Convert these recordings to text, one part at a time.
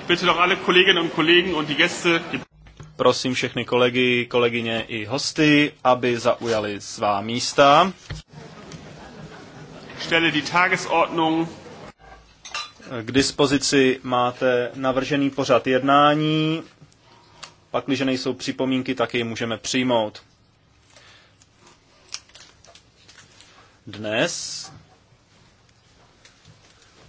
Ich bitte doch alle Kolleginnen und Kollegen und die Gäste, die Prosím všechny kolegy, kolegyně i hosty, aby zaujali svá místa. Stelle die Tagesordnung. K dispozici máte navržený pořad jednání. Pakliže nejsou připomínky, tak jej můžeme přijmout. Dnes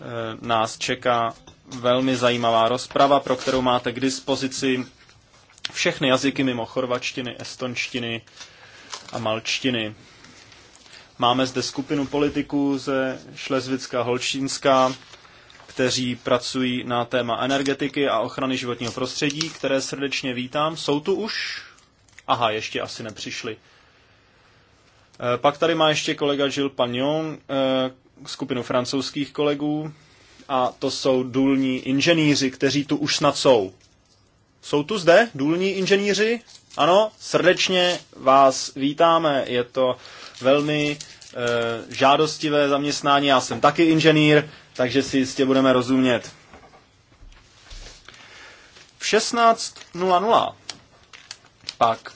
eh, nás čeká velmi zajímavá rozprava, pro kterou máte k dispozici všechny jazyky mimo chorvačtiny, estonštiny a malčtiny. Máme zde skupinu politiků ze Šlezvická a Holčínska, kteří pracují na téma energetiky a ochrany životního prostředí, které srdečně vítám. Jsou tu už? Aha, ještě asi nepřišli. Eh, pak tady má ještě kolega Gilles Pagnon, eh, skupinu francouzských kolegů, a to jsou důlní inženýři, kteří tu už snad jsou. Jsou tu zde důlní inženýři? Ano, srdečně vás vítáme. Je to velmi e, žádostivé zaměstnání. Já jsem taky inženýr, takže si jistě budeme rozumět. V 16.00 pak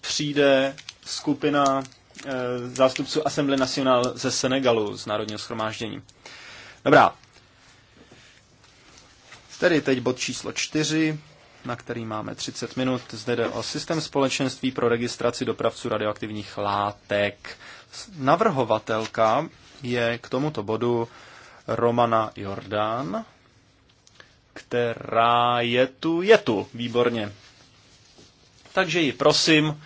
přijde skupina Eh, zástupců Assemblée Nationale ze Senegalu, z Národního schromáždění. Dobrá. Tedy teď bod číslo čtyři, na který máme 30 minut. Zde jde o systém společenství pro registraci dopravců radioaktivních látek. Navrhovatelka je k tomuto bodu Romana Jordán, která je tu, je tu, výborně. Takže ji prosím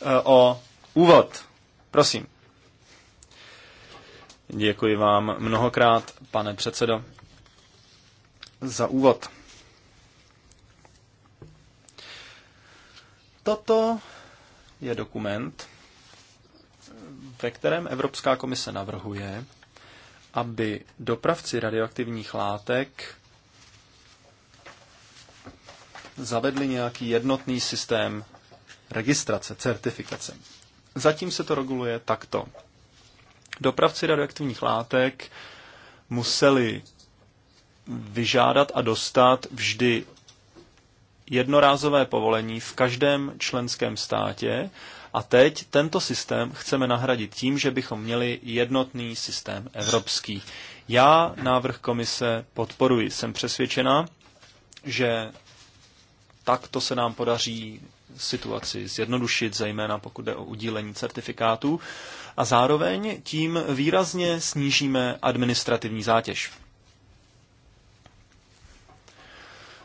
eh, o úvod. Prosím. Děkuji vám mnohokrát, pane předsedo, za úvod. Toto je dokument, ve kterém Evropská komise navrhuje, aby dopravci radioaktivních látek zavedli nějaký jednotný systém registrace, certifikace. Zatím se to reguluje takto. Dopravci radioaktivních látek museli vyžádat a dostat vždy jednorázové povolení v každém členském státě a teď tento systém chceme nahradit tím, že bychom měli jednotný systém evropský. Já návrh komise podporuji. Jsem přesvědčena, že takto se nám podaří situaci zjednodušit, zejména pokud jde o udílení certifikátů, a zároveň tím výrazně snížíme administrativní zátěž.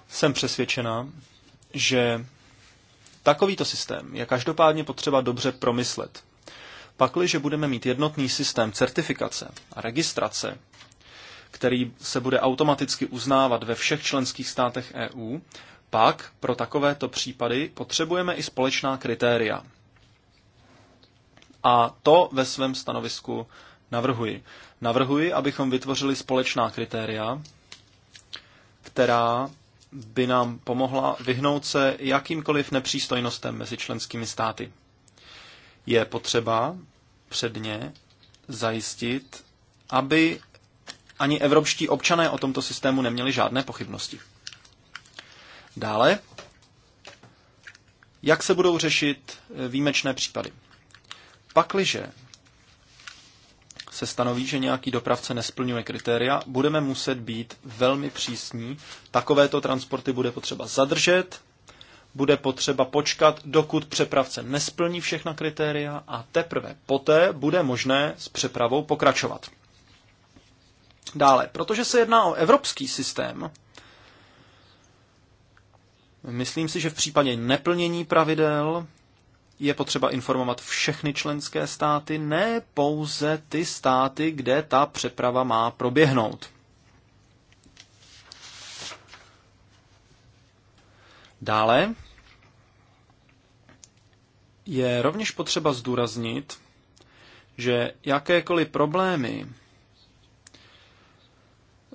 Jsem přesvědčena, že takovýto systém je každopádně potřeba dobře promyslet. Pakliže budeme mít jednotný systém certifikace a registrace, který se bude automaticky uznávat ve všech členských státech EU, pak pro takovéto případy potřebujeme i společná kritéria. A to ve svém stanovisku navrhuji. Navrhuji, abychom vytvořili společná kritéria, která by nám pomohla vyhnout se jakýmkoliv nepřístojnostem mezi členskými státy. Je potřeba předně zajistit, aby ani evropští občané o tomto systému neměli žádné pochybnosti. Dále, jak se budou řešit eh, výjimečné případy? Pakliže se stanoví, že nějaký dopravce nesplňuje kritéria, budeme muset být velmi přísní. Takovéto transporty bude potřeba zadržet, bude potřeba počkat, dokud přepravce nesplní všechna kritéria a teprve poté bude možné s přepravou pokračovat. Dále, protože se jedná o evropský systém, Myslím si, že v případě neplnění pravidel je potřeba informovat všechny členské státy, ne pouze ty státy, kde ta přeprava má proběhnout. Dále je rovněž potřeba zdůraznit, že jakékoliv problémy,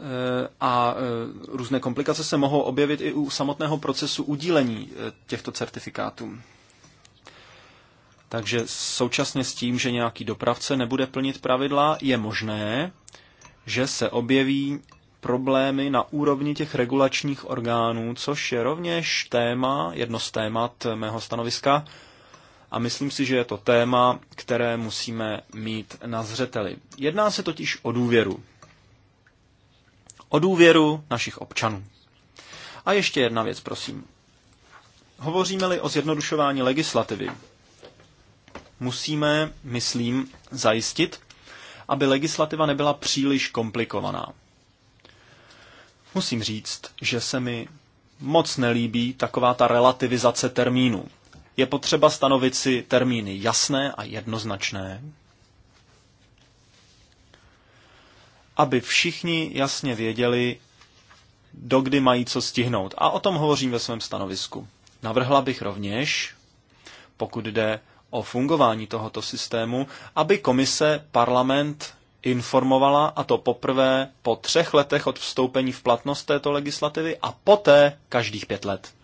Eh, a eh, různé komplikace se mohou objevit i u samotného procesu udílení eh, těchto certifikátů. Takže současně s tím, že nějaký dopravce nebude plnit pravidla, je možné, že se objeví problémy na úrovni těch regulačních orgánů, což je rovněž téma, jedno z témat mého stanoviska. A myslím si, že je to téma, které musíme mít na zřeteli. Jedná se totiž o důvěru o důvěru našich občanů. A ještě jedna věc, prosím. Hovoříme-li o zjednodušování legislativy, musíme, myslím, zajistit, aby legislativa nebyla příliš komplikovaná. Musím říct, že se mi moc nelíbí taková ta relativizace termínů. Je potřeba stanovit si termíny jasné a jednoznačné, aby všichni jasně věděli, dokdy mají co stihnout. A o tom hovořím ve svém stanovisku. Navrhla bych rovněž, pokud jde o fungování tohoto systému, aby komise parlament informovala, a to poprvé po třech letech od vstoupení v platnost této legislativy a poté každých pět let.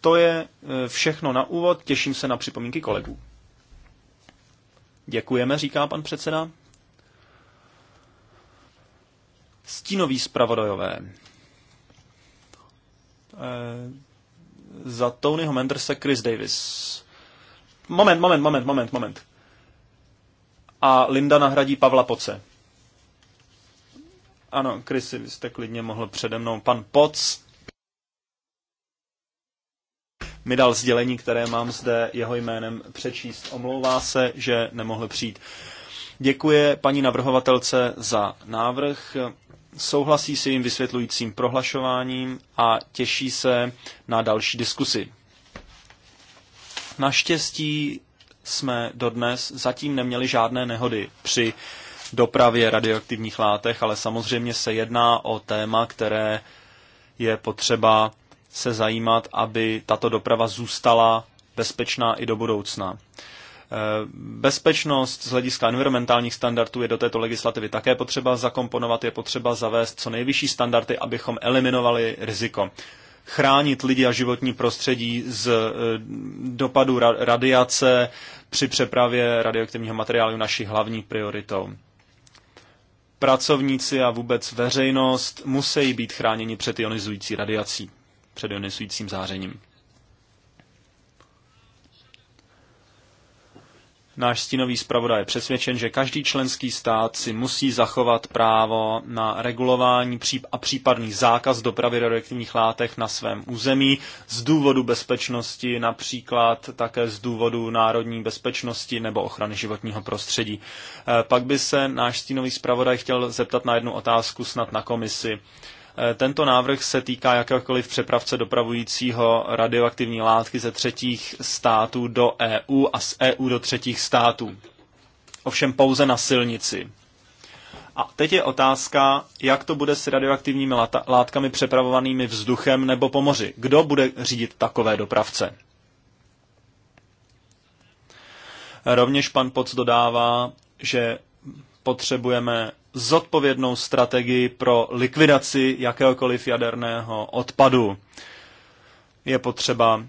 To je e, všechno na úvod, těším se na připomínky kolegů. Děkujeme, říká pan předseda. Stínoví zpravodajové. Eh, za Tonyho Mendersa Chris Davis. Moment, moment, moment, moment, moment. A Linda nahradí Pavla Poce. Ano, Chris, vy jste klidně mohl přede mnou. Pan Poc mi dal sdělení, které mám zde jeho jménem přečíst. Omlouvá se, že nemohl přijít. Děkuje paní navrhovatelce za návrh souhlasí s jejím vysvětlujícím prohlašováním a těší se na další diskusy. Naštěstí jsme dodnes zatím neměli žádné nehody při dopravě radioaktivních látek, ale samozřejmě se jedná o téma, které je potřeba se zajímat, aby tato doprava zůstala bezpečná i do budoucna. Eh, bezpečnost z hlediska environmentálních standardů je do této legislativy také potřeba zakomponovat, je potřeba zavést co nejvyšší standardy, abychom eliminovali riziko. Chránit lidi a životní prostředí z eh, dopadu radiace při přepravě radioaktivního materiálu naší hlavní prioritou pracovníci a vůbec veřejnost musí být chráněni před ionizující radiací, před ionizujícím zářením. Náš stínový zpravodaj je přesvědčen, že každý členský stát si musí zachovat právo na regulování a případný zákaz dopravy radioaktivních látek na svém území z důvodu bezpečnosti, například také z důvodu národní bezpečnosti nebo ochrany životního prostředí. Eh, pak by se náš stínový zpravodaj chtěl zeptat na jednu otázku snad na komisi. Eh, tento návrh se týká jakéhokoliv přepravce dopravujícího radioaktivní látky ze třetích států do EU a z EU do třetích států. Ovšem pouze na silnici. A teď je otázka, jak to bude s radioaktivními látkami přepravovanými vzduchem nebo po moři. Kdo bude řídit takové dopravce? Rovněž pan Poc dodává, že potřebujeme zodpovědnou strategii pro likvidaci jakéhokoliv jaderného odpadu. Je potřeba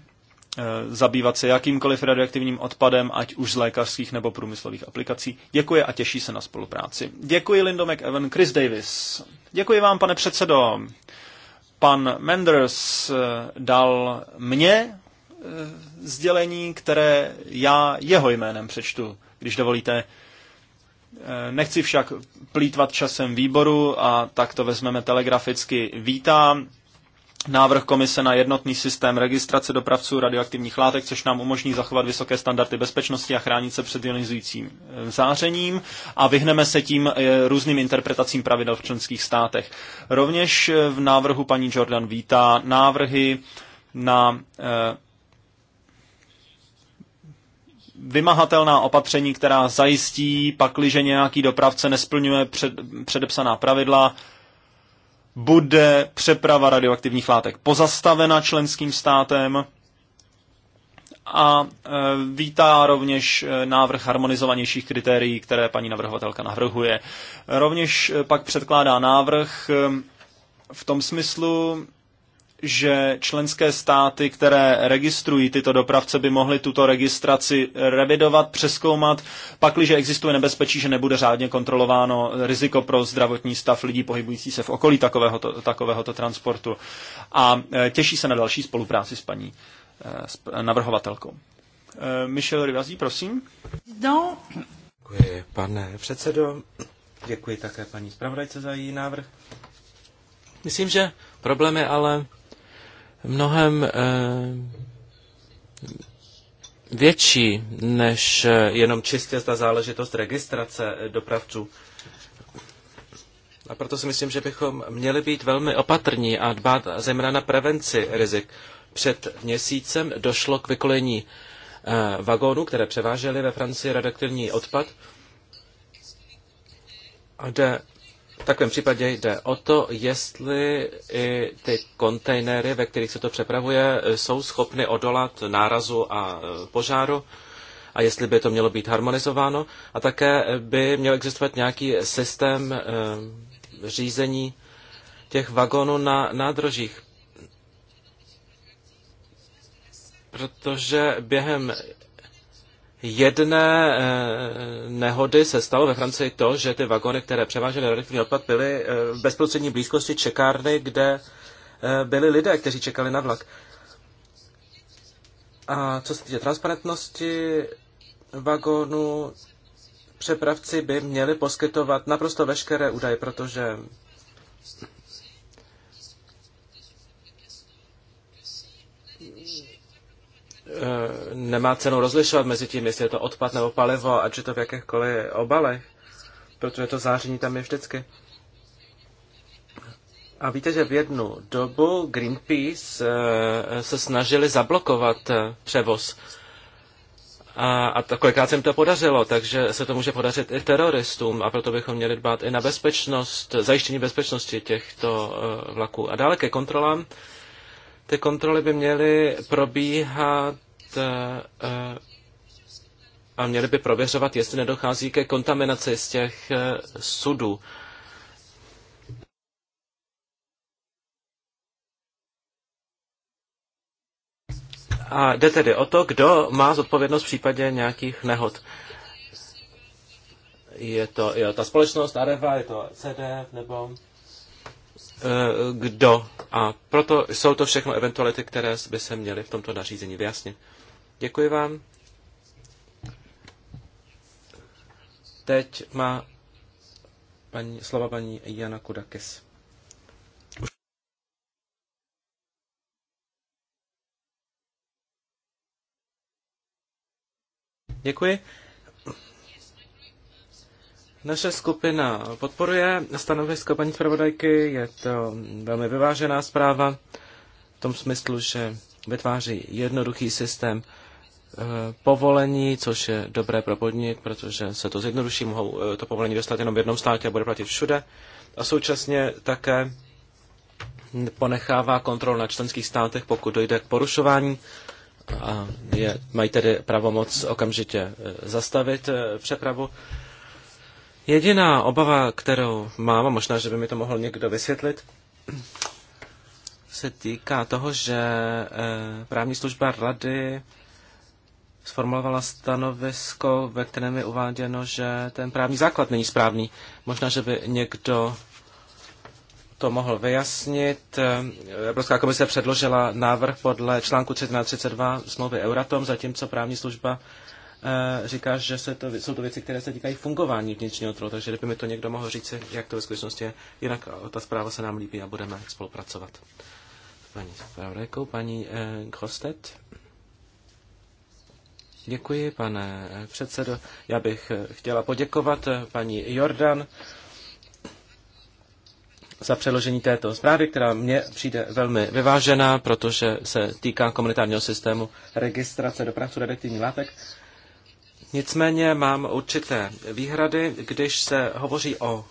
eh, zabývat se jakýmkoliv radioaktivním odpadem, ať už z lékařských nebo průmyslových aplikací. Děkuji a těší se na spolupráci. Děkuji Lindomek Evan Chris Davis. Děkuji vám, pane předsedo. Pan Menders eh, dal mně eh, sdělení, které já jeho jménem přečtu, když dovolíte. Eh, nechci však plítvat časem výboru a tak to vezmeme telegraficky. Vítám návrh komise na jednotný systém registrace dopravců radioaktivních látek, což nám umožní zachovat vysoké standardy bezpečnosti a chránit se před ionizujícím eh, zářením a vyhneme se tím eh, různým interpretacím pravidel v členských státech. Rovněž v návrhu paní Jordan vítá návrhy na vymahatelná opatření, která zajistí, pakliže nějaký dopravce nesplňuje před, předepsaná pravidla, bude přeprava radioaktivních látek pozastavena členským státem a e, vítá rovněž e, návrh harmonizovanějších kritérií, které paní navrhovatelka navrhuje. Rovněž e, pak předkládá návrh v tom smyslu, že členské státy, které registrují tyto dopravce, by mohly tuto registraci revidovat, přeskoumat, pakliže existuje nebezpečí, že nebude řádně kontrolováno riziko pro zdravotní stav lidí pohybující se v okolí takovéhoto, takovéhoto transportu. A e, těší se na další spolupráci s paní e, s navrhovatelkou. E, Michel Rivazí, prosím. No. Děkuji, pane předsedo. Děkuji také paní zpravodajce za její návrh. Myslím, že problém je ale mnohem eh, větší než eh, jenom čistě ta záležitost registrace eh, dopravců. A proto si myslím, že bychom měli být velmi opatrní a dbát zejména na prevenci rizik. Před měsícem došlo k vykolení vagónů, které převážely ve Francii radioaktivní odpad. A jde v takovém případě jde o to, jestli i ty kontejnery, ve kterých se to přepravuje, jsou schopny odolat nárazu a e, požáru a jestli by to mělo být harmonizováno. A také by měl existovat nějaký systém e, řízení těch vagonů na nádrožích. Protože během jedné eh, nehody se stalo ve Francii to, že ty vagony, které převážely radioaktivní odpad, byly eh, v bezprostřední blízkosti čekárny, kde eh, byli lidé, kteří čekali na vlak. A co se týče transparentnosti vagónu, přepravci by měli poskytovat naprosto veškeré údaje, protože Eh, nemá cenu rozlišovat mezi tím, jestli je to odpad nebo palivo, ať je to v jakéchkoliv obalech, protože to záření tam je vždycky. A víte, že v jednu dobu Greenpeace eh, se snažili zablokovat eh, převoz. A, a to, kolikrát se jim to podařilo, takže se to může podařit i teroristům a proto bychom měli dbát i na bezpečnost, zajištění bezpečnosti těchto vlaků. A dále ke kontrolám. Ty kontroly by měly probíhat Eh, eh, a měli by prověřovat, jestli nedochází ke kontaminaci z těch eh, sudů. A jde tedy o to, kdo má zodpovědnost v případě nějakých nehod. Je to jo, ta společnost Areva, je to CD nebo kdo. A proto jsou to všechno eventuality, které by se měly v tomto nařízení vyjasnit. Děkuji vám. Teď má paní, slova paní Jana Kudakis. Děkuji. Naše skupina podporuje stanovisko paní zpravodajky, je to velmi vyvážená zpráva v tom smyslu, že vytváří jednoduchý systém Eh, povolení, což je dobré pro podnik, protože se to zjednoduší, mohou eh, to povolení dostat jenom v jednom státě a bude platit všude. A současně také ponechává kontrol na členských státech, pokud dojde k porušování. A je, mají tedy pravomoc okamžitě eh, zastavit přepravu. Jediná obava, kterou mám, a možná, že by mi to mohl někdo vysvětlit, se týká toho, že právní služba rady sformulovala stanovisko, ve kterém je uváděno, že ten právní základ není správný. Možná, že by někdo to mohl vyjasnit. Evropská komise předložila návrh podle článku 1332 smlouvy Euratom, zatímco právní služba eh, říká, že se to, jsou to věci, které se týkají fungování vnitřního trhu, takže kdyby mi to někdo mohl říct, jak to ve skutečnosti je, jinak ta zpráva se nám líbí a budeme spolupracovat. Paní zpravodajkou, paní eh, Děkuji, pane předsedo. Já bych chtěla poděkovat eh, paní Jordan za přeložení této zprávy, která mně přijde velmi vyvážená, protože se týká komunitárního systému registrace dopravců radioaktivních látek. Nicméně mám určité výhrady, když se hovoří o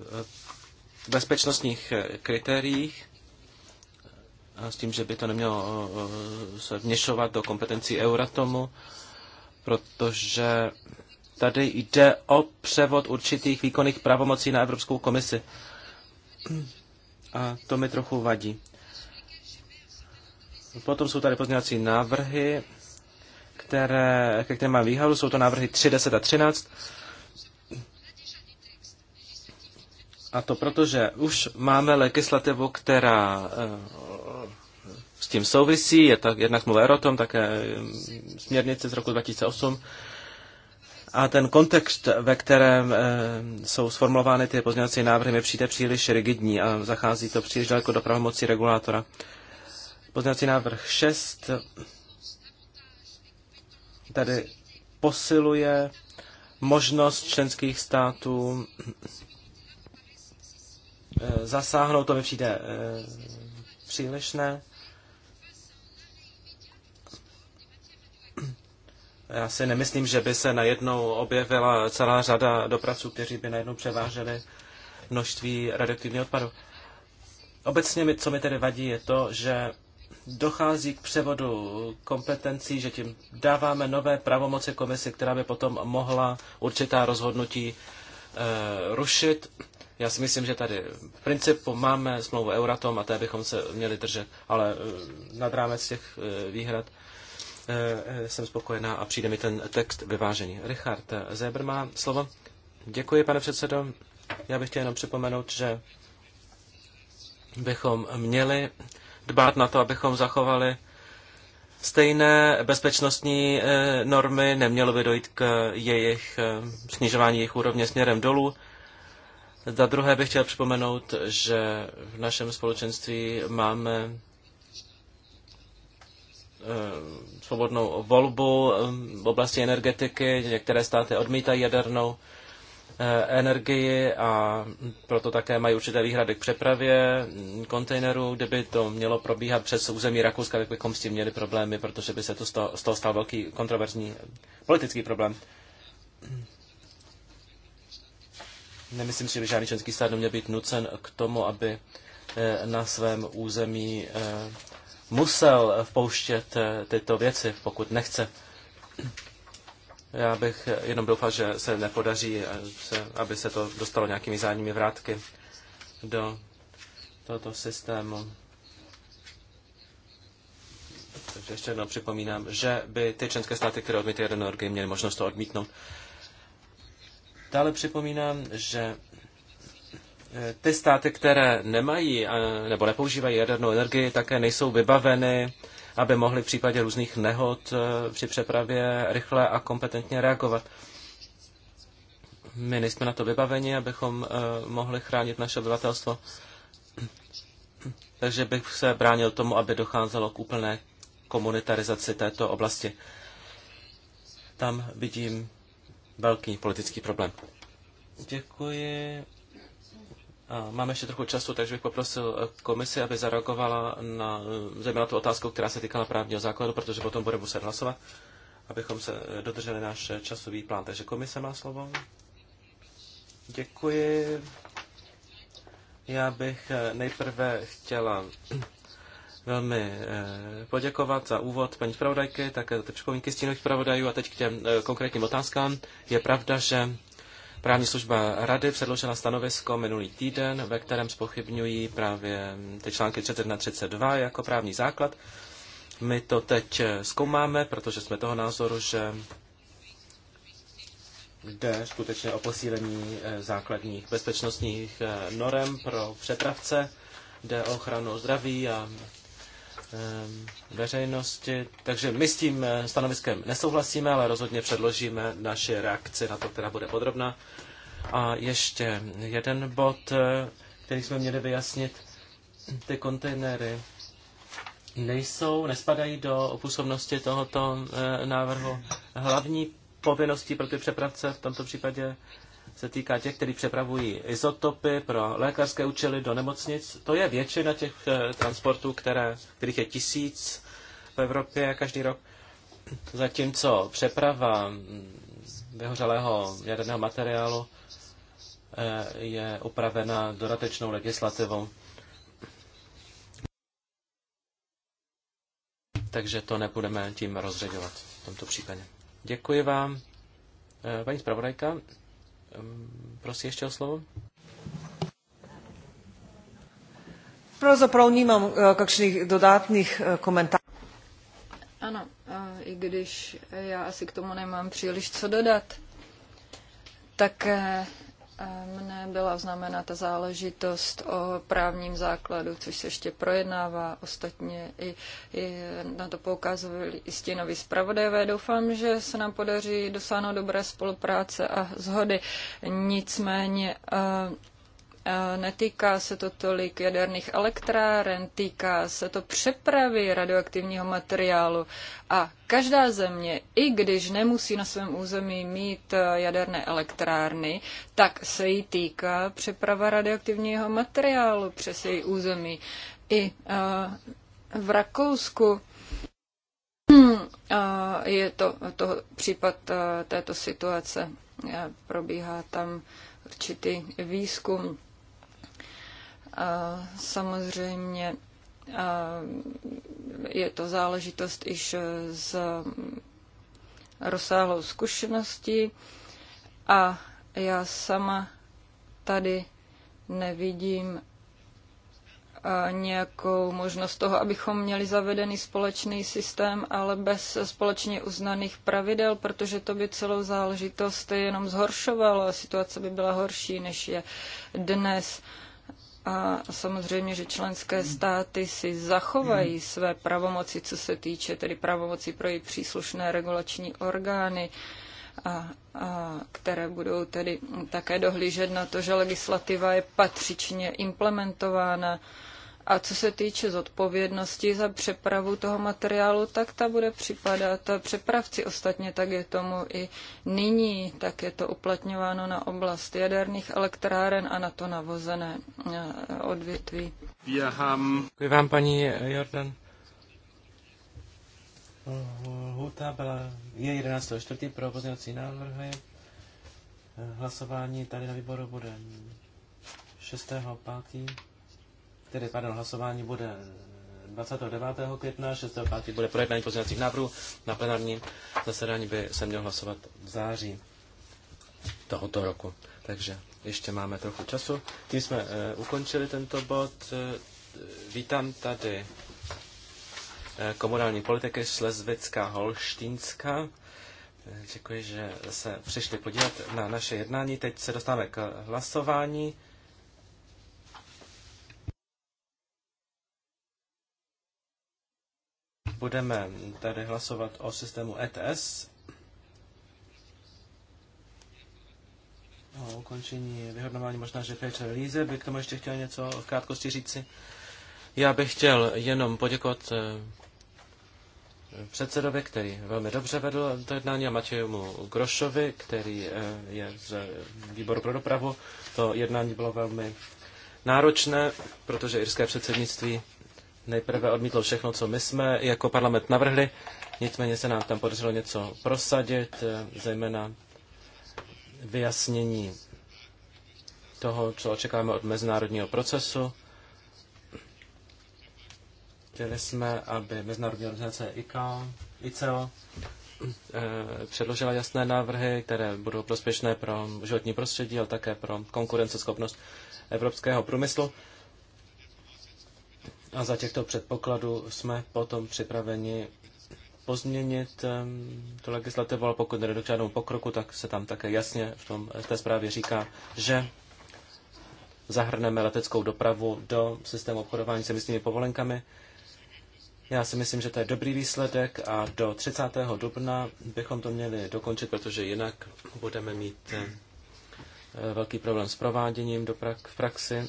eh, bezpečnostních kritériích s tím, že by to nemělo eh, eh, se vněšovat do kompetencí Euratomu, protože tady jde o převod určitých výkonných pravomocí na Evropskou komisi. A to mi trochu vadí. Potom jsou tady pozměňovací návrhy, které, ke kterým mám výhodu, Jsou to návrhy 3, 10 a 13. A to proto, že už máme legislativu, která eh, tím souvisí. Je tak jednak mluví o tom, také mm, směrnice z roku 2008. A ten kontext, ve kterém e, jsou sformulovány ty pozměňovací návrhy, mi přijde příliš rigidní a zachází to příliš daleko do pravomocí regulátora. Pozměňovací návrh 6 tady posiluje možnost členských států eh, zasáhnout, to mi přijde e, přílišné. Já si nemyslím, že by se najednou objevila celá řada dopravců, kteří by najednou převáželi množství radioaktivního odpadu. Obecně, mi, co mi tedy vadí, je to, že dochází k převodu kompetencí, že tím dáváme nové pravomoci komisi, která by potom mohla určitá rozhodnutí e, rušit. Já si myslím, že tady v principu máme smlouvu Euratom a té bychom se měli držet, ale eh, nad rámec těch e, výhrad Eh, eh, jsem spokojená a přijde mi ten text vyvážený. Richard eh, Zebr má slovo. Děkuji, pane předsedo. Já bych chtěl jenom připomenout, že bychom měli dbát na to, abychom zachovali stejné bezpečnostní normy, nemělo by dojít k jejich snižování jejich úrovně směrem dolů. Za druhé bych chtěl připomenout, že v našem společenství máme svobodnou volbu um, v oblasti energetiky. Některé státy odmítají jadernou eh, energii a proto také mají určité výhrady k přepravě kontejnerů. Kdyby to mělo probíhat přes území Rakouska, tak bychom s tím měli problémy, protože by se to z toho stal velký kontroverzní politický problém. Nemyslím si, že by žádný členský stát neměl být nucen k tomu, aby eh, na svém území eh, musel vpouštět eh, tyto věci, pokud nechce. Já bych jenom doufal, že se nepodaří, eh, aby se to dostalo nějakými zájemnými vrátky do tohoto systému. Takže ještě jednou připomínám, že by ty členské státy, které odmítly jeden orgy, měly možnost to odmítnout. Dále připomínám, že Eh, ty státy, které nemají eh, nebo nepoužívají jadernou energii, také nejsou vybaveny, aby mohly v případě různých nehod eh, při přepravě rychle a kompetentně reagovat. My nejsme na to vybaveni, abychom mohli chránit naše obyvatelstvo. Takže bych se bránil tomu, aby docházelo k úplné komunitarizaci této oblasti. Tam vidím velký politický problém. Děkuji máme ještě trochu času, takže bych poprosil eh, komisi, aby zareagovala na eh, zejména tu otázku, která se týkala právního základu, protože potom bude muset hlasovat, abychom se eh, dodrželi náš časový plán. Takže komise má slovo. Děkuji. Já bych nejprve chtěla velmi poděkovat za úvod paní zpravodajky, také za ty připomínky stínových zpravodajů a teď k těm konkrétním otázkám. Je pravda, že Právní služba rady předložila stanovisko minulý týden, ve kterém spochybňují právě ty články 31 32 jako právní základ. My to teď eh, zkoumáme, protože jsme toho názoru, že jde skutečně o posílení eh, základních bezpečnostních eh, norem pro přepravce, jde o ochranu zdraví a Ehm, veřejnosti. Takže my s tím eh, stanoviskem nesouhlasíme, ale rozhodně předložíme naše reakce na to, která bude podrobná. A ještě jeden bod, eh, který jsme měli vyjasnit. Ty kontejnery nejsou, nespadají do působnosti tohoto eh, návrhu. Hlavní povinností pro ty přepravce v tomto případě se týká těch, kteří přepravují izotopy pro lékařské účely do nemocnic. To je většina těch eh, transportů, které, kterých je tisíc v Evropě každý rok. Zatímco přeprava mm, vyhořelého jaderného materiálu eh, je upravena dodatečnou legislativou. Takže to nebudeme tím rozředovat v tomto případě. Děkuji vám. Eh, paní zpravodajka, Prosím ještě o slovo. Pravzaprav nemám eh, kakšných dodatných eh, komentářů. Ano, eh, i když já asi k tomu nemám příliš co dodat, tak Mne byla oznámena ta záležitost o právním základu, což se ještě projednává. Ostatně i, i na to poukázovali i stínoví zpravodajové. Doufám, že se nám podaří dosáhnout dobré spolupráce a zhody. Nicméně eh, netýká se to tolik jaderných elektráren, týká se to přepravy radioaktivního materiálu. A každá země, i když nemusí na svém území mít eh, jaderné elektrárny, tak se jí týká přeprava radioaktivního materiálu přes její území. I eh, v Rakousku hm, eh, je to, to případ této situace. Probíhá tam určitý výzkum samozřejmě je to záležitost iž z rozsáhlou zkušeností a já sama tady nevidím nějakou možnost toho, abychom měli zavedený společný systém, ale bez společně uznaných pravidel, protože to by celou záležitost jenom zhoršovalo a situace by byla horší, než je dnes. A samozřejmě, že členské státy si zachovají své pravomoci, co se týče tedy pravomoci pro jejich příslušné regulační orgány, a, a, které budou tedy také dohlížet na to, že legislativa je patřičně implementována. A co se týče zodpovědnosti za přepravu toho materiálu, tak ta bude připadat přepravci. Ostatně tak je tomu i nyní, tak je to uplatňováno na oblast jaderných elektráren a na to navozené eh, odvětví. Děkuji vám, paní Jordan. Huta byla je 11.4. pro pozměňovací návrhy. Hlasování tady na výboru bude 6.5 tedy pardon, hlasování bude 29. května, 6. 5. bude projednání pozměňovacích návrhů, na plenárním zasedání by se měl hlasovat v září tohoto roku. Takže ještě máme trochu času. Tím jsme uh, ukončili tento bod. Eh, vítám tady eh, komunální politiky Šlezvická Holštínska. Děkuji, že se přišli podívat na naše jednání. Teď se dostáváme k hlasování. Budeme tady hlasovat o systému ETS, o ukončení vyhodnování. Možná, že Fetcher Líze by k tomu ještě chtěl něco v krátkosti říci. Já bych chtěl jenom poděkovat eh, předsedovi, který velmi dobře vedl to jednání, a Matějomu Grošovi, který eh, je z výboru pro dopravu. To jednání bylo velmi náročné, protože irské předsednictví nejprve odmítlo všechno, co my jsme jako parlament navrhli, nicméně se nám tam podařilo něco prosadit, eh, zejména vyjasnění toho, co očekáváme od mezinárodního procesu. Chtěli jsme, aby mezinárodní organizace ICAO, ICAO eh, předložila jasné návrhy, které budou prospěšné pro životní prostředí, ale také pro konkurenceschopnost evropského průmyslu. A za těchto předpokladů jsme potom připraveni pozměnit ehm, tu legislativu, ale pokud nedojde k žádnému pokroku, tak se tam také jasně v, tom, v té zprávě říká, že zahrneme leteckou dopravu do systému obchodování s emisními povolenkami. Já si myslím, že to je dobrý výsledek a do 30. dubna bychom to měli dokončit, protože jinak budeme mít ehm, velký problém s prováděním do prak- v praxi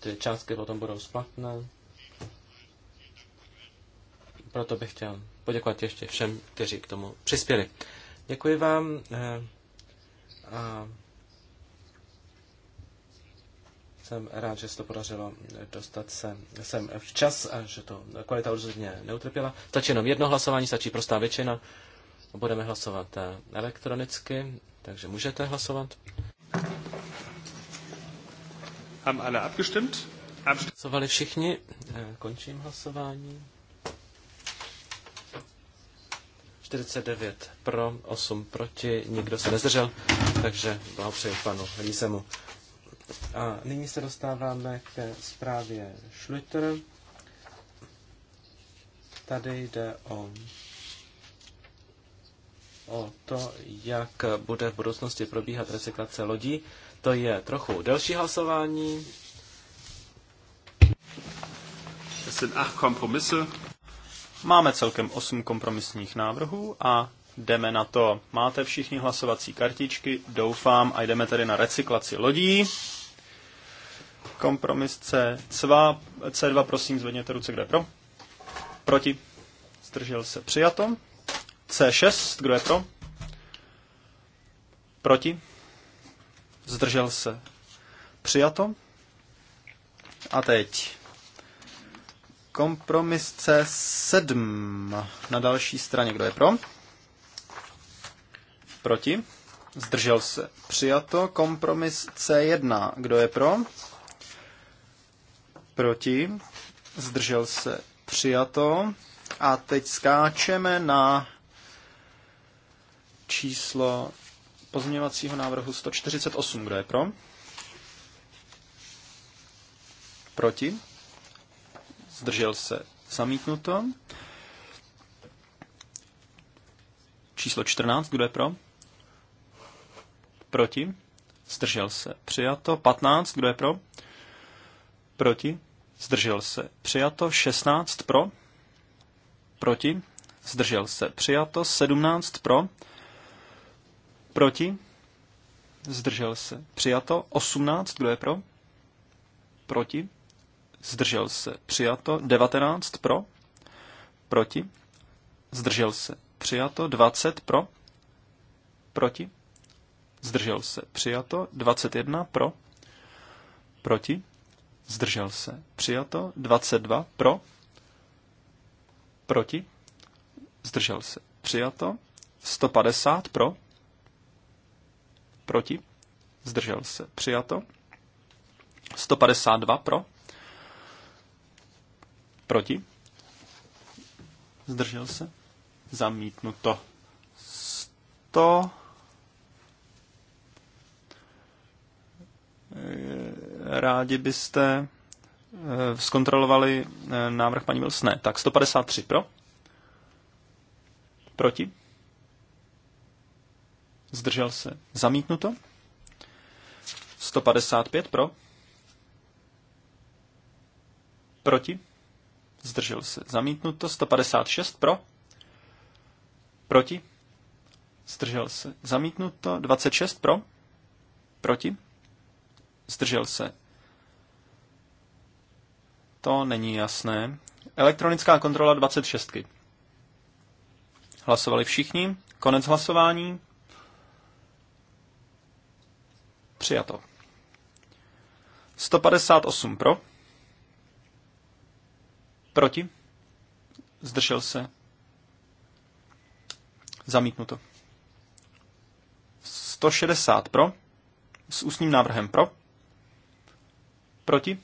ty částky potom budou splatné. Proto bych chtěl poděkovat ještě všem, kteří k tomu přispěli. Děkuji vám eh, a jsem rád, že se to podařilo dostat se sem včas a že to kvalita rozhodně neutrpěla. Stačí jenom jedno hlasování, stačí prostá většina. Budeme hlasovat eh, elektronicky, takže můžete hlasovat. Haben alle abgestimmt? Hlasovali všichni. Eh, končím hlasování. 49 pro, 8 proti, nikdo se nezdržel, takže blahopřeji panu Lízemu. A nyní se dostáváme k zprávě Schlüter. Tady jde o, o to, jak bude v budoucnosti probíhat recyklace lodí. To je trochu delší hlasování. Máme celkem 8 kompromisních návrhů a jdeme na to. Máte všichni hlasovací kartičky, doufám, a jdeme tedy na recyklaci lodí. Kompromis C2, C2 prosím, zvedněte ruce, kde je pro. Proti. Zdržel se přijato. C6, kdo je pro? Proti zdržel se, přijato. A teď kompromis C7 na další straně. Kdo je pro? Proti? Zdržel se. Přijato. Kompromis C1. Kdo je pro? Proti? Zdržel se. Přijato. A teď skáčeme na číslo pozměňovacího návrhu 148. Kdo je pro? Proti? Zdržel se zamítnuto. Číslo 14. Kdo je pro? Proti? Zdržel se přijato. 15. Kdo je pro? Proti? Zdržel se přijato. 16. Pro? Proti? Zdržel se přijato. 17. Pro? Proti? Zdržel se. Přijato. 18. Kdo je pro? Proti? Zdržel se. Přijato. 19. Pro? Proti? Zdržel se. Přijato. 20. Pro? Proti? Zdržel se. Přijato. 21. Pro? Proti? Zdržel se. Přijato. 22. Pro? Proti? Zdržel se. Přijato. 150 pro. Proti? Zdržel se. Přijato. 152 pro. Proti? Zdržel se. Zamítnuto. 100. Eh, rádi byste eh, zkontrolovali eh, návrh paní Wilsné. Tak 153 pro. Proti? zdržel se, zamítnuto. 155 pro, proti, zdržel se, zamítnuto. 156 pro, proti, zdržel se, zamítnuto. 26 pro, proti, zdržel se. To není jasné. Elektronická kontrola 26. Hlasovali všichni. Konec hlasování. Přijato. 158 pro. Proti. Zdržel se. Zamítnuto. 160 pro. S ústním návrhem pro. Proti.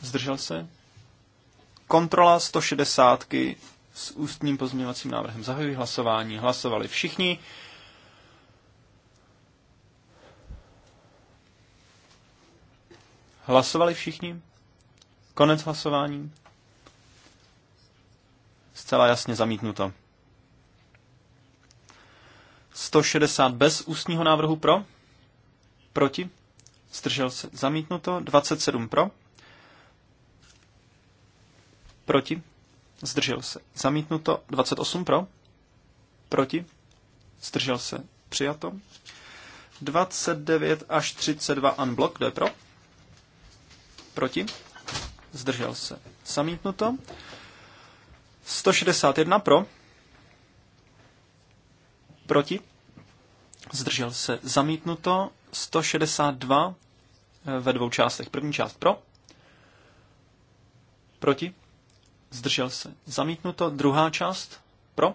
Zdržel se. Kontrola 160 s ústním pozměňovacím návrhem. Zahajuji hlasování. Hlasovali všichni. Hlasovali všichni? Konec hlasování? Zcela jasně zamítnuto. 160 bez ústního návrhu pro? Proti? Zdržel se. Zamítnuto. 27 pro? Proti? Zdržel se. Zamítnuto. 28 pro? Proti? Zdržel se. Přijato. 29 až 32 unblock. Kdo je pro? Proti? Zdržel se. Zamítnuto. 161 pro. Proti? Zdržel se. Zamítnuto. 162 eh, ve dvou částech. První část pro. Proti? Zdržel se. Zamítnuto. Druhá část pro.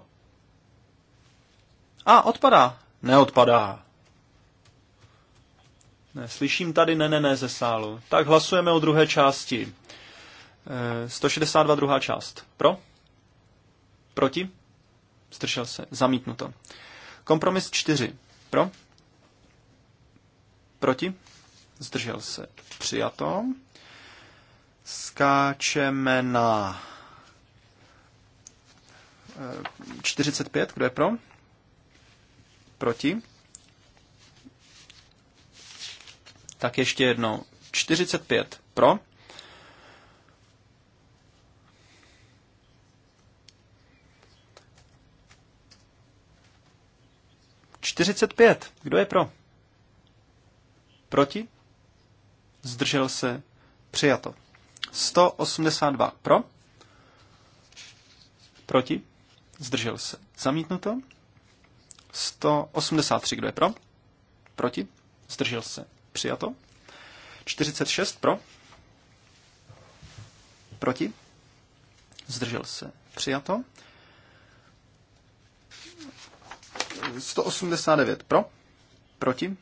A, odpadá. Neodpadá. Ne, slyším tady ne, ne, ne ze sálu. Tak hlasujeme o druhé části. E, eh, 162 druhá část. Pro? Proti? Zdržel se. Zamítnuto. Kompromis 4. Pro? Proti? Zdržel se. Přijato. Skáčeme na 45. Eh, Kdo je pro? Proti? Tak ještě jednou. 45 pro. Čtyřicet pět. Kdo je pro? Proti? Zdržel se. Přijato. 182 pro. Proti? Zdržel se. Zamítnuto. 183, kdo je pro? Proti? Zdržel se. Přijato. 46 pro. Proti. Zdržel se. Přijato. 189 pro. Proti.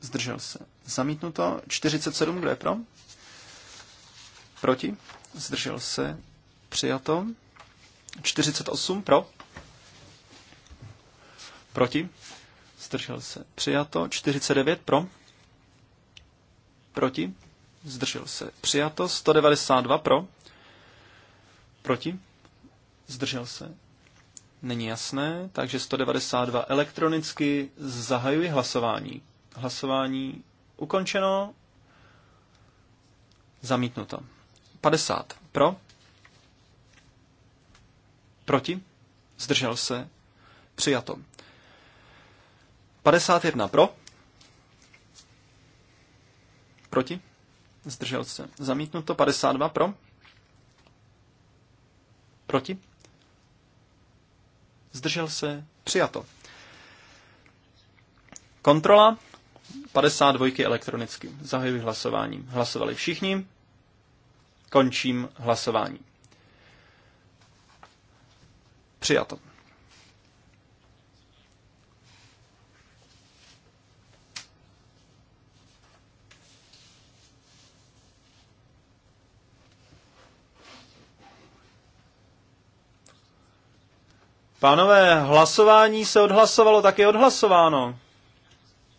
Zdržel se. Zamítnuto. 47, kdo je pro? Proti. Zdržel se. Přijato. 48 pro. Proti. Zdržel se. Přijato. 49 pro. Proti? Zdržel se. Přijato. 192 pro. Proti? Zdržel se. Není jasné, takže 192 elektronicky zahajuji hlasování. Hlasování ukončeno. Zamítnuto. 50 pro. Proti? Zdržel se. Přijato. 51 pro. Proti? Zdržel se. Zamítnuto 52 pro. Proti? Zdržel se. Přijato. Kontrola 52 elektronicky. Zahajuji hlasování. Hlasovali všichni. Končím hlasování. Přijato. Pánové, hlasování se odhlasovalo, tak je odhlasováno.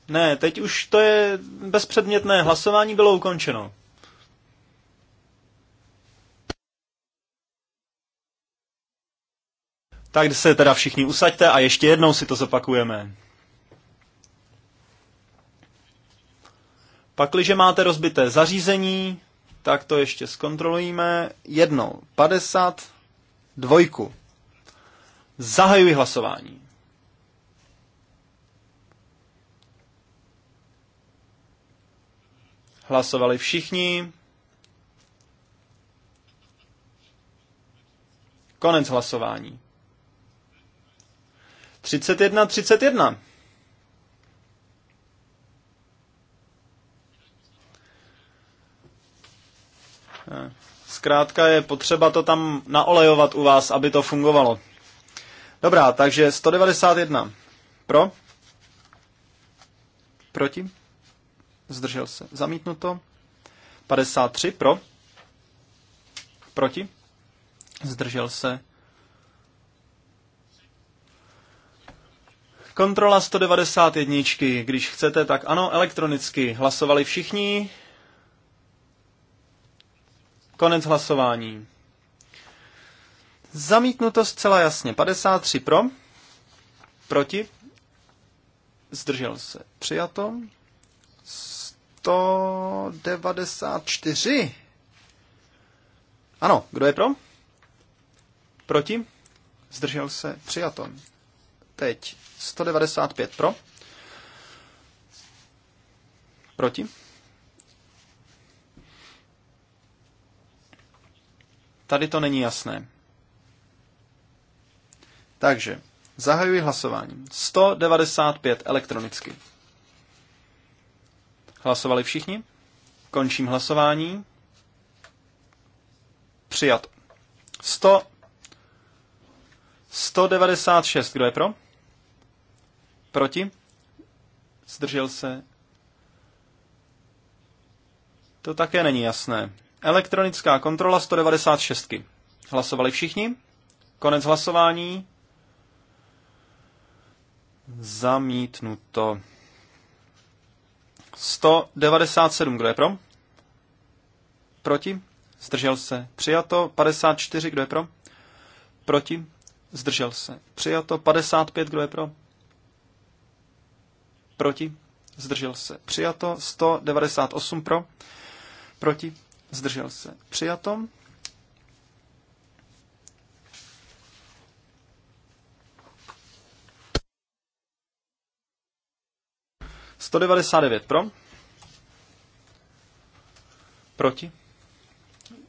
Ne, teď už to je bezpředmětné. Hlasování bylo ukončeno. Tak se teda všichni usaďte a ještě jednou si to zopakujeme. Pakliže máte rozbité zařízení, tak to ještě zkontrolujeme jednou. 50 dvojku. Zahajuji hlasování. Hlasovali všichni. Konec hlasování. 31, 31. Eh, zkrátka je potřeba to tam naolejovat u vás, aby to fungovalo. Dobrá, takže 191. Pro? Proti? Zdržel se. Zamítnuto. 53. Pro? Proti? Zdržel se. Kontrola 191. Když chcete, tak ano, elektronicky. Hlasovali všichni. Konec hlasování. Zamítnuto zcela jasně. 53 pro, proti, zdržel se. Přijato. 194. Ano, kdo je pro? Proti? Zdržel se. Přijato. Teď 195 pro. Proti? Tady to není jasné. Takže zahajuji hlasování. 195 elektronicky. Hlasovali všichni? Končím hlasování. Přijat. 100. 196. Kdo je pro? Proti? Zdržel se? To také není jasné. Elektronická kontrola 196. Hlasovali všichni? Konec hlasování. Zamítnuto. 197, kdo je pro? Proti? Zdržel se. Přijato. 54, kdo je pro? Proti? Zdržel se. Přijato. 55, kdo je pro? Proti? Zdržel se. Přijato. 198 pro? Proti? Zdržel se. Přijato. 199 pro. Proti.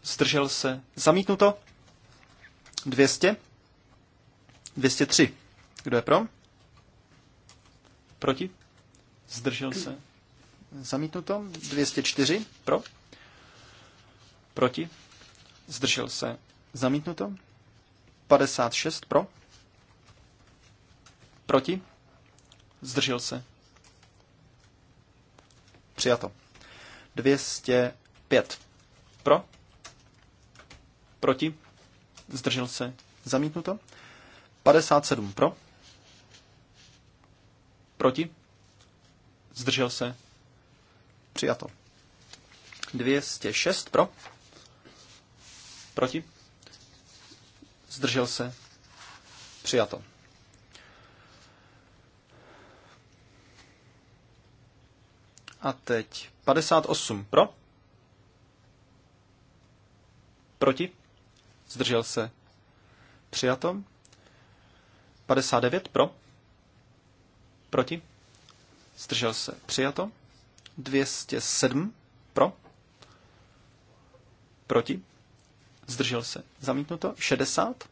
Zdržel se. Zamítnuto. 200. 203. Kdo je pro? Proti. Zdržel se. Zamítnuto. 204. Pro. Proti. Zdržel se. Zamítnuto. 56 pro. Proti. Zdržel se. Přijato. 205. Pro? Proti? Zdržel se? Zamítnuto. 57. Pro? Proti? Zdržel se? Přijato. 206. Pro? Proti? Zdržel se? Přijato. A teď 58 pro. Proti. Zdržel se. Přijato. 59 pro. Proti. Zdržel se. Přijato. 207 pro. Proti. Zdržel se. Zamítnuto. 60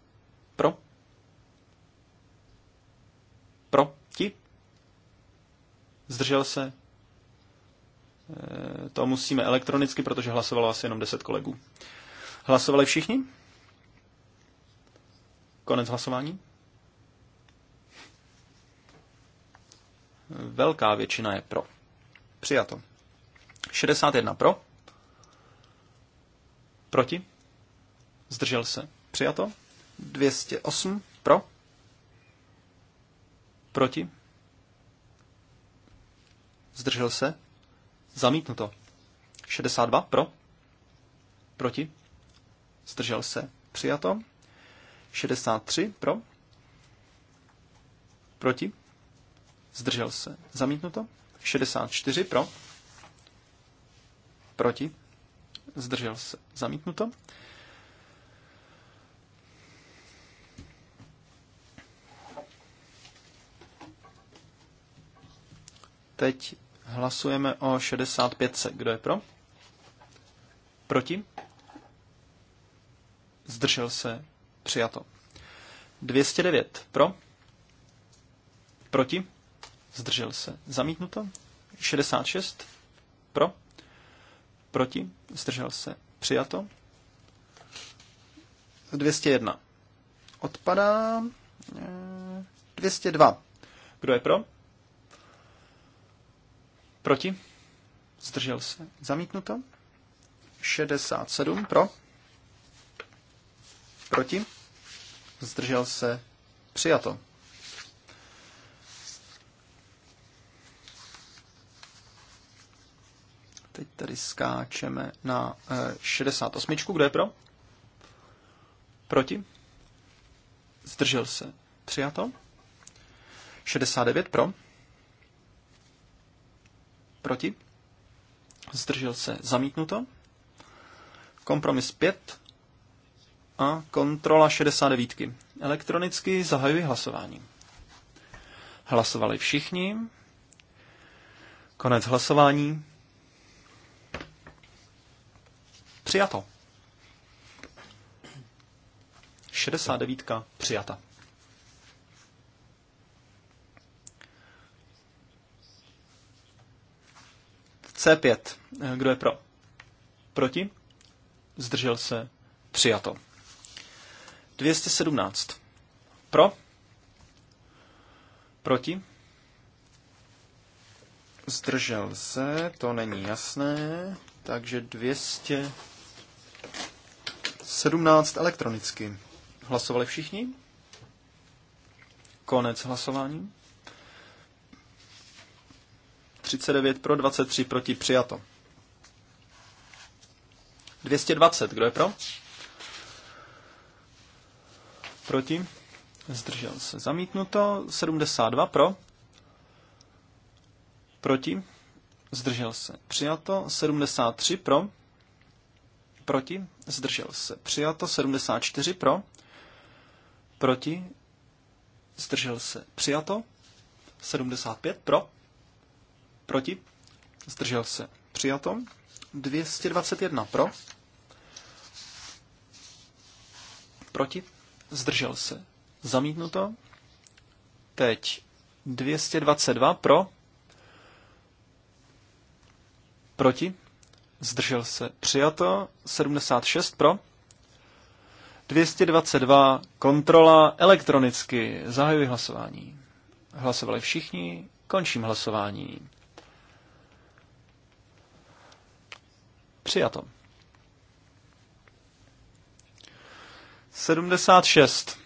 pro. Proti. Zdržel se. Eh, to musíme elektronicky, protože hlasovalo asi jenom 10 kolegů. Hlasovali všichni? Konec hlasování? Velká většina je pro. Přijato. 61 pro. Proti. Zdržel se. Přijato. 208 pro. Proti. Zdržel se. Zamítnuto. 62 pro. Proti. Zdržel se. Přijato. 63 pro. Proti. Zdržel se. Zamítnuto. 64 pro. Proti. Zdržel se. Zamítnuto. Teď Hlasujeme o 65. Kdo je pro? Proti? Zdržel se. Přijato. 209. Pro? Proti? Zdržel se. Zamítnuto. 66. Pro? Proti? Zdržel se. Přijato. 201. Odpadá. 202. Kdo je pro? Proti? Zdržel se. Zamítnuto. 67 pro. Proti? Zdržel se. Přijato. Teď tady skáčeme na e, eh, 68. Kdo je pro? Proti? Zdržel se. Přijato. 69 pro. Proti? Zdržel se. Zamítnuto. Kompromis 5 a kontrola 69. Elektronicky zahajuji hlasování. Hlasovali všichni. Konec hlasování. Přijato. 69. Přijata. C5. Kdo je pro? Proti? Zdržel se? Přijato. 217. Pro? Proti? Zdržel se, to není jasné, takže 217 elektronicky. Hlasovali všichni? Konec hlasování. 39 pro, 23 proti, přijato. 220, kdo je pro? Proti? Zdržel se. Zamítnuto. 72 pro. Proti? Zdržel se. Přijato. 73 pro. Proti? Zdržel se. Přijato. 74 pro. Proti? Zdržel se. Přijato. 75 pro. Proti? Zdržel se. Přijato. 221 pro. Proti? Zdržel se. Zamítnuto. Teď 222 pro. Proti? Zdržel se. Přijato. 76 pro. 222 kontrola elektronicky. Zahajuji hlasování. Hlasovali všichni. Končím hlasování. Přijato. 76.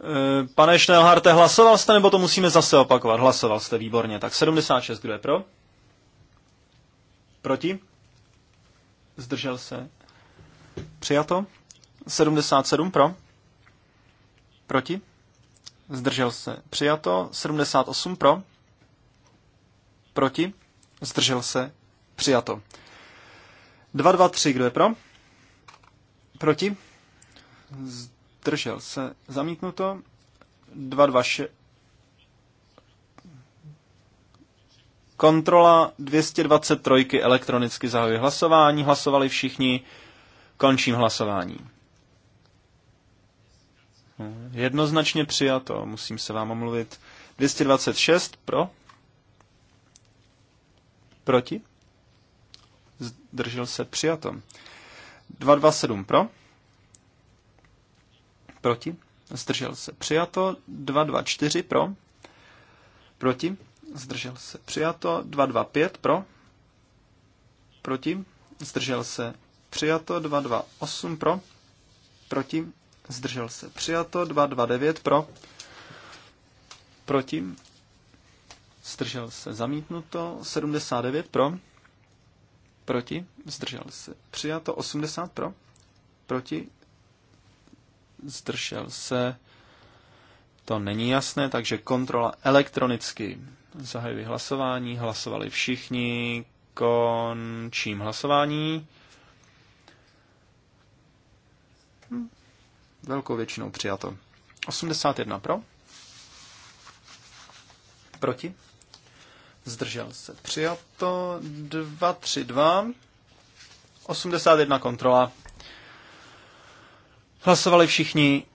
Eh, pane Šnelharte, hlasoval jste, nebo to musíme zase opakovat? Hlasoval jste, výborně. Tak 76, kdo je pro? Proti? Zdržel se. Přijato? 77 pro? Proti? zdržel se, přijato. 78 pro, proti, zdržel se, přijato. 223, kdo je pro? Proti? Zdržel se, zamítnuto. 6, Kontrola 223 elektronicky zahajuje hlasování. Hlasovali všichni. Končím hlasování. Jednoznačně přijato, musím se vám omluvit. 226 pro? Proti? Zdržel se přijato. 227 pro? Proti? Zdržel se přijato. 224 pro? Proti? Zdržel se přijato. 225 pro? Proti? Zdržel se přijato. 228 pro? Proti? zdržel se přijato, 229 pro, proti, zdržel se zamítnuto, 79 pro, proti, zdržel se přijato, 80 pro, proti, zdržel se, to není jasné, takže kontrola elektronicky. Zahajuji hlasování, hlasovali všichni, končím hlasování. Hm. Velkou většinou přijato. 81 pro. Proti. Zdržel se. Přijato 2, 3, 2. 81 kontrola. Hlasovali všichni.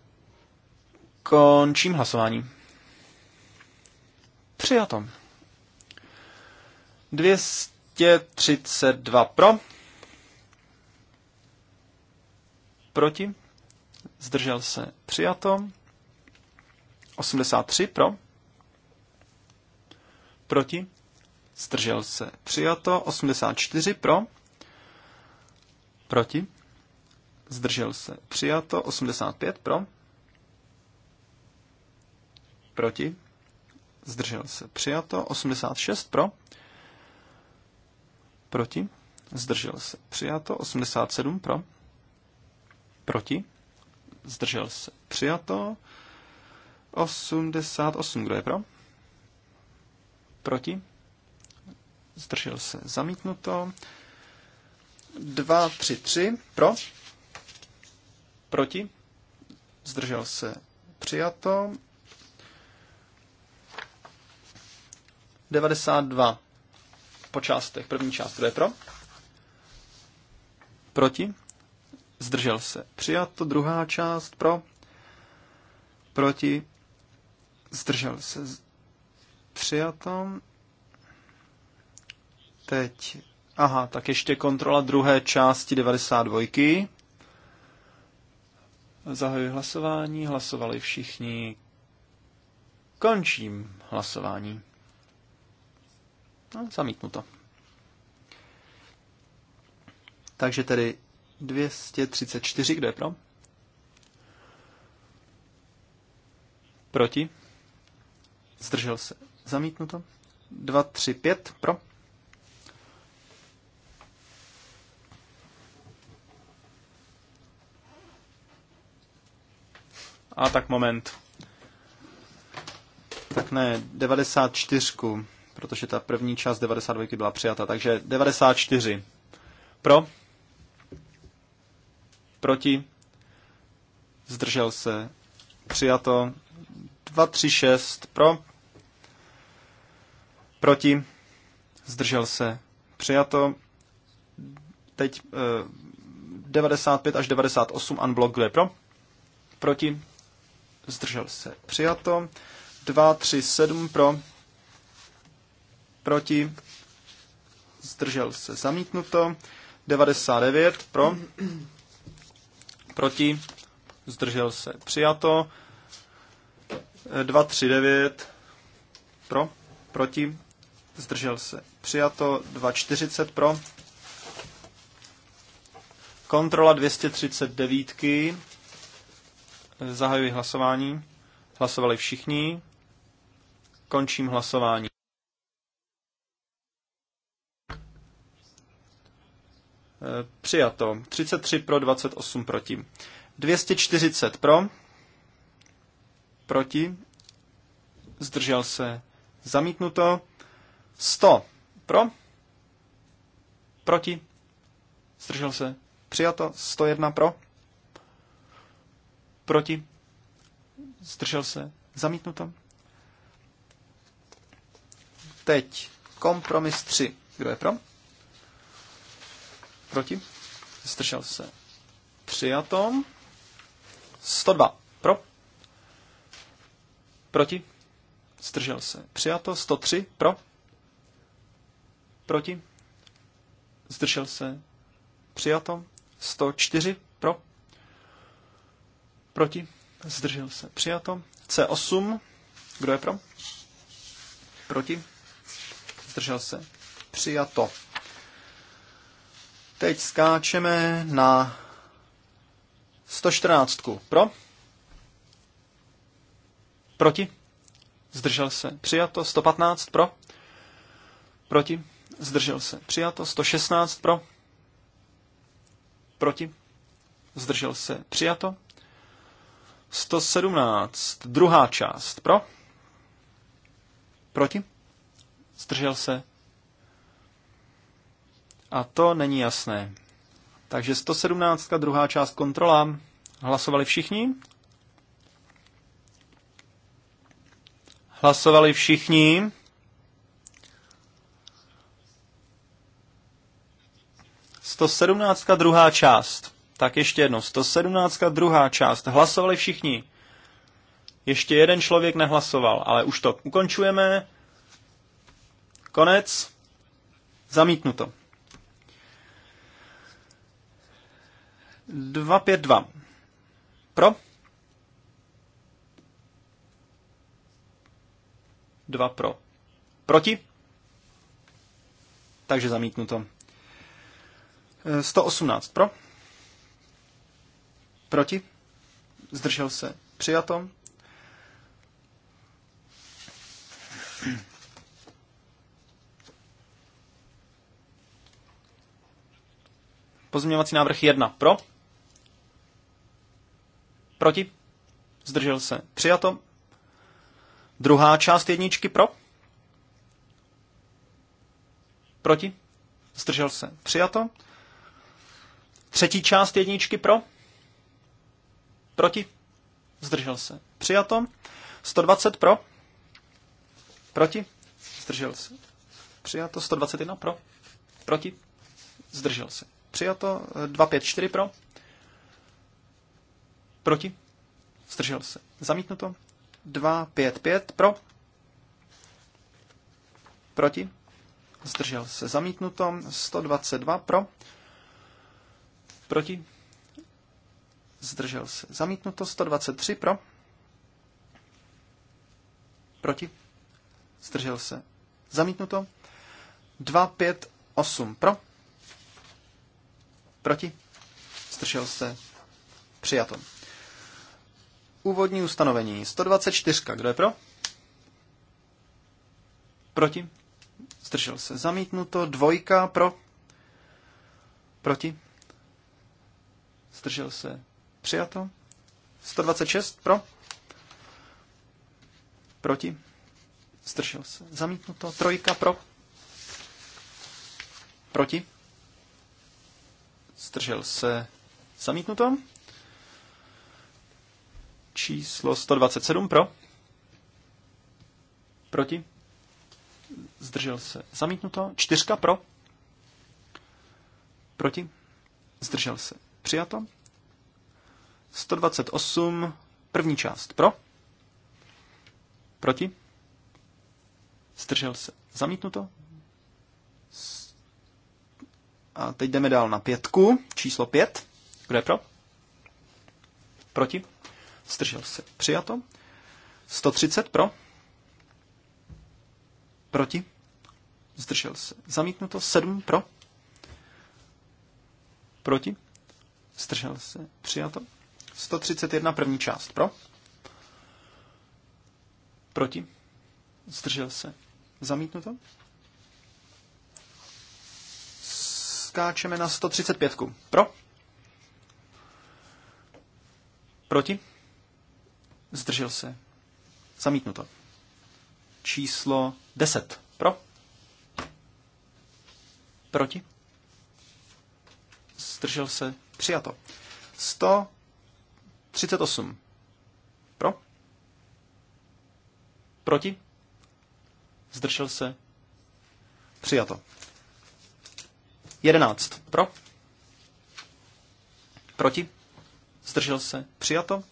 Končím hlasování. Přijato. 232 pro. Proti zdržel se, přijato. 83 pro, proti, zdržel se, přijato. 84 pro, proti, zdržel se, přijato. 85 pro, proti, zdržel se, přijato. 86 pro, proti, zdržel se, přijato. 87 pro, proti, zdržel se, přijato. 88, kdo je pro? Proti? Zdržel se, zamítnuto. 2, 3, 3, pro? Proti? Zdržel se, přijato. 92 po částech. První část, kdo je pro? Proti? zdržel se. Přijato druhá část pro, proti, zdržel se. Přijato. Teď, aha, tak ještě kontrola druhé části 92. Zahajuji hlasování, hlasovali všichni. Končím hlasování. No, zamítnuto. Takže tedy 234, kdo je pro? Proti? Zdržel se. Zamítnuto. 235 pro. A tak moment. Tak ne, 94, protože ta první část 92 byla přijata, takže 94 pro proti, zdržel se, přijato, 2, 3, 6 pro, proti, zdržel se, přijato, teď eh, 95 až 98 unblock, kdo je pro, proti, zdržel se, přijato, 2, 3, 7 pro, proti, zdržel se, zamítnuto, 99 pro, Proti? Zdržel se. Přijato. 239. Pro? Proti? Zdržel se. Přijato. 240 pro. Kontrola 239. Zahajuji hlasování. Hlasovali všichni. Končím hlasování. Eh, přijato. 33 pro, 28 proti. 240 pro, proti, zdržel se, zamítnuto. 100 pro, proti, zdržel se, přijato. 101 pro, proti, zdržel se, zamítnuto. Teď kompromis 3. Kdo je pro? Proti? Zdržel se. Přijato. 102. Pro? Proti? Zdržel se. Přijato. 103. Pro? Proti? Zdržel se. Přijato. 104. Pro? Proti? Zdržel se. Přijato. C8. Kdo je pro? Proti? Zdržel se. Přijato. Teď skáčeme na 114. Pro? Proti? Zdržel se. Přijato. 115. Pro? Proti? Zdržel se. Přijato. 116. Pro? Proti? Zdržel se. Přijato. 117. Druhá část. Pro? Proti? Zdržel se. A to není jasné. Takže 117. druhá část kontrola. Hlasovali všichni? Hlasovali všichni? To sedmnáctka druhá část. Tak ještě jedno. 117. sedmnáctka druhá část. Hlasovali všichni. Ještě jeden člověk nehlasoval, ale už to ukončujeme. Konec. Zamítnuto. 252. Pro? 2 pro. Proti? Takže zamítnuto. 118 e, pro. Proti? Zdržel se. Přijato. Pozměňovací návrh 1 pro. Proti? Zdržel se. Přijato. Druhá část jedničky pro? Proti? Zdržel se. Přijato. Třetí část jedničky pro? Proti? Zdržel se. Přijato. 120 pro? Proti? Zdržel se. Přijato. 121 pro? Proti? Zdržel se. Přijato. 254 pro? Proti? Zdržel se. Zamítnuto. 2, 5, 5. Pro? Proti? Zdržel se. Zamítnuto. 122. Pro? Proti? Zdržel se. Zamítnuto. 123. Pro? Proti? Zdržel se. Zamítnuto. 2, 5, 8. Pro? Proti? Zdržel se. Přijatom. Úvodní ustanovení 124. Kdo je pro? Proti? Zdržel se. Zamítnuto. Dvojka pro? Proti? Zdržel se. Přijato. 126 pro? Proti? Zdržel se. Zamítnuto. Trojka pro? Proti? Zdržel se. Zamítnuto číslo 127 pro. Proti. Zdržel se. Zamítnuto. Čtyřka pro. Proti. Zdržel se. Přijato. 128. První část pro. Proti. Zdržel se. Zamítnuto. A teď jdeme dál na pětku. Číslo pět. Kdo je pro? Proti? Zdržel se. Přijato. 130 pro. Proti. Zdržel se. Zamítnuto. 7 pro. Proti. Zdržel se. Přijato. 131 první část pro. Proti. Zdržel se. Zamítnuto. Skáčeme na 135. Pro. Proti. Zdržel se. Zamítnuto. Číslo 10. Pro. Proti. Zdržel se. Přijato. 138. Pro. Proti. Zdržel se. Přijato. 11. Pro. Proti. Zdržel se. Přijato.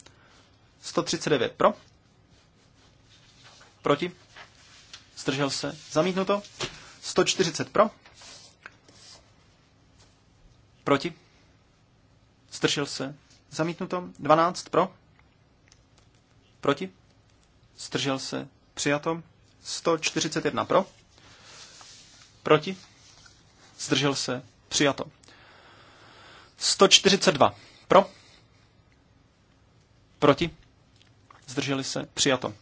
139 pro. Proti. Zdržel se. Zamítnuto. 140 pro. Proti. Zdržel se. Zamítnuto. 12 pro. Proti. Zdržel se. Přijato. 141 pro. Proti. Zdržel se. Přijato. 142 pro. Proti zdrželi se, přijato.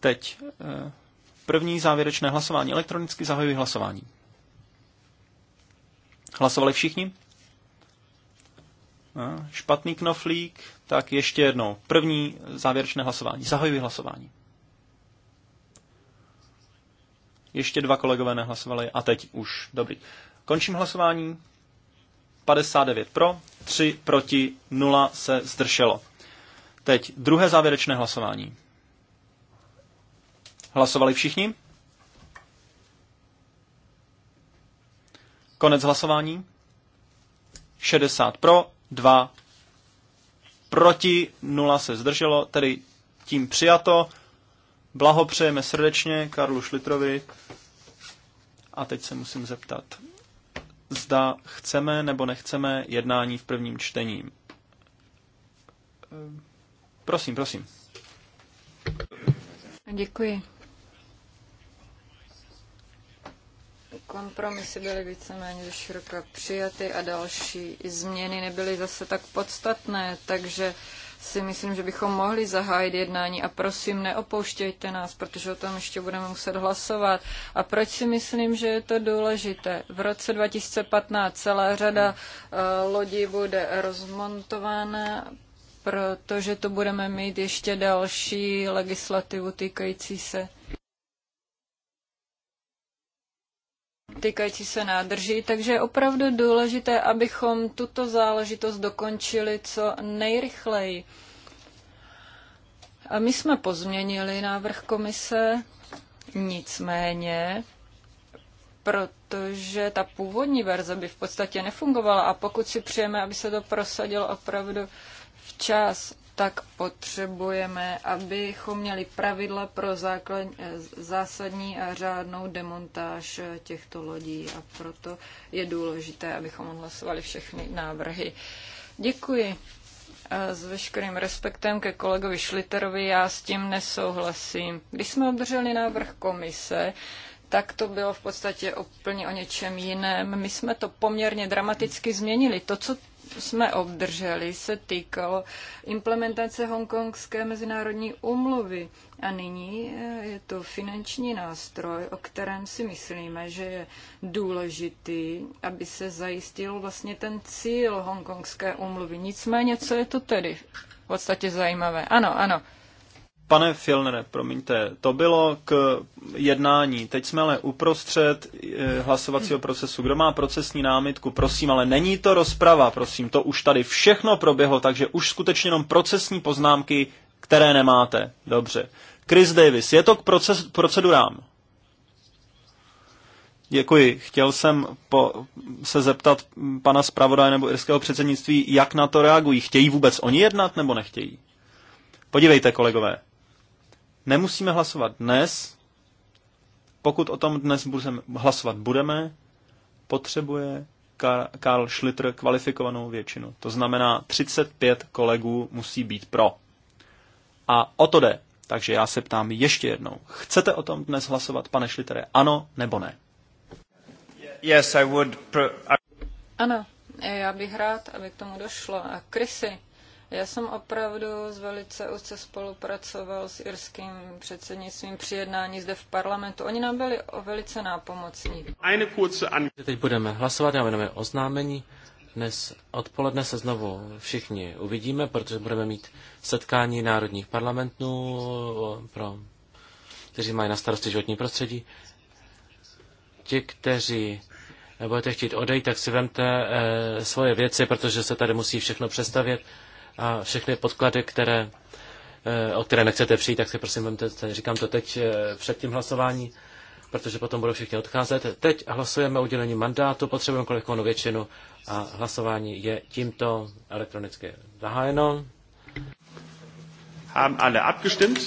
Teď eh, první závěrečné hlasování. Elektronicky zahajuji hlasování. Hlasovali všichni? A, špatný knoflík, tak ještě jednou. První závěrečné hlasování. Zahajuji hlasování. Ještě dva kolegové nehlasovali a teď už. Dobrý. Končím hlasování. 59 pro, 3 proti, 0 se zdrželo. Teď druhé závěrečné hlasování. Hlasovali všichni? Konec hlasování. 60 pro, 2 proti, 0 se zdrželo, tedy tím přijato. Blahopřejeme srdečně Karlu Šlitrovi. A teď se musím zeptat, zda chceme nebo nechceme jednání v prvním čtení. Prosím, prosím. Děkuji. Kompromisy byly víceméně široka přijaty a další změny nebyly zase tak podstatné, takže si myslím, že bychom mohli zahájit jednání a prosím, neopouštějte nás, protože o tom ještě budeme muset hlasovat. A proč si myslím, že je to důležité? V roce 2015 celá řada eh, lodí bude rozmontována, protože to budeme mít ještě další legislativu týkající se týkající se nádrží, takže je opravdu důležité, abychom tuto záležitost dokončili co nejrychleji. A my jsme pozměnili návrh komise, nicméně, protože ta původní verze by v podstatě nefungovala a pokud si přejeme, aby se to prosadilo opravdu čas tak potřebujeme, abychom měli pravidla pro základ, eh, zásadní a řádnou demontáž eh, těchto lodí a proto je důležité, abychom odhlasovali všechny návrhy. Děkuji. A s veškerým respektem ke kolegovi Šliterovi já s tím nesouhlasím. Když jsme obdrželi návrh komise, tak to bylo v podstatě úplně o něčem jiném. My jsme to poměrně dramaticky změnili. To, co jsme obdrželi, se týkalo implementace hongkongské mezinárodní umluvy. A nyní eh, je to finanční nástroj, o kterém si myslíme, že je důležitý, aby se zajistil vlastně ten cíl hongkongské umluvy. Nicméně, co je to tedy v podstatě zajímavé? Ano, ano. Pane Filnere, promiňte, to bylo k jednání. Teď jsme ale uprostřed eh, hlasovacího procesu. Kdo má procesní námitku, prosím, ale není to rozprava, prosím, to už tady všechno proběhlo, takže už skutečně jenom procesní poznámky, které nemáte. Dobře. Chris Davis, je to k proces, procedurám? Děkuji. Chtěl jsem po, se zeptat pana zpravodaje nebo irského předsednictví, jak na to reagují. Chtějí vůbec oni jednat nebo nechtějí? Podívejte, kolegové. Nemusíme hlasovat dnes. Pokud o tom dnes budeme, hlasovat budeme, potřebuje Karl Schlitter kvalifikovanou většinu. To znamená, 35 kolegů musí být pro. A o to jde. Takže já se ptám ještě jednou. Chcete o tom dnes hlasovat, pane Schlittere, ano nebo ne? Yes, I would pro... Ano, já bych rád, aby k tomu došlo. A Krysy, já jsem opravdu z velice úzce spolupracoval s irským předsednictvím při jednání zde v parlamentu. Oni nám byli velice nápomocní. Teď budeme hlasovat, já věnuji oznámení. Dnes odpoledne se znovu všichni uvidíme, protože budeme mít setkání národních parlamentů, pro, kteří mají na starosti životní prostředí. Ti, kteří eh, budete chtít odejít, tak si vemte e, svoje věci, protože se tady musí všechno přestavět a všechny podklady, které, eh, o které nechcete přijít, tak si prosím vemte, říkám to teď eh, před tím hlasování, protože potom budou všichni odcházet. Teď hlasujeme o udělení mandátu, potřebujeme kolektivní většinu a hlasování je tímto elektronicky zahájeno. Haben alle abgestimmt?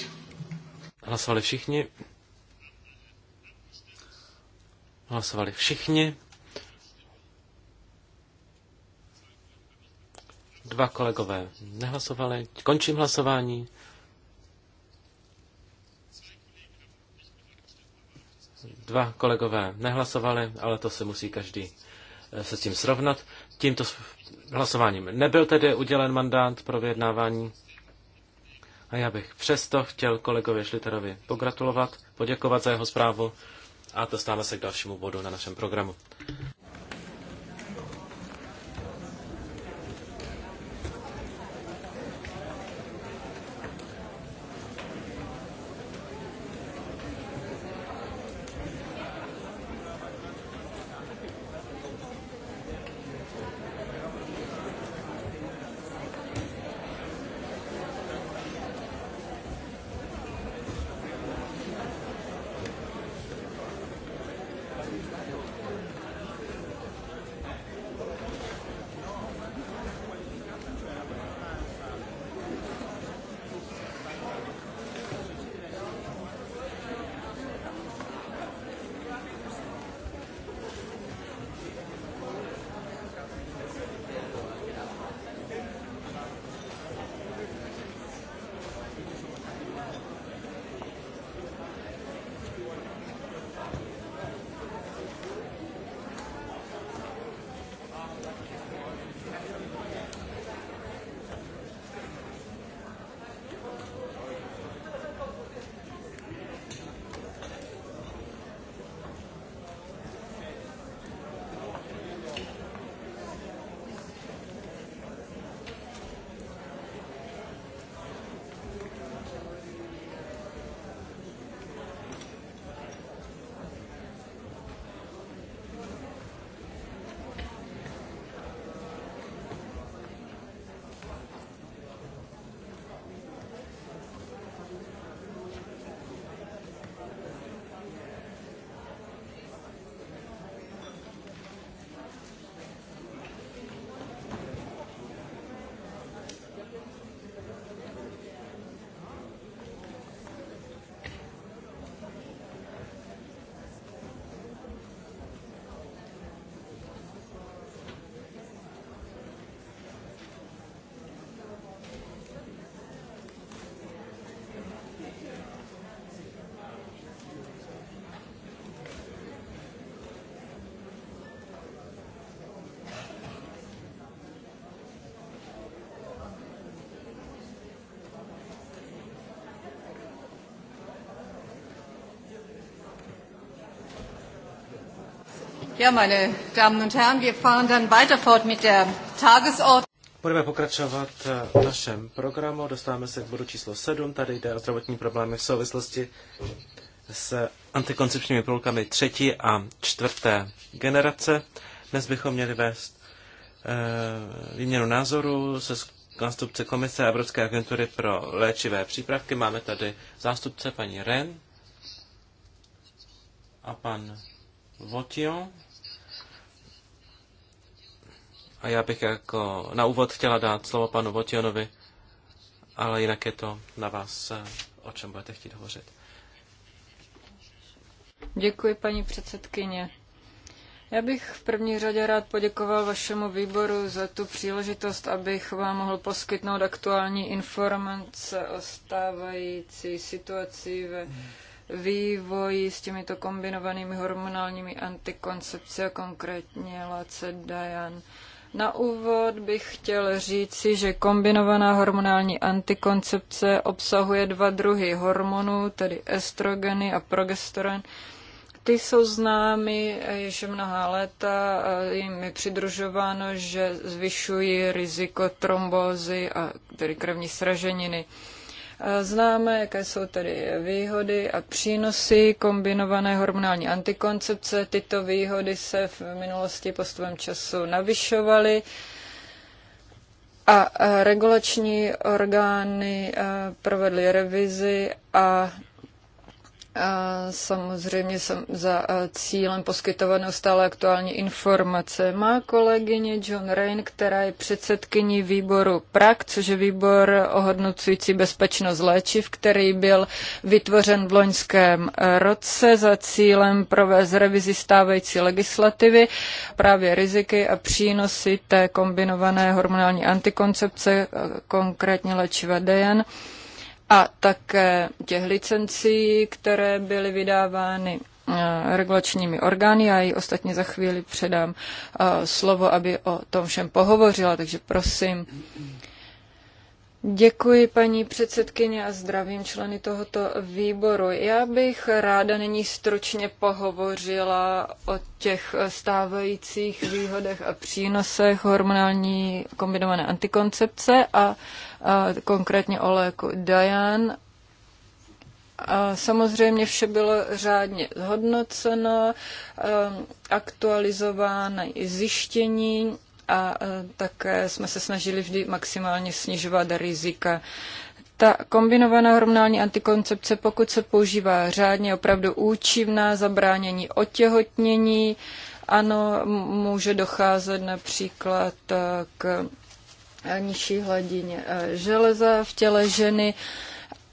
Hlasovali všichni. Hlasovali všichni. Dva kolegové nehlasovali. Končím hlasování. Dva kolegové nehlasovali, ale to se musí každý eh, se s tím srovnat. Tímto hlasováním nebyl tedy udělen mandát pro vyjednávání. A já bych přesto chtěl kolegovi Šliterovi pogratulovat, poděkovat za jeho zprávu a dostáváme se k dalšímu bodu na našem programu. Ja, meine Damen und Herren, wir fahren dann weiter fort mit der Tagesordnung. Budeme pokračovat v našem programu. Dostáváme se k bodu číslo 7. Tady jde o zdravotní problémy v souvislosti s antikoncepčními průlkami třetí a čtvrté generace. Dnes bychom měli vést e, výměnu názoru se zástupce Komise Evropské agentury pro léčivé přípravky. Máme tady zástupce paní Ren a pan Votion. A já bych jako na úvod chtěla dát slovo panu Votionovi, ale jinak je to na vás, eh, o čem budete chtít hovořit. Děkuji, paní předsedkyně. Já bych v první řadě rád poděkoval vašemu výboru za tu příležitost, abych vám mohl poskytnout aktuální informace o stávající situaci ve vývoji s těmito kombinovanými hormonálními antikoncepci a konkrétně láce Dajan. Na úvod bych chtěl říci, že kombinovaná hormonální antikoncepce obsahuje dva druhy hormonů, tedy estrogeny a progesteron. Ty jsou známy již mnoha léta, jim je přidružováno, že zvyšují riziko trombózy a tedy krevní sraženiny. Známe, jaké jsou tedy výhody a přínosy kombinované hormonální antikoncepce. Tyto výhody se v minulosti postupem času navyšovaly. A regulační orgány provedly revizi a samozřejmě jsem za cílem poskytovat stále aktuální informace. Má kolegyně John Rain, která je předsedkyní výboru PRAK, což je výbor ohodnocující bezpečnost léčiv, který byl vytvořen v loňském roce za cílem provést revizi stávající legislativy, právě riziky a přínosy té kombinované hormonální antikoncepce, konkrétně léčiva DN a také těch licencí, které byly vydávány eh, regulačními orgány. Já ji ostatně za chvíli předám eh, slovo, aby o tom všem pohovořila, takže prosím. Děkuji paní předsedkyně a zdravím členy tohoto výboru. Já bych ráda nyní stručně pohovořila o těch stávajících výhodách a přínosech hormonální kombinované antikoncepce a, a konkrétně o léku Dian a samozřejmě vše bylo řádně zhodnoceno, ehm, aktualizováno, i zjištění a e, také e, jsme se snažili vždy maximálně snižovat rizika. Ta kombinovaná hormonální antikoncepce, pokud se používá řádně, opravdu účinná, zabránění otěhotnění, ano, může docházet například e, k nižší hladině železa v těle ženy,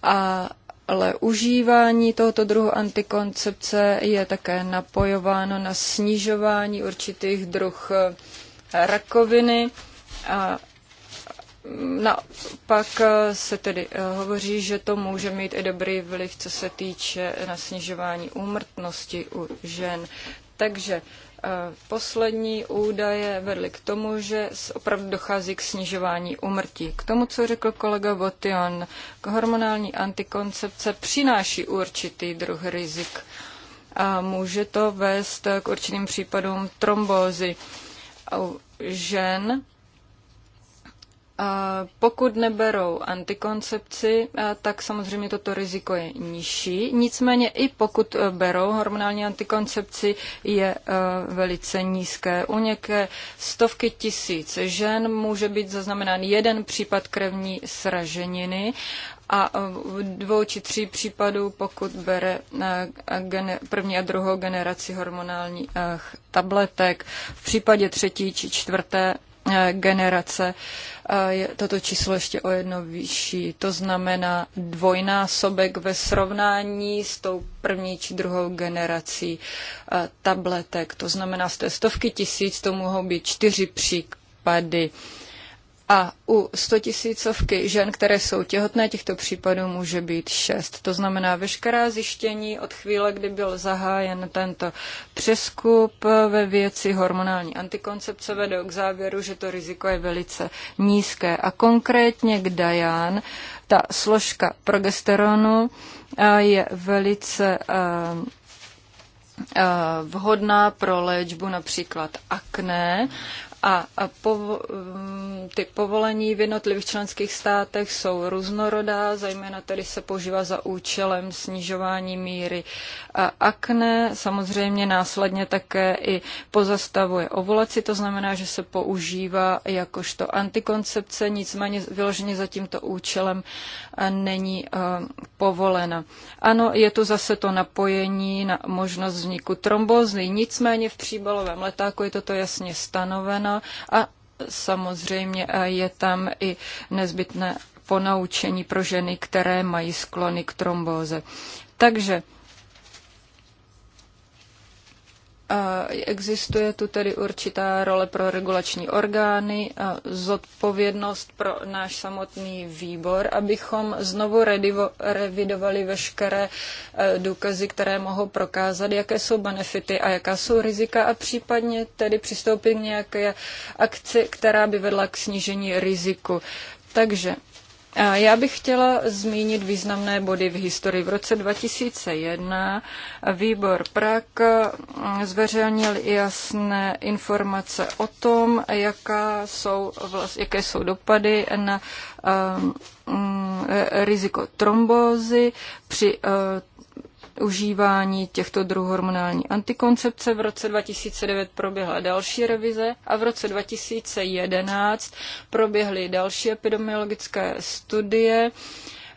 a, ale užívání tohoto druhu antikoncepce je také napojováno na snižování určitých druh rakoviny. A pak se tedy eh, hovoří, že to může mít i dobrý vliv, co se týče na snižování úmrtnosti u žen. Takže eh, poslední údaje vedly k tomu, že opravdu dochází k snižování úmrtí. K tomu, co řekl kolega Botion, k hormonální antikoncepce přináší určitý druh rizik a může to vést k určitým případům trombózy žen, pokud neberou antikoncepci, tak samozřejmě toto riziko je nižší. Nicméně i pokud berou hormonální antikoncepci, je e, velice nízké. U něké stovky tisíc žen může být zaznamenán jeden případ krevní sraženiny a v dvou či tří případů, pokud bere eh, první a druhou generaci hormonálních eh, tabletek. V případě třetí či čtvrté eh, generace je toto číslo ještě o jedno vyšší. To znamená dvojnásobek ve srovnání s tou první či druhou generací tabletek. To znamená, z té stovky tisíc to mohou být čtyři příklady případy. A u 100 tisícovky žen, které jsou těhotné, těchto případů může být 6. To znamená, veškerá zjištění od chvíle, kdy byl zahájen tento přeskup ve věci hormonální antikoncepce, vedou k závěru, že to riziko je velice nízké. A konkrétně k Dajan, ta složka progesteronu eh, je velice eh, eh, vhodná pro léčbu například akné a povo, mm, ty povolení v jednotlivých členských státech jsou různorodá, zejména tedy se používá za účelem snižování míry akné. Samozřejmě následně také i pozastavuje ovulaci, to znamená, že se používá jakožto antikoncepce, nicméně vyloženě za tímto účelem není povolena. Ano, je tu zase to napojení na možnost vzniku trombózy, nicméně v příbalovém letáku je toto jasně stanoveno změna a samozřejmě je tam i nezbytné ponaučení pro ženy, které mají sklony k tromboze. Takže Existuje tu tedy určitá role pro regulační orgány, zodpovědnost pro náš samotný výbor, abychom znovu revidovali veškeré e, důkazy, které mohou prokázat, jaké jsou benefity a jaká jsou rizika a případně tedy přistoupit k nějaké akci, která by vedla k snížení riziku. Takže já bych chtěla zmínit významné body v historii. V roce 2001 výbor Prak mm, zveřejnil jasné informace o tom, jaká jsou, vlast, jaké jsou dopady na um, riziko trombózy při uh, užívání těchto druhů hormonální antikoncepce. V roce 2009 proběhla další revize a v roce 2011 proběhly další epidemiologické studie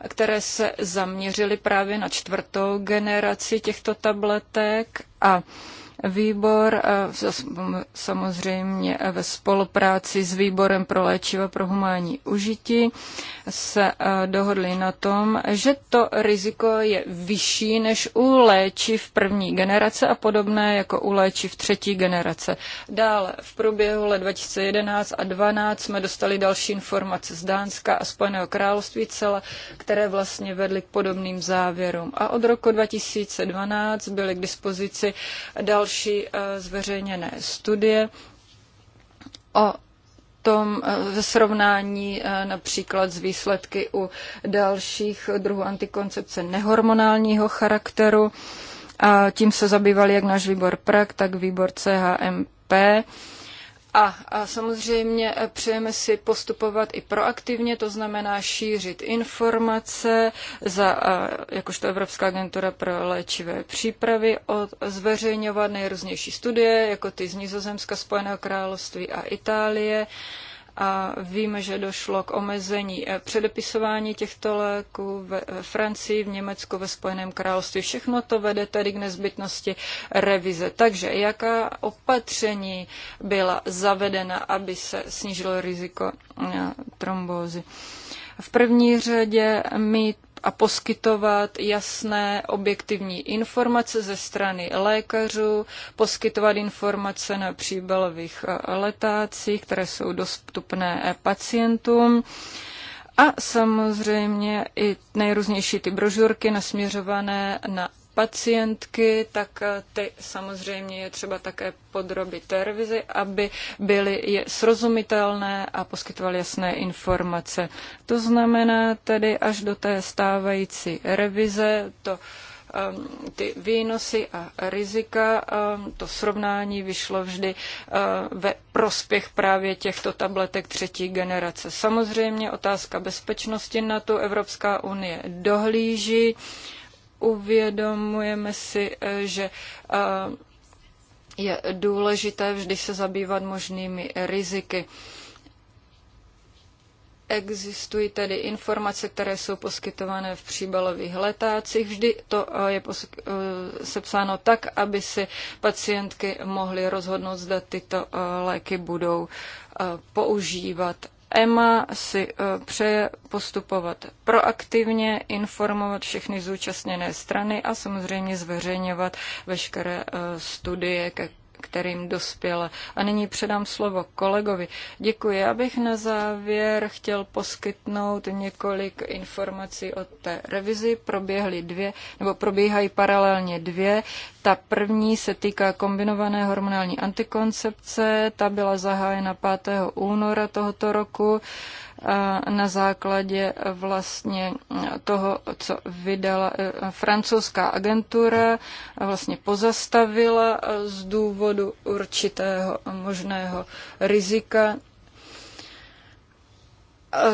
které se zaměřily právě na čtvrtou generaci těchto tabletek a Výbor eh, samozřejmě eh, ve spolupráci s Výborem pro léčiva pro humánní užití se eh, dohodli na tom, že to riziko je vyšší než u léčiv první generace a podobné jako u léčiv třetí generace. Dále v průběhu let 2011 a 2012 jsme dostali další informace z Dánska a Spojeného království celé, které vlastně vedly k podobným závěrům. A od roku 2012 byly k dispozici další další eh, zveřejněné studie o tom ve eh, srovnání eh, například s výsledky u dalších druhů antikoncepce nehormonálního charakteru. A tím se zabýval jak náš výbor PRAK, tak výbor CHMP. A, a samozřejmě přejeme si postupovat i proaktivně, to znamená šířit informace za, jakožto Evropská agentura pro léčivé přípravy, od, zveřejňovat nejrůznější studie, jako ty z Nizozemska, Spojeného království a Itálie a víme, že došlo k omezení eh, předepisování těchto léků ve eh, Francii, v Německu, ve Spojeném království. Všechno to vede tedy k nezbytnosti revize. Takže jaká opatření byla zavedena, aby se snížilo riziko eh, trombózy? V první řadě mít a poskytovat jasné objektivní informace ze strany lékařů, poskytovat informace na příbalových eh, letácích, které jsou dostupné eh, pacientům. A samozřejmě i nejrůznější ty brožurky nasměřované na pacientky, tak eh, ty samozřejmě je třeba také podrobit té revizi, aby byly je srozumitelné a poskytovaly jasné informace. To znamená tedy až do té stávající revize to ehm, ty výnosy a rizika, ehm, to srovnání vyšlo vždy eh, ve prospěch právě těchto tabletek třetí generace. Samozřejmě otázka bezpečnosti na tu Evropská unie dohlíží uvědomujeme si, eh, že eh, je důležité vždy se zabývat možnými riziky. Existují tedy informace, které jsou poskytované v příbalových letácích. Vždy to eh, je sepsáno tak, aby si pacientky mohly rozhodnout, zda tyto léky budou používat. EMA si eh, přeje postupovat proaktivně, informovat všechny zúčastněné strany a samozřejmě zveřejňovat veškeré eh, studie, ke kterým dospěla. A nyní předám slovo kolegovi. Děkuji. Já bych na závěr chtěl poskytnout několik informací o té revizi. Proběhly dvě, nebo probíhají paralelně dvě. Ta první se týká kombinované hormonální antikoncepce, ta byla zahájena 5. února tohoto roku na základě vlastně toho, co vydala eh, francouzská agentura, vlastně pozastavila eh, z důvodu určitého možného rizika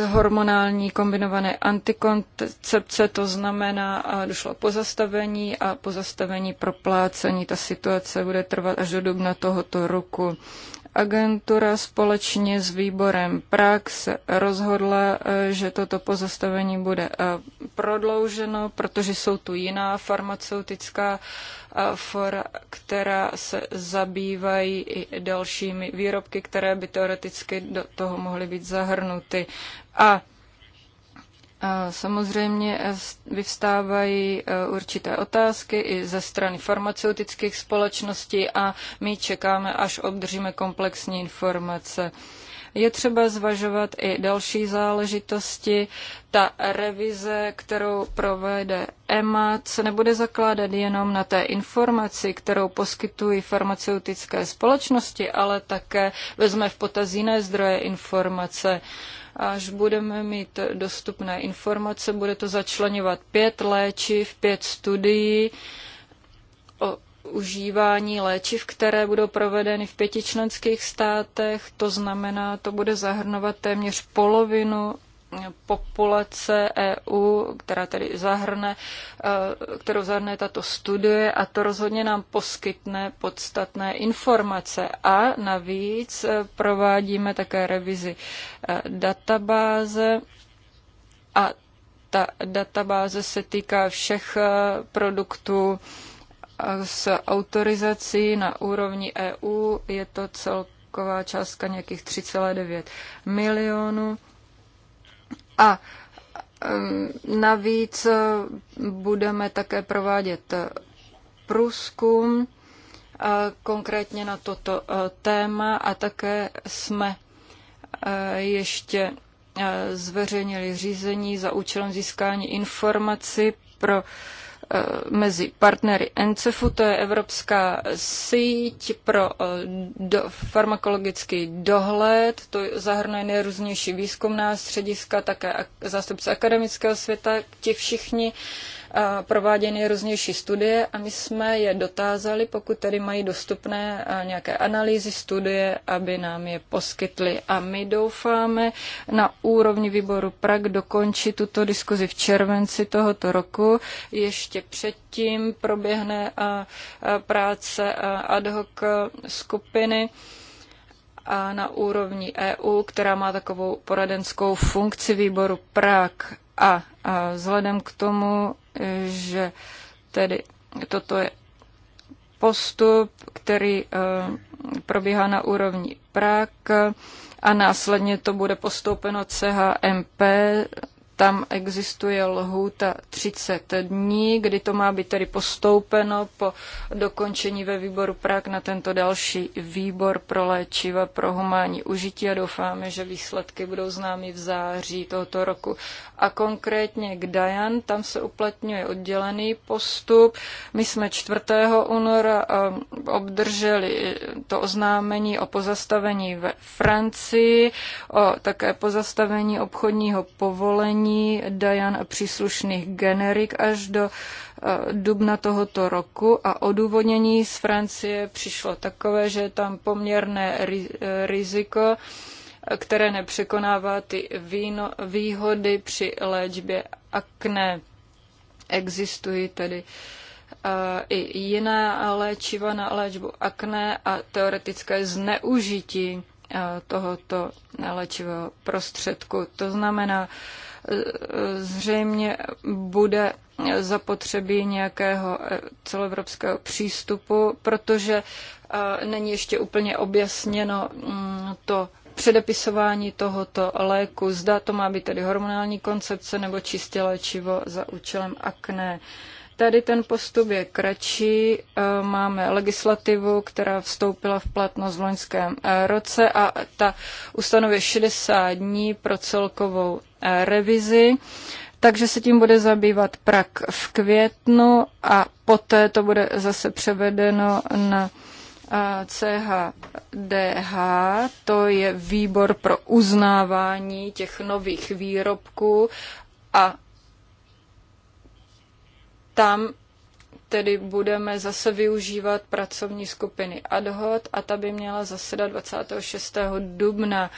hormonální kombinované antikoncepce, to znamená, a došlo pozastavení a pozastavení proplácení. Ta situace bude trvat až do dubna tohoto roku. Agentura společně s výborem Prax rozhodla, e, že toto pozastavení bude e, prodlouženo, protože jsou tu jiná farmaceutická fora, která se zabývají i dalšími výrobky, které by teoreticky do toho mohly být zahrnuty. A Samozřejmě vyvstávají e, určité otázky i ze strany farmaceutických společností a my čekáme, až obdržíme komplexní informace. Je třeba zvažovat i další záležitosti. Ta revize, kterou provede EMA, se nebude zakládat jenom na té informaci, kterou poskytují farmaceutické společnosti, ale také vezme v potaz jiné zdroje informace až budeme mít dostupné informace, bude to začlenovat pět léčiv, pět studií, užívání léčiv, které budou provedeny v pěti členských státech. To znamená, to bude zahrnovat téměř polovinu eh, populace EU, která tedy zahrne, eh, kterou zahrne tato studie a to rozhodně nám poskytne podstatné informace. A navíc eh, provádíme také revizi databáze a ta databáze se týká všech produktů, s autorizací na úrovni EU je to celková částka nějakých 3,9 milionů. A navíc e, budeme také provádět e, průzkum e, konkrétně na toto téma a také jsme ještě zveřejnili řízení za účelem získání informací pro uh, Eh, mezi partnery ENCEFu, to je Evropská síť pro eh, do, farmakologický dohled, to zahrnuje nejrůznější výzkumná střediska, také zástupce akademického světa, ti všichni uh, prováděny různější studie a my jsme je dotázali, pokud tedy mají dostupné nějaké analýzy, studie, aby nám je poskytli. A my doufáme na úrovni výboru Prag dokončit tuto diskuzi v červenci tohoto roku. Ještě předtím proběhne práce ad hoc skupiny a na úrovni EU, která má takovou poradenskou funkci výboru Prag. A, a vzhledem k tomu, že tedy toto je postup, který eh, probíhá na úrovni Prak a následně to bude postoupeno CHMP tam existuje lhůta 30 dní, kdy to má být tedy postoupeno po dokončení ve výboru Prak na tento další výbor pro léčiva pro humánní užití a doufáme, že výsledky budou známy v září tohoto roku. A konkrétně k Dajan, tam se uplatňuje oddělený postup. My jsme 4. února eh, obdrželi eh, to oznámení o pozastavení ve Francii, o také pozastavení obchodního povolení snížení Dajan a příslušných generik až do eh, dubna tohoto roku a odůvodnění z Francie přišlo takové, že je tam poměrné eh, riziko, které nepřekonává ty víno, výhody při léčbě akné. Existují tedy eh, i jiná léčiva na léčbu akné a teoretické zneužití tohoto léčivého prostředku. To znamená, Zřejmě bude zapotřebí nějakého eh, celoevropského přístupu, protože eh, není ještě úplně objasněno mm, to předepisování tohoto léku. Zda to má být tedy hormonální koncepce nebo čistě léčivo za účelem akné. Tady ten postup je kratší. Eh, máme legislativu, která vstoupila v platnost v loňském roce a ta ustanovuje 60 dní pro celkovou Eh, revizi, takže se tím bude zabývat prak v květnu a poté to bude zase převedeno na CHDH, eh, to je výbor pro uznávání těch nových výrobků a tam tedy budeme zase využívat pracovní skupiny ad hoc a ta by měla zasedat 26. dubna.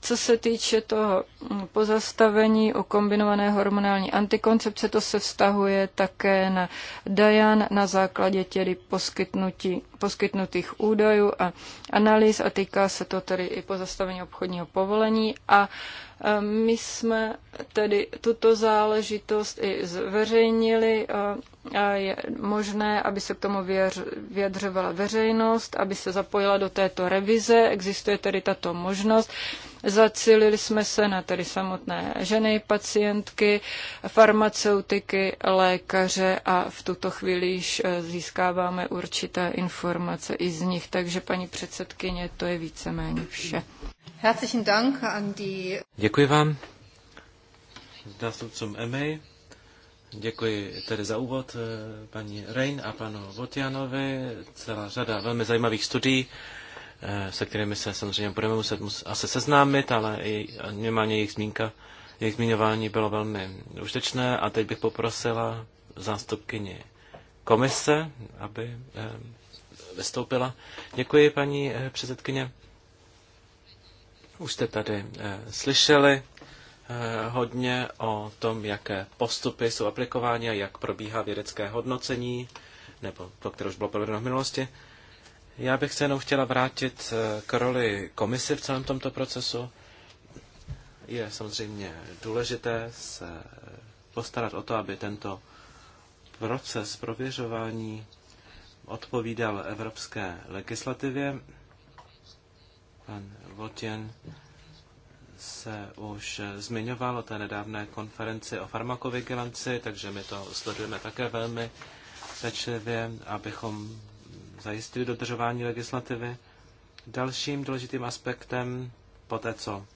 Co se týče toho pozastavení o kombinované hormonální antikoncepce, to se vztahuje také na Dajan na základě tedy poskytnutí poskytnutých údajů a analýz a týká se to tedy i pozastavení obchodního povolení a e, my jsme tedy tuto záležitost i zveřejnili e, a je možné, aby se k tomu vyjadřovala veřejnost, aby se zapojila do této revize, existuje tedy tato možnost. Zacílili jsme se na tedy samotné ženy, pacientky, farmaceutiky, lékaře a v tuto chvíli již e, získáváme určité informace informace i z nich. Takže paní předsedkyně, to je víceméně vše. Děkuji vám. Zástupcům EMEI. Děkuji tedy za úvod eh, paní Rein a panu Votianovi. Celá řada velmi zajímavých studií, eh, se kterými se samozřejmě budeme muset asi seznámit, ale i minimálně jejich zmínka, jejich zmiňování bylo velmi užitečné a teď bych poprosila zástupkyni komise, aby eh, vystoupila. Děkuji, paní eh, předsedkyně. Už jste tady eh, slyšeli eh, hodně o tom, jaké postupy jsou aplikovány a jak probíhá vědecké hodnocení, nebo to, které už bylo provedeno v minulosti. Já bych se jenom chtěla vrátit k roli komisy v celém tomto procesu. Je samozřejmě důležité se postarat o to, aby tento proces prověřování odpovídal evropské legislativě. Pan Votěn se už zmiňoval o té nedávné konferenci o farmakovigilanci, takže my to sledujeme také velmi pečlivě, abychom zajistili dodržování legislativy. Dalším důležitým aspektem, po té co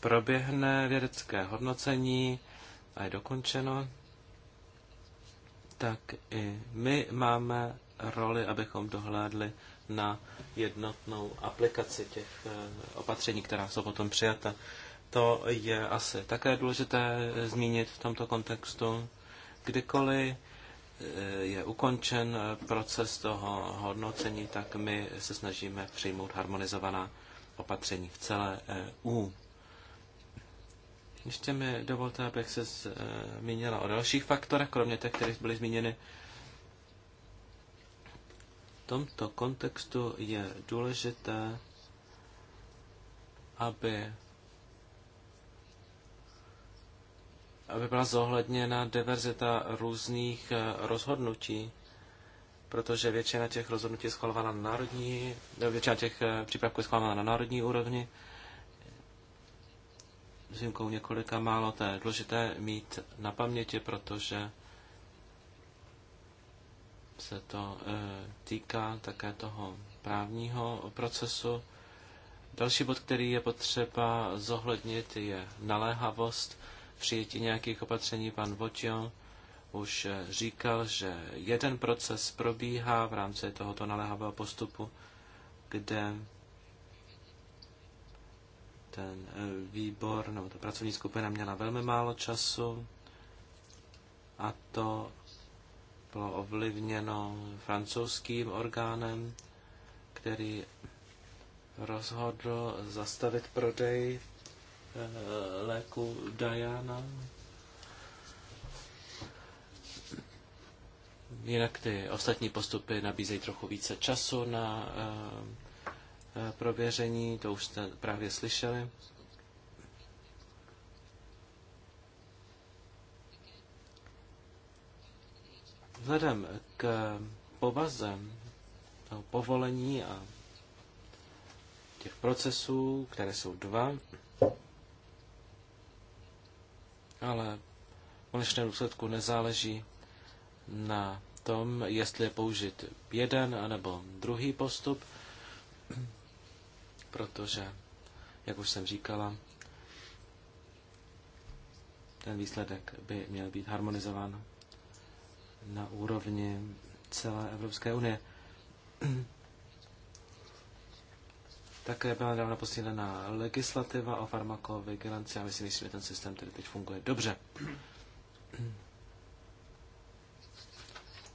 proběhne vědecké hodnocení a je dokončeno, tak i my máme roli, abychom dohlédli na jednotnou aplikaci těch eh, opatření, která jsou potom přijata. To je asi také důležité zmínit v tomto kontextu. Kdykoliv eh, je ukončen eh, proces toho hodnocení, tak my se snažíme přijmout harmonizovaná opatření v celé EU. Ještě mi dovolte, abych se eh, zmínila o dalších faktorech, kromě těch, které byly zmíněny. V tomto kontextu je důležité, aby aby byla zohledněna diverzita různých eh, rozhodnutí, protože většina těch rozhodnutí schvalovala na národní, eh, většina těch přípravků je schvalovala na národní úrovni s výjimkou několika málo, to je důležité mít na paměti, protože se to e, týká také toho právního procesu. Další bod, který je potřeba zohlednit, je naléhavost přijetí nějakých opatření. Pan Votion už e, říkal, že jeden proces probíhá v rámci tohoto naléhavého postupu, kde ten eh, výbor nebo ta pracovní skupina měla velmi málo času a to bylo ovlivněno francouzským orgánem, který rozhodl zastavit prodej eh, léku Diana. Jinak ty ostatní postupy nabízejí trochu více času na eh, Eh, prověření, to už jste právě slyšeli. Vzhledem k povaze toho povolení a těch procesů, které jsou dva, ale v konečném důsledku nezáleží na tom, jestli je použit jeden anebo druhý postup protože, jak už jsem říkala, ten výsledek by měl být harmonizován na úrovni celé Evropské unie. Také byla dávno posílená legislativa o farmakovigilanci a my si že ten systém tedy teď funguje dobře.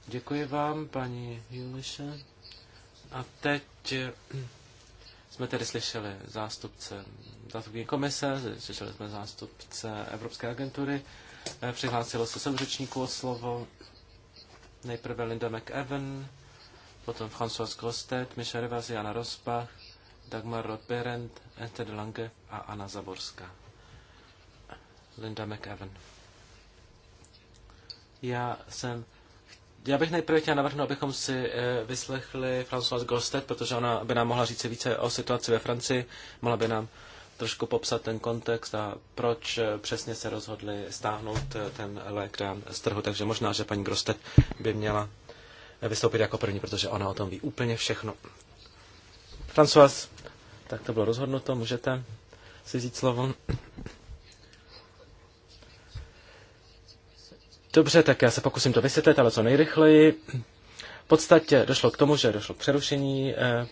Děkuji vám, paní Juliše. A teď jsme tedy slyšeli zástupce zástupní komise, slyšeli jsme zástupce Evropské agentury, eh, přihlásilo se sem řečníků o slovo, nejprve Linda McEwen, potom François Kostet, Michel Rivas, Jana Rozbach, Dagmar Rodberend, Ente de Lange a Anna Zaborská. Linda McEwen. Já jsem já bych nejprve chtěl navrhnout, abychom si eh, vyslechli Françoise Gostet, protože ona by nám mohla říct více o situaci ve Francii, mohla by nám trošku popsat ten kontext a proč eh, přesně se rozhodli stáhnout eh, ten lék z trhu. Takže možná, že paní Grostet by měla vystoupit jako první, protože ona o tom ví úplně všechno. François, tak to bylo rozhodnuto, můžete si říct slovo. Dobře, tak já se pokusím to vysvětlit, ale co nejrychleji. V podstatě došlo k tomu, že došlo k přerušení eh,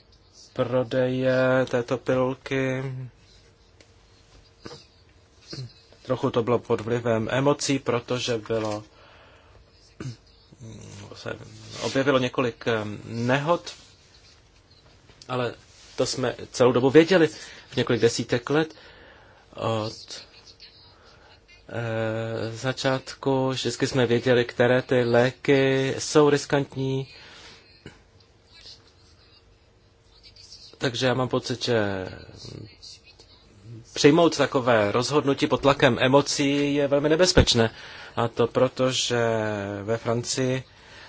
prodeje této pilulky. Trochu to bylo pod vlivem emocí, protože bylo se objevilo několik eh, nehod, ale to jsme celou dobu věděli v několik desítek let od Eh, začátku vždycky jsme věděli, které ty léky jsou riskantní. Takže já mám pocit, že přijmout takové rozhodnutí pod tlakem emocí je velmi nebezpečné. A to proto, že ve Francii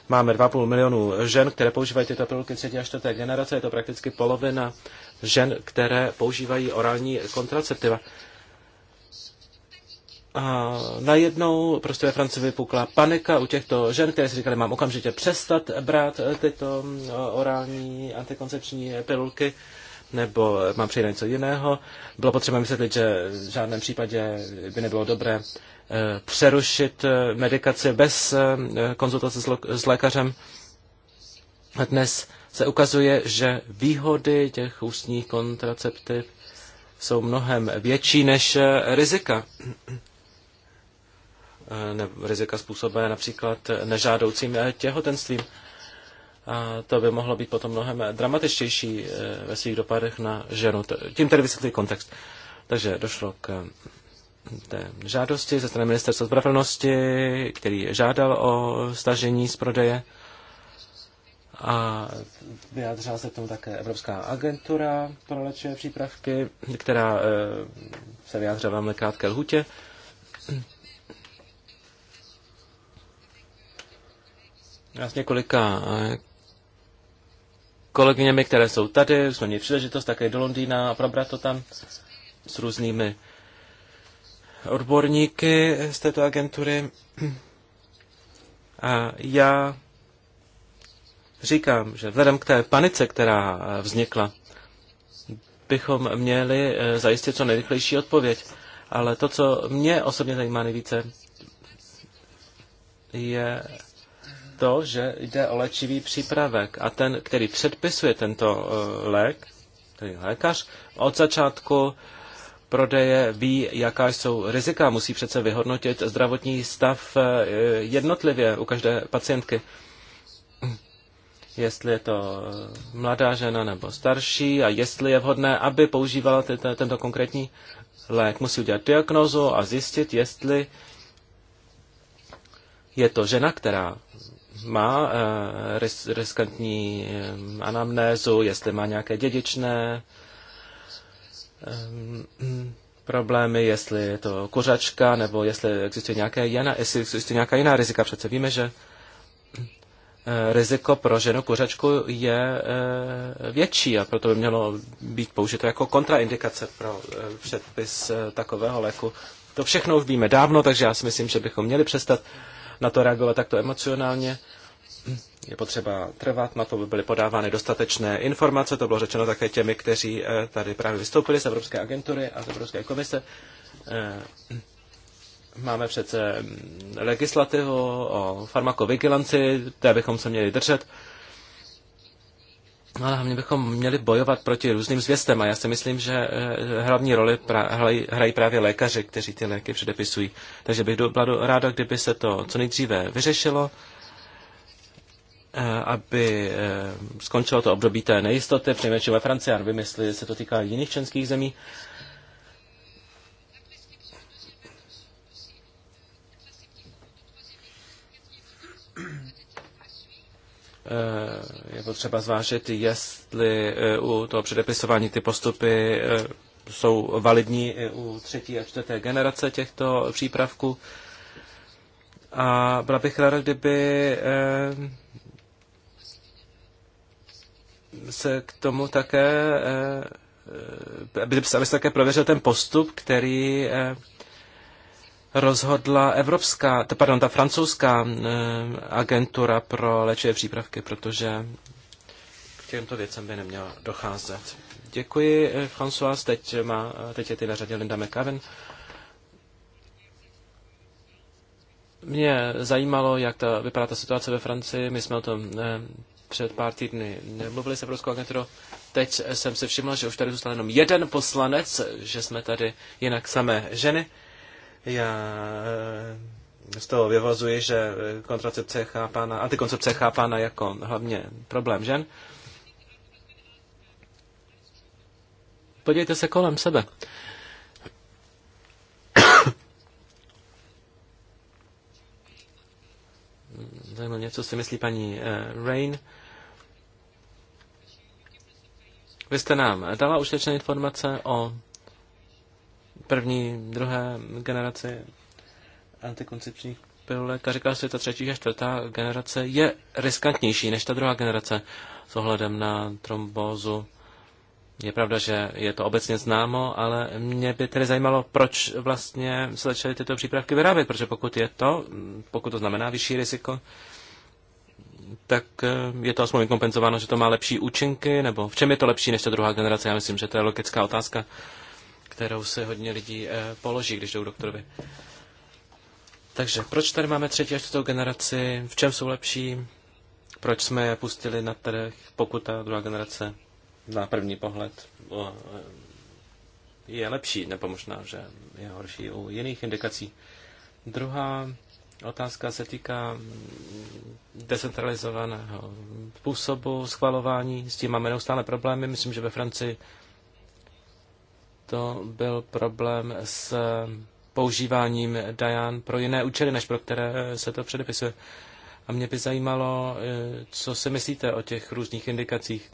máme 2,5 milionu žen, které používají tyto produkty třetí a čtvrté generace. Je to prakticky polovina žen, které používají orální kontraceptiva. A najednou prostě ve Francii vypukla panika u těchto žen, které si říkali, mám okamžitě přestat brát eh, tyto mm, orální antikoncepční pilulky, nebo eh, mám přijít něco jiného. Bylo potřeba myslet, že v žádném případě by nebylo dobré eh, přerušit medikaci bez konzultace s lékařem. Dnes se ukazuje, že výhody těch ústních kontraceptiv jsou mnohem větší než rizika. Eh, ne, rizika způsobené například nežádoucím eh, těhotenstvím. A to by mohlo být potom mnohem dramatičtější eh, ve svých dopadech na ženu. Tím tedy vysvětlí kontext. Takže došlo k té žádosti ze strany ministerstva spravedlnosti, který žádal o stažení z prodeje. A vyjádřila se k tomu také Evropská agentura pro léčivé přípravky, která se vyjádřila velmi krátké lhutě. Já s několika eh, kolegyněmi, které jsou tady, jsme měli příležitost také do Londýna a probrat to tam s různými odborníky z této agentury. A já říkám, že vzhledem k té panice, která eh, vznikla, bychom měli eh, zajistit co nejrychlejší odpověď. Ale to, co mě osobně zajímá nejvíce, je to, že jde o léčivý přípravek a ten, který předpisuje tento eh, lék, tedy lékař, od začátku prodeje ví, jaká jsou rizika. Musí přece vyhodnotit zdravotní stav eh, jednotlivě u každé pacientky. Jestli je to eh, mladá žena nebo starší a jestli je vhodné, aby používala tento, tento konkrétní lék. Musí udělat diagnozu a zjistit, jestli je to žena, která má eh, riskantní eh, anamnézu, jestli má nějaké dědičné eh, mm, problémy, jestli je to kuřačka, nebo jestli existuje, nějaké jiná, jestli existuje nějaká jiná rizika. Přece víme, že riziko pro ženu kuřačku je větší a proto by mělo být použito jako kontraindikace pro předpis takového léku. To všechno už víme dávno, takže já si myslím, že bychom měli přestat na to reagovat takto emocionálně. Je potřeba trvat, na to by byly podávány dostatečné informace, to bylo řečeno také těmi, kteří eh, tady právě vystoupili z Evropské agentury a z Evropské komise. Eh, máme přece legislativu o farmakovigilanci, té bychom se měli držet. No ale hlavně bychom měli bojovat proti různým zvěstem a já si myslím, že eh, hlavní roli hrají právě lékaři, kteří ty léky předepisují. Takže bych byla ráda, kdyby se to co nejdříve vyřešilo, eh, aby eh, skončilo to období té nejistoty, přinejmenším ve Francii, a nevím, jestli se to týká jiných členských zemí. Eh, je potřeba zvážit, jestli eh, u toho předepisování ty postupy eh, jsou validní i u třetí a čtvrté generace těchto přípravků. A byla bych ráda, kdyby se k tomu také, aby se také prověřil ten postup, který rozhodla evropská, pardon, ta francouzská eh, agentura pro léčivé přípravky, protože k těmto věcem by nemělo docházet. Děkuji, eh, François. Teď, má, teď je ty na řadě Linda McAven. Mě zajímalo, jak ta, vypadá ta situace ve Francii. My jsme o tom ne, eh, před pár týdny nemluvili s Evropskou agenturou. Teď jsem se všiml, že už tady zůstal jenom jeden poslanec, že jsme tady jinak samé ženy. Já eh, z toho vyvozuji, že eh, kontracepce chápána, antikoncepce chápána jako hlavně problém žen. Podívejte se kolem sebe. Zajímavé něco si myslí paní eh, Rain. Vy jste nám dala užitečné informace o první, druhé generaci antikoncepčních pilulek a říká se, že ta třetí a čtvrtá generace je riskantnější než ta druhá generace s ohledem na trombózu. Je pravda, že je to obecně známo, ale mě by tedy zajímalo, proč vlastně se začaly tyto přípravky vyrábět, protože pokud je to, pokud to znamená vyšší riziko, tak eh, je to aspoň kompenzováno, že to má lepší účinky, nebo v čem je to lepší než ta druhá generace? Já myslím, že to je logická otázka kterou se hodně lidí eh, položí, když jdou doktorovi. Takže proč tady máme třetí a čtvrtou generaci? V čem jsou lepší? Proč jsme je pustili na trh, pokud ta druhá generace na první pohled eh, je lepší, nebo možná, že je horší u jiných indikací. Druhá otázka se týká mm, decentralizovaného způsobu schvalování. S tím máme neustále problémy. Myslím, že ve Francii to byl problém s používáním Dajan pro jiné účely, než pro které eh, se to předepisuje. A mě by zajímalo, eh, co si myslíte o těch různých indikacích.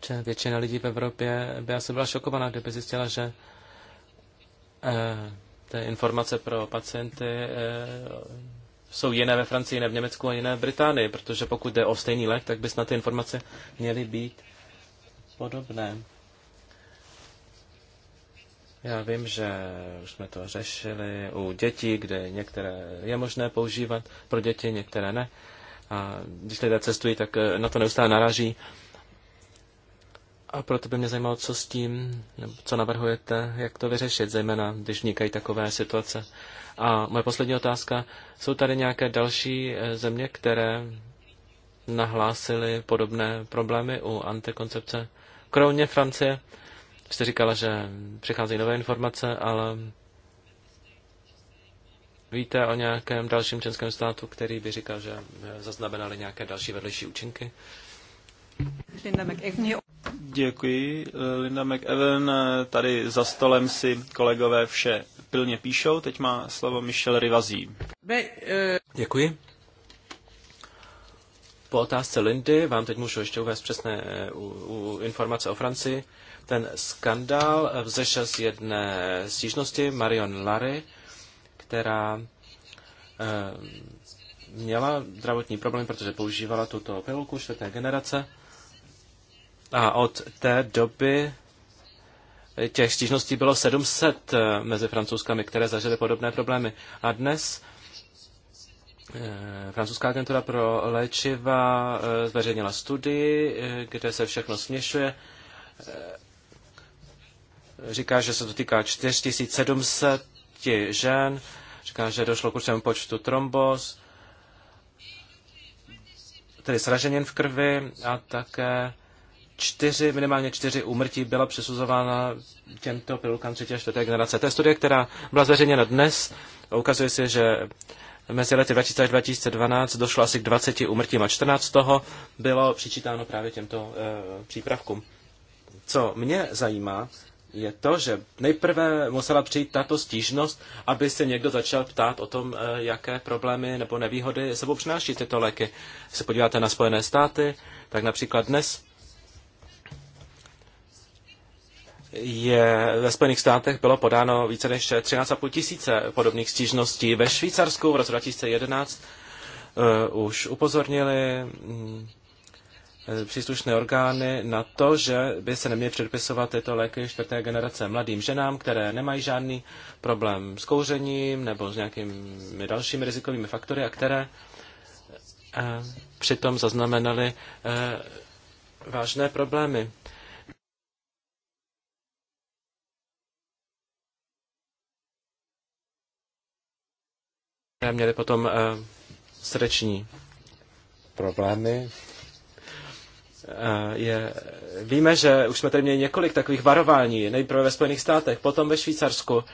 Če většina lidí v Evropě by asi byla šokovaná, kdyby zjistila, že eh, ty informace pro pacienty jsou jiné ve Francii, jiné v Německu a jiné v Británii, protože pokud jde o stejný lék, tak by snad ty informace měly být podobné. Já vím, že už jsme to řešili u dětí, kde některé je možné používat pro děti, některé ne. A když lidé cestují, tak eh, na to neustále naráží. A proto by mě zajímalo, co s tím, co navrhujete, jak to vyřešit, zejména když vznikají takové situace. A moje poslední otázka, jsou tady nějaké další eh, země, které nahlásily podobné problémy u antikoncepce? Kromě Francie, jste říkala, že přicházejí nové informace, ale víte o nějakém dalším českém státu, který by říkal, že eh, zaznamenali nějaké další vedlejší účinky? Děkuji. Linda McEwen, eh, tady za stolem si kolegové vše pilně píšou. Teď má slovo Michel Rivazí. Eh, Děkuji. Po otázce Lindy vám teď můžu ještě uvést přesné u, u informace o Francii. Ten skandál vzešel z jedné stížnosti Marion Larry, která eh, měla zdravotní problém, protože používala tuto pilulku čtvrté generace. A od té doby těch stížností bylo 700 eh, mezi francouzskami, které zažily podobné problémy. A dnes eh, Francouzská agentura pro léčiva zveřejnila studii, kde se všechno směšuje říká, že se to týká 4700 žen, říká, že došlo k určitému počtu trombos, tedy sraženin v krvi a také čtyři, minimálně čtyři úmrtí byla přesuzována těmto pilulkám třetí a čtvrté generace. To je studie, která byla zveřejněna dnes. Ukazuje se, že mezi lety 2000 až 2012 došlo asi k 20 úmrtím a 14 z toho bylo přičítáno právě těmto e, přípravkům. Co mě zajímá, je to, že nejprve musela přijít tato stížnost, aby se někdo začal ptát o tom, eh, jaké problémy nebo nevýhody sebou přináší tyto léky. Když se podíváte na Spojené státy, tak například dnes je ve Spojených státech bylo podáno více než 13,5 tisíce podobných stížností. Ve Švýcarsku v roce 2011 uh, eh, už upozornili mm, Eh, příslušné orgány na to, že by se neměly předpisovat tyto léky čtvrté generace mladým ženám, které nemají žádný problém s kouřením nebo s nějakými dalšími rizikovými faktory a které eh, přitom zaznamenaly eh, vážné problémy. Měli potom srdeční problémy, Eh, je, víme, že už jsme tady měli několik takových varování, nejprve ve Spojených státech, potom ve Švýcarsku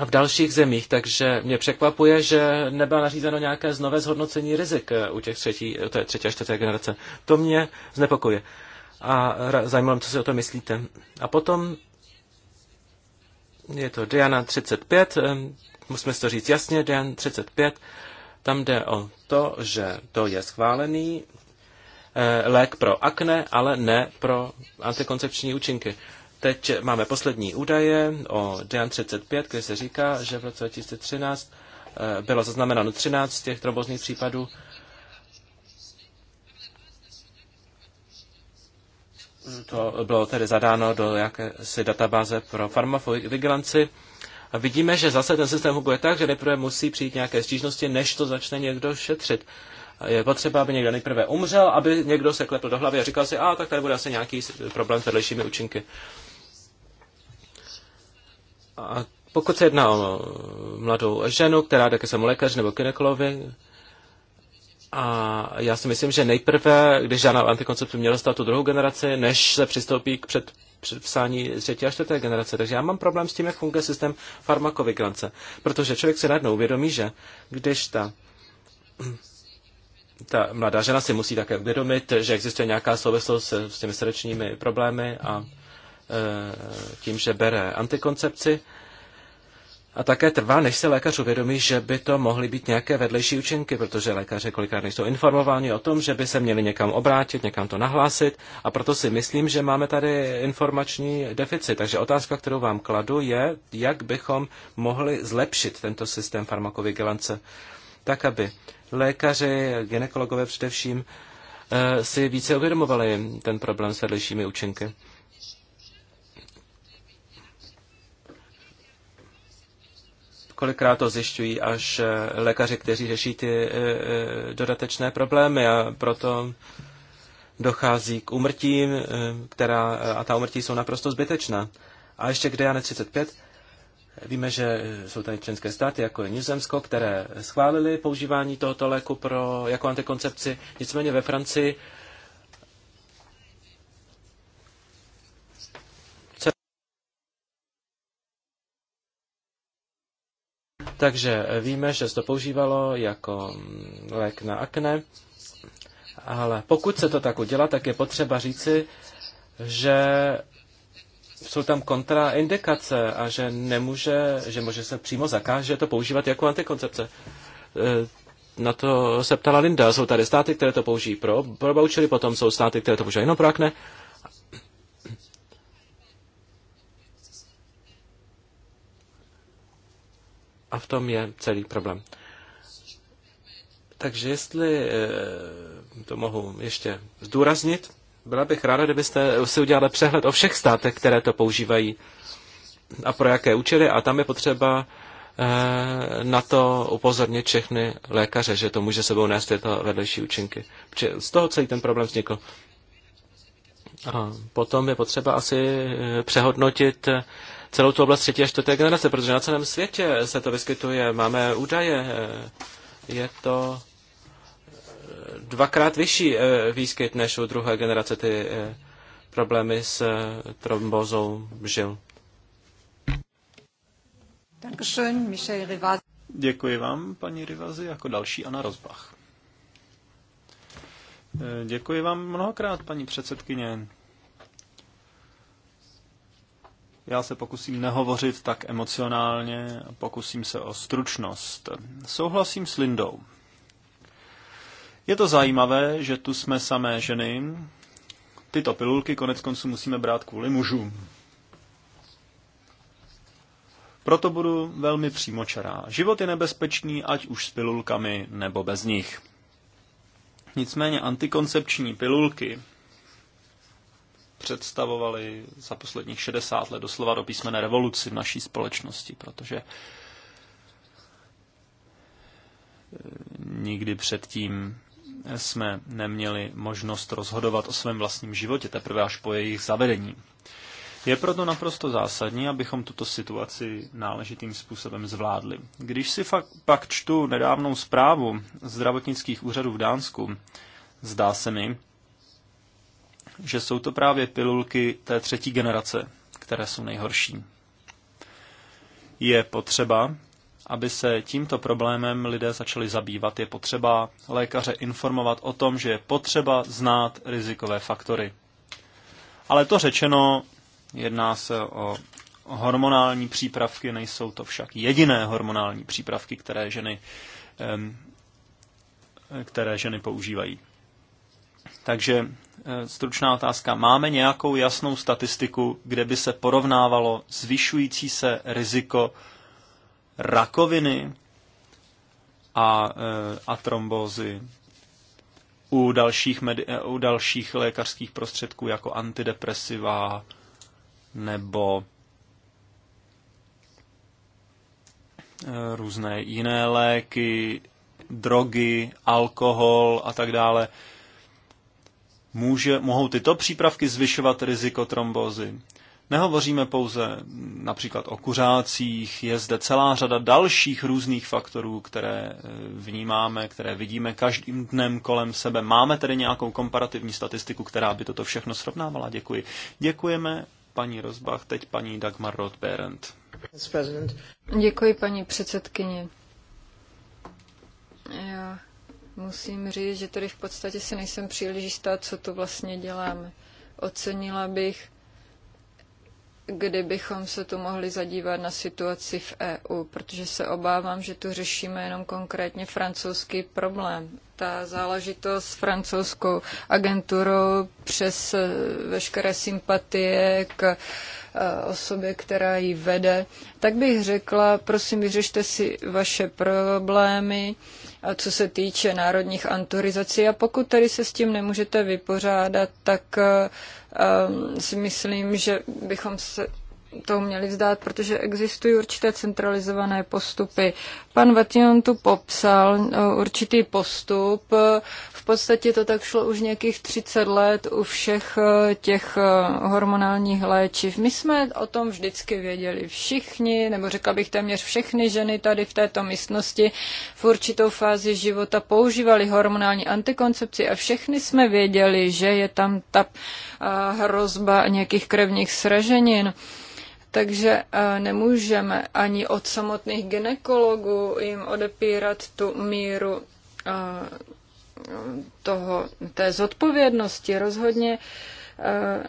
a v dalších zemích, takže mě překvapuje, že nebylo nařízeno nějaké znové zhodnocení rizik eh, u těch třetí, eh, to je třetí a čtvrté generace. To mě znepokuje. A zajímalo mě, co si o to myslíte. A potom je to Diana 35, musíme si to říct jasně, Diana 35, tam jde o to, že to je schválený Eh, lék pro akne, ale ne pro antikoncepční účinky. Teď máme poslední údaje o DIAN 35, kde se říká, že v roce 2013 eh, bylo zaznamenáno 13 těch trombozních případů. To bylo tedy zadáno do jakési databáze pro farmafovigilanci. A vidíme, že zase ten systém funguje tak, že nejprve musí přijít nějaké stížnosti, než to začne někdo šetřit je potřeba, aby někdo nejprve umřel, aby někdo se klepl do hlavy a říkal si, a ah, tak tady bude asi nějaký problém s vedlejšími účinky. A pokud se jedná o mladou ženu, která jde ke svému lékaři nebo kinekolovi, a já si myslím, že nejprve, když žádná antikoncepci měla stát tu druhou generaci, než se přistoupí k před, předpsání třetí a čtvrté generace. Takže já mám problém s tím, jak funguje systém farmakovigilance. Protože člověk se najednou uvědomí, že když ta ta mladá žena si musí také uvědomit, že existuje nějaká souvislost s, těmi srdečními problémy a e, tím, že bere antikoncepci. A také trvá, než se lékař uvědomí, že by to mohly být nějaké vedlejší účinky, protože lékaři kolikrát nejsou informováni o tom, že by se měli někam obrátit, někam to nahlásit. A proto si myslím, že máme tady informační deficit. Takže otázka, kterou vám kladu, je, jak bychom mohli zlepšit tento systém farmakovigilance tak aby lékaři, ginekologové především, eh, si více uvědomovali ten problém s vedlejšími účinky. Kolikrát to zjišťují až eh, lékaři, kteří řeší ty eh, dodatečné problémy a proto dochází k úmrtím, která, a ta úmrtí jsou naprosto zbytečná. A ještě k Diane 35 Víme, že jsou tady členské státy, jako je Nizozemsko, které schválili používání tohoto léku pro, jako antikoncepci. Nicméně ve Francii Takže víme, že se to používalo jako lék na akne, ale pokud se to tak udělá, tak je potřeba říci, že jsou tam kontraindikace a že nemůže, že může se přímo zakáže to používat jako antikoncepce. E, na to se ptala Linda. Jsou tady státy, které to použijí pro, pro vouchery, potom jsou státy, které to používají jenom pro akne. A v tom je celý problém. Takže jestli e, to mohu ještě zdůraznit, byla bych ráda, kdybyste si udělali přehled o všech státech, které to používají a pro jaké účely. A tam je potřeba eh, na to upozornit všechny lékaře, že to může sebou nést tyto vedlejší účinky. Protože z toho celý ten problém vznikl. A potom je potřeba asi eh, přehodnotit eh, celou tu oblast třetí a čtvrté generace, protože na celém světě se to vyskytuje, máme údaje, je to dvakrát vyšší eh, výskyt než u druhé generace ty eh, problémy s eh, trombozou žil. Děkuji vám, paní Rivazi, jako další Anna Rozbach. Děkuji vám mnohokrát, paní předsedkyně. Já se pokusím nehovořit tak emocionálně pokusím se o stručnost. Souhlasím s Lindou. Je to zajímavé, že tu jsme samé ženy. Tyto pilulky konec konců musíme brát kvůli mužům. Proto budu velmi přímočará. Život je nebezpečný, ať už s pilulkami nebo bez nich. Nicméně antikoncepční pilulky představovaly za posledních 60 let doslova do písmene revoluci v naší společnosti, protože eh, nikdy předtím jsme neměli možnost rozhodovat o svém vlastním životě teprve až po jejich zavedení. Je proto naprosto zásadní, abychom tuto situaci náležitým způsobem zvládli. Když si fakt, pak čtu nedávnou zprávu zdravotnických úřadů v Dánsku, zdá se mi, že jsou to právě pilulky té třetí generace, které jsou nejhorší. Je potřeba, aby se tímto problémem lidé začali zabývat, je potřeba lékaře informovat o tom, že je potřeba znát rizikové faktory. Ale to řečeno, jedná se o hormonální přípravky, nejsou to však jediné hormonální přípravky, které ženy, které ženy používají. Takže eh, stručná otázka. Máme nějakou jasnou statistiku, kde by se porovnávalo zvyšující se riziko rakoviny a, e, a trombózy u dalších, medi- e, u dalších lékařských prostředků jako antidepresiva nebo e, různé jiné léky, drogy, alkohol a tak dále. Může, mohou tyto přípravky zvyšovat riziko trombózy. Nehovoříme pouze například o kuřácích, je zde celá řada dalších různých faktorů, které eh, vnímáme, které vidíme každým dnem kolem sebe. Máme tedy nějakou komparativní statistiku, která by toto všechno srovnávala. Děkuji. Děkujeme paní Rozbach, teď paní Dagmar Rothberend. Děkuji, paní předsedkyně. Já musím říct, že tady v podstatě se nejsem příliš jistá, co tu vlastně děláme. Ocenila bych kdybychom se tu mohli zadívat na situaci v EU, protože se obávám, že tu řešíme jenom konkrétně francouzský problém. Ta záležitost s francouzskou agenturou přes eh, veškeré sympatie k eh, osobě, která ji vede, tak bych řekla, prosím, vyřešte si vaše problémy, co se týče národních autorizací. A pokud tady se s tím nemůžete vypořádat, tak eh, eh, si myslím, že bychom se to měli vzdát, protože existují určité centralizované postupy. Pan Vatinon tu popsal eh, určitý postup. V podstatě to tak šlo už nějakých 30 let u všech eh, těch eh, hormonálních léčiv. My jsme o tom vždycky věděli všichni, nebo řekla bych téměř všechny ženy tady v této místnosti v určitou fázi života používali hormonální antikoncepci a všechny jsme věděli, že je tam ta hrozba nějakých krevních sraženin. Takže eh, nemůžeme ani od samotných ginekologů jim odepírat tu míru eh, toho, té zodpovědnosti. Rozhodně Eh,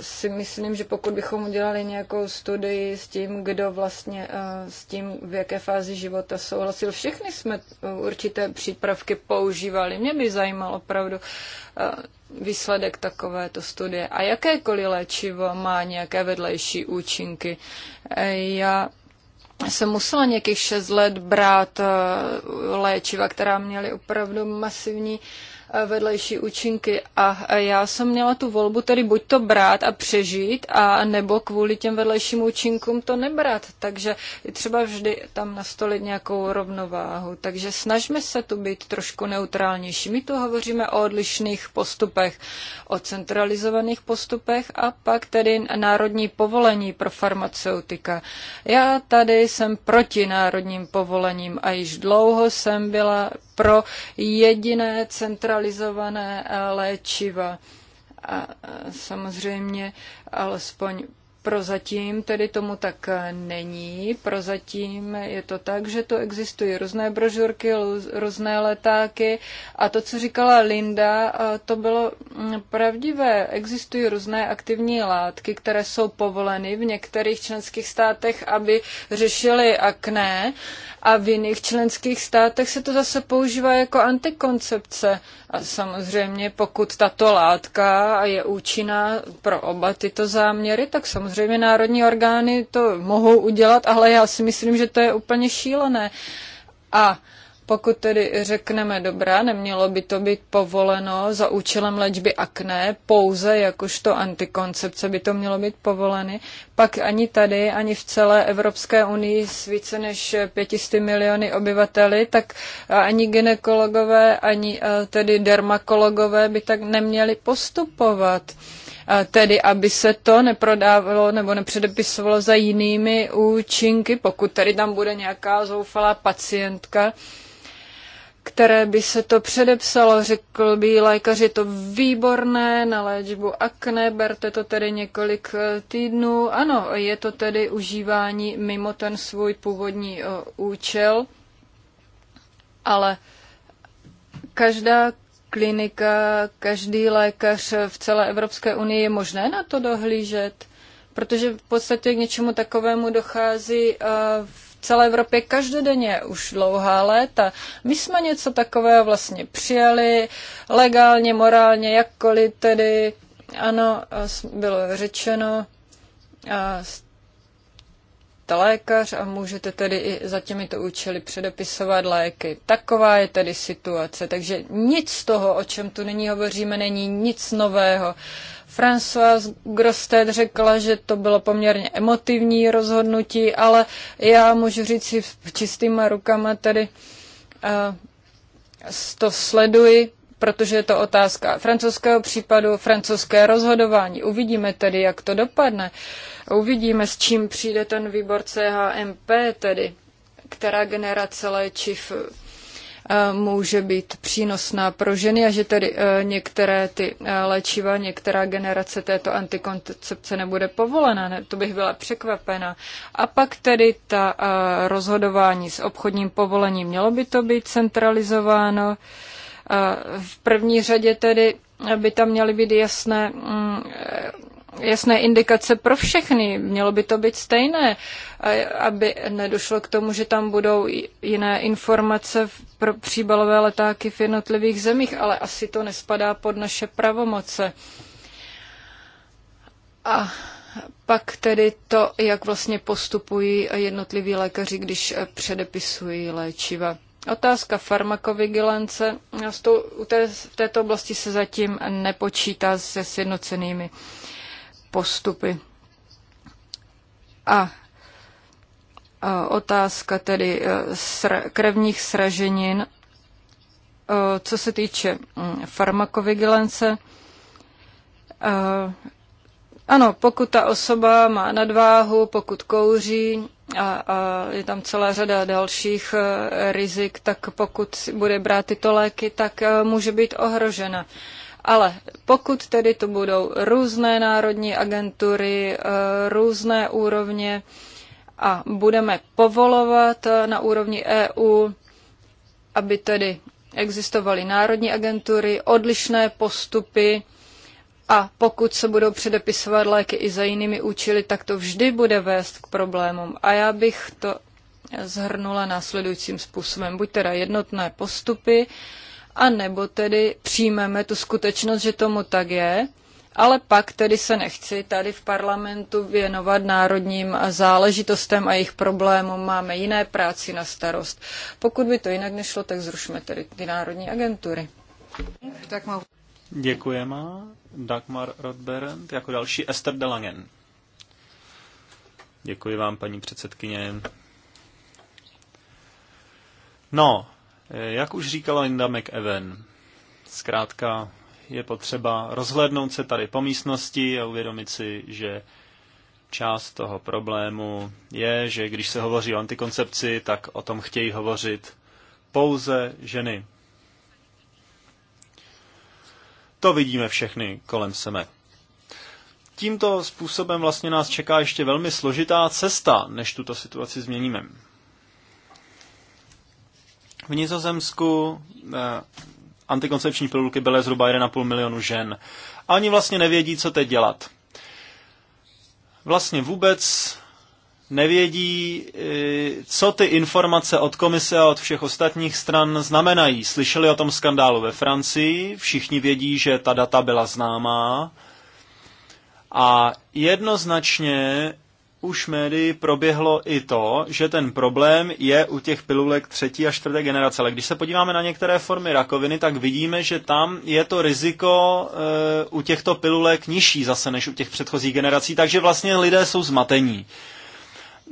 si myslím, že pokud bychom udělali nějakou studii s tím, kdo vlastně eh, s tím, v jaké fázi života souhlasil, všechny jsme eh, určité přípravky používali. Mě by zajímalo opravdu výsledek takovéto studie. A jakékoliv léčivo má nějaké vedlejší účinky. Já jsem musela nějakých šest let brát léčiva, která měly opravdu masivní uh, vedlejší účinky. A já jsem měla tu volbu tedy buď to brát a přežít, a nebo kvůli těm vedlejším účinkům to nebrat. Takže je třeba vždy tam nastolit nějakou rovnováhu. Takže snažme se tu být trošku neutrálnější. My tu hovoříme o odlišných postupech, o centralizovaných postupech a pak tedy národní povolení pro farmaceutika. Já tady jsem proti národním povolením a již dlouho jsem byla pro jediné centralizované léčiva. A samozřejmě alespoň Prozatím tedy tomu tak není. Prozatím je to tak, že to existují různé brožurky, různé letáky a to, co říkala Linda, to bylo mm, pravdivé. Existují různé aktivní látky, které jsou povoleny v některých členských státech, aby řešily akné a v jiných členských státech se to zase používá jako antikoncepce. A samozřejmě, pokud tato látka je účinná pro oba tyto záměry, tak samozřejmě národní orgány to mohou udělat, ale já si myslím, že to je úplně šílené. A pokud tedy řekneme dobrá, nemělo by to být povoleno za účelem léčby akné, pouze jakožto antikoncepce by to mělo být povoleny, pak ani tady, ani v celé Evropské unii s více než 500 miliony obyvateli, tak ani ginekologové, ani eh, tedy dermakologové by tak neměli postupovat tedy aby se to neprodávalo nebo nepředepisovalo za jinými účinky, pokud tady tam bude nějaká zoufalá pacientka, které by se to předepsalo, řekl by lékař, je to výborné na léčbu akné, berte to tedy několik eh, týdnů. Ano, je to tedy užívání mimo ten svůj původní eh, účel, ale každá klinika, každý lékař v celé Evropské unii je možné na to dohlížet, protože v podstatě k něčemu takovému dochází eh, v celé Evropě každodenně už dlouhá léta. My jsme něco takového vlastně přijali, legálně, morálně, jakkoliv tedy, ano, bylo řečeno, a lékař a můžete tedy i za těmito účely předepisovat léky. Taková je tedy situace, takže nic z toho, o čem tu nyní hovoříme, není nic nového. Uh, Françoise Grosted řekla, že to bylo poměrně emotivní rozhodnutí, ale já můžu říct si čistýma rukama tedy uh, to sleduji, protože je to otázka francouzského případu, francouzské rozhodování. Uvidíme tedy, jak to dopadne. Uvidíme, s čím přijde ten výbor CHMP, tedy která generace léčiv Eh, může být přínosná pro ženy a že tedy eh, některé ty eh, léčiva, některá generace této antikoncepce nebude povolena. Ne, to bych byla překvapena. A pak tedy ta rozhodování s obchodním povolením. Mělo by to být centralizováno. V první řadě tedy by tam měly být jasné mm, jasné indikace pro všechny. Mělo by to být stejné, aby nedošlo k tomu, že tam budou jiné informace pro příbalové letáky v jednotlivých zemích, ale asi to nespadá pod naše pravomoce. A pak tedy to, jak vlastně postupují jednotliví lékaři, když předepisují léčiva. Otázka farmakovigilance. V této oblasti se zatím nepočítá se sjednocenými postupy. A otázka tedy e, krevních sraženin, e, co se týče mm, farmakovigilance, e, ano, pokud ta osoba má nadváhu, pokud kouří a, a je tam celá řada dalších rizik, tak pokud bude brát tyto léky, tak může být ohrožena. Ale pokud tedy to budou různé národní agentury, eh, různé úrovně a budeme povolovat eh, na úrovni EU, aby tedy existovaly národní agentury, odlišné postupy, a pokud se budou předepisovat léky i za jinými účely, tak to vždy bude vést k problémům. A já bych to zhrnula následujícím způsobem. Buď teda jednotné postupy, a nebo tedy přijmeme tu skutečnost, že tomu tak je, ale pak tedy se nechci tady v parlamentu věnovat národním záležitostem a jejich problémům. Máme jiné práci na starost. Pokud by to jinak nešlo, tak zrušme tedy ty národní agentury. Děkujeme. Dagmar Rodberend jako další Esther Delangen. Děkuji vám, paní předsedkyně. No, Eh, jak už říkala Linda McEwen, zkrátka je potřeba rozhlednout se tady po místnosti a uvědomit si, že část toho problému je, že když se hovoří o antikoncepci, tak o tom chtějí hovořit pouze ženy. To vidíme všechny kolem sebe. Tímto způsobem vlastně nás čeká ještě velmi složitá cesta, než tuto situaci změníme. V Nizozemsku eh, antikoncepční pilulky byly zhruba 1,5 milionu žen. A oni vlastně nevědí, co teď dělat. Vlastně vůbec nevědí, eh, co ty informace od komise a od všech ostatních stran znamenají. Slyšeli o tom skandálu ve Francii, všichni vědí, že ta data byla známá a jednoznačně už médii proběhlo i to, že ten problém je u těch pilulek třetí a čtvrté generace. Ale když se podíváme na některé formy rakoviny, tak vidíme, že tam je to riziko e, u těchto pilulek nižší zase než u těch předchozích generací, takže vlastně lidé jsou zmatení.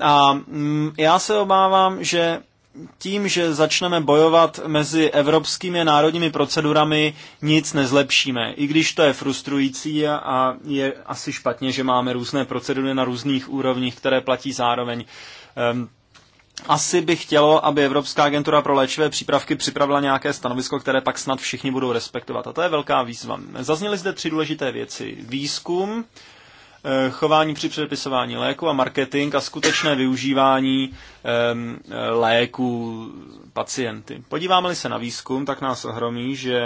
A mm, já se obávám, že tím, že začneme bojovat mezi evropskými a národními procedurami, nic nezlepšíme. I když to je frustrující a je asi špatně, že máme různé procedury na různých úrovních, které platí zároveň. Ehm, asi by chtělo, aby Evropská agentura pro léčivé přípravky připravila nějaké stanovisko, které pak snad všichni budou respektovat. A to je velká výzva. Zazněly zde tři důležité věci. Výzkum, Eh, chování při předepisování léku a marketing a skutečné využívání eh, léku pacienty. Podíváme-li se na výzkum, tak nás ohromí, že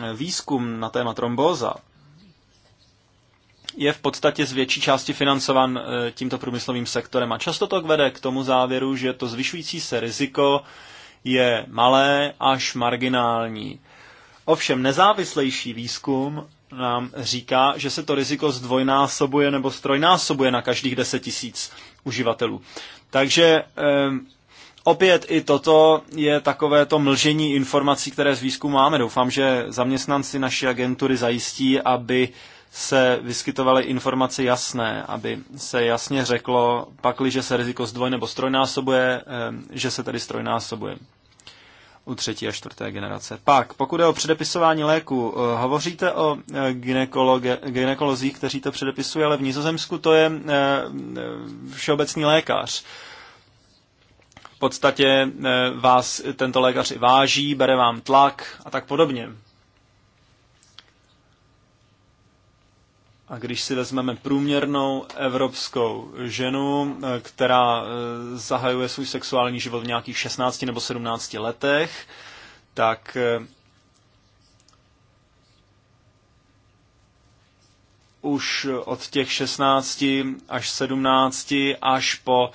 eh, výzkum na téma trombóza je v podstatě z větší části financovan tímto průmyslovým sektorem a často to vede k tomu závěru, že to zvyšující se riziko je malé až marginální. Ovšem nezávislejší výzkum nám říká, že se to riziko zdvojnásobuje nebo strojnásobuje na každých 10 tisíc uživatelů. Takže Opět i toto je takové to mlžení informací, které z výzkumu máme. Doufám, že zaměstnanci naší agentury zajistí, aby se vyskytovaly informace jasné, aby se jasně řeklo, pakli, že se riziko zdvoj nebo strojnásobuje, že se tedy strojnásobuje u třetí a čtvrté generace. Pak, pokud je o předepisování léku, eh, hovoříte o eh, gynekolozích, kteří to předepisují, ale v Nizozemsku to je eh, všeobecný lékař. V podstatě vás tento lékař i váží, bere vám tlak a tak podobně. A když si vezmeme průměrnou evropskou ženu, eh, která eh, zahajuje svůj sexuální život v nějakých 16 nebo 17 letech, tak eh, už od těch 16 až 17 až po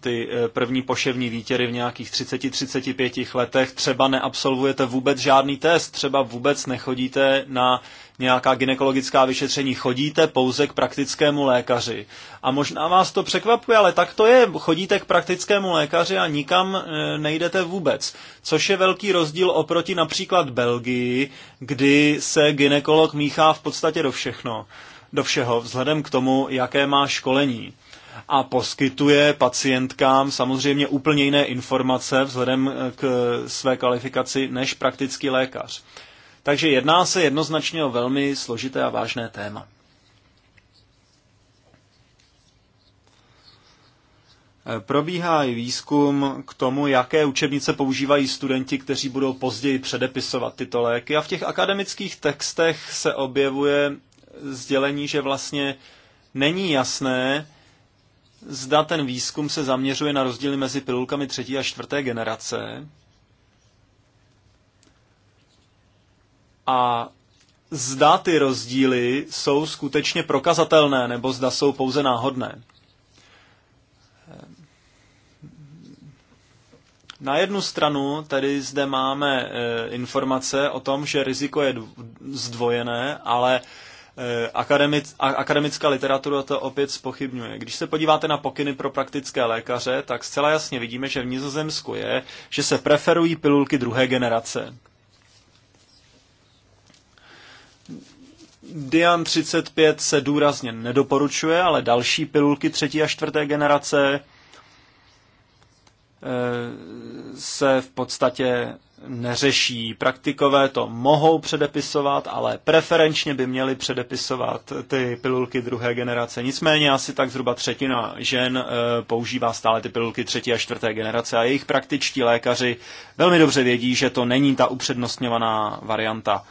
ty první poševní výtěry v nějakých 30-35 letech třeba neabsolvujete vůbec žádný test, třeba vůbec nechodíte na nějaká ginekologická vyšetření. Chodíte pouze k praktickému lékaři. A možná vás to překvapuje, ale tak to je. Chodíte k praktickému lékaři a nikam e, nejdete vůbec. Což je velký rozdíl oproti například Belgii, kdy se ginekolog míchá v podstatě do všechno. Do všeho, vzhledem k tomu, jaké má školení a poskytuje pacientkám samozřejmě úplně jiné informace vzhledem k své kvalifikaci než praktický lékař. Takže jedná se jednoznačně o velmi složité a vážné téma. Probíhá i výzkum k tomu, jaké učebnice používají studenti, kteří budou později předepisovat tyto léky. A v těch akademických textech se objevuje sdělení, že vlastně není jasné, zda ten výzkum se zaměřuje na rozdíly mezi pilulkami třetí a čtvrté generace, a zda ty rozdíly jsou skutečně prokazatelné, nebo zda jsou pouze náhodné. Na jednu stranu tedy zde máme e, informace o tom, že riziko je zdvojené, ale e, akademic, akademická literatura to opět spochybňuje. Když se podíváte na pokyny pro praktické lékaře, tak zcela jasně vidíme, že v Nizozemsku je, že se preferují pilulky druhé generace. Dian 35 se důrazně nedoporučuje, ale další pilulky třetí a čtvrté generace eh, se v podstatě neřeší. Praktikové to mohou předepisovat, ale preferenčně by měli předepisovat ty pilulky druhé generace. Nicméně asi tak zhruba třetina žen eh, používá stále ty pilulky třetí a čtvrté generace a jejich praktičtí lékaři velmi dobře vědí, že to není ta upřednostňovaná varianta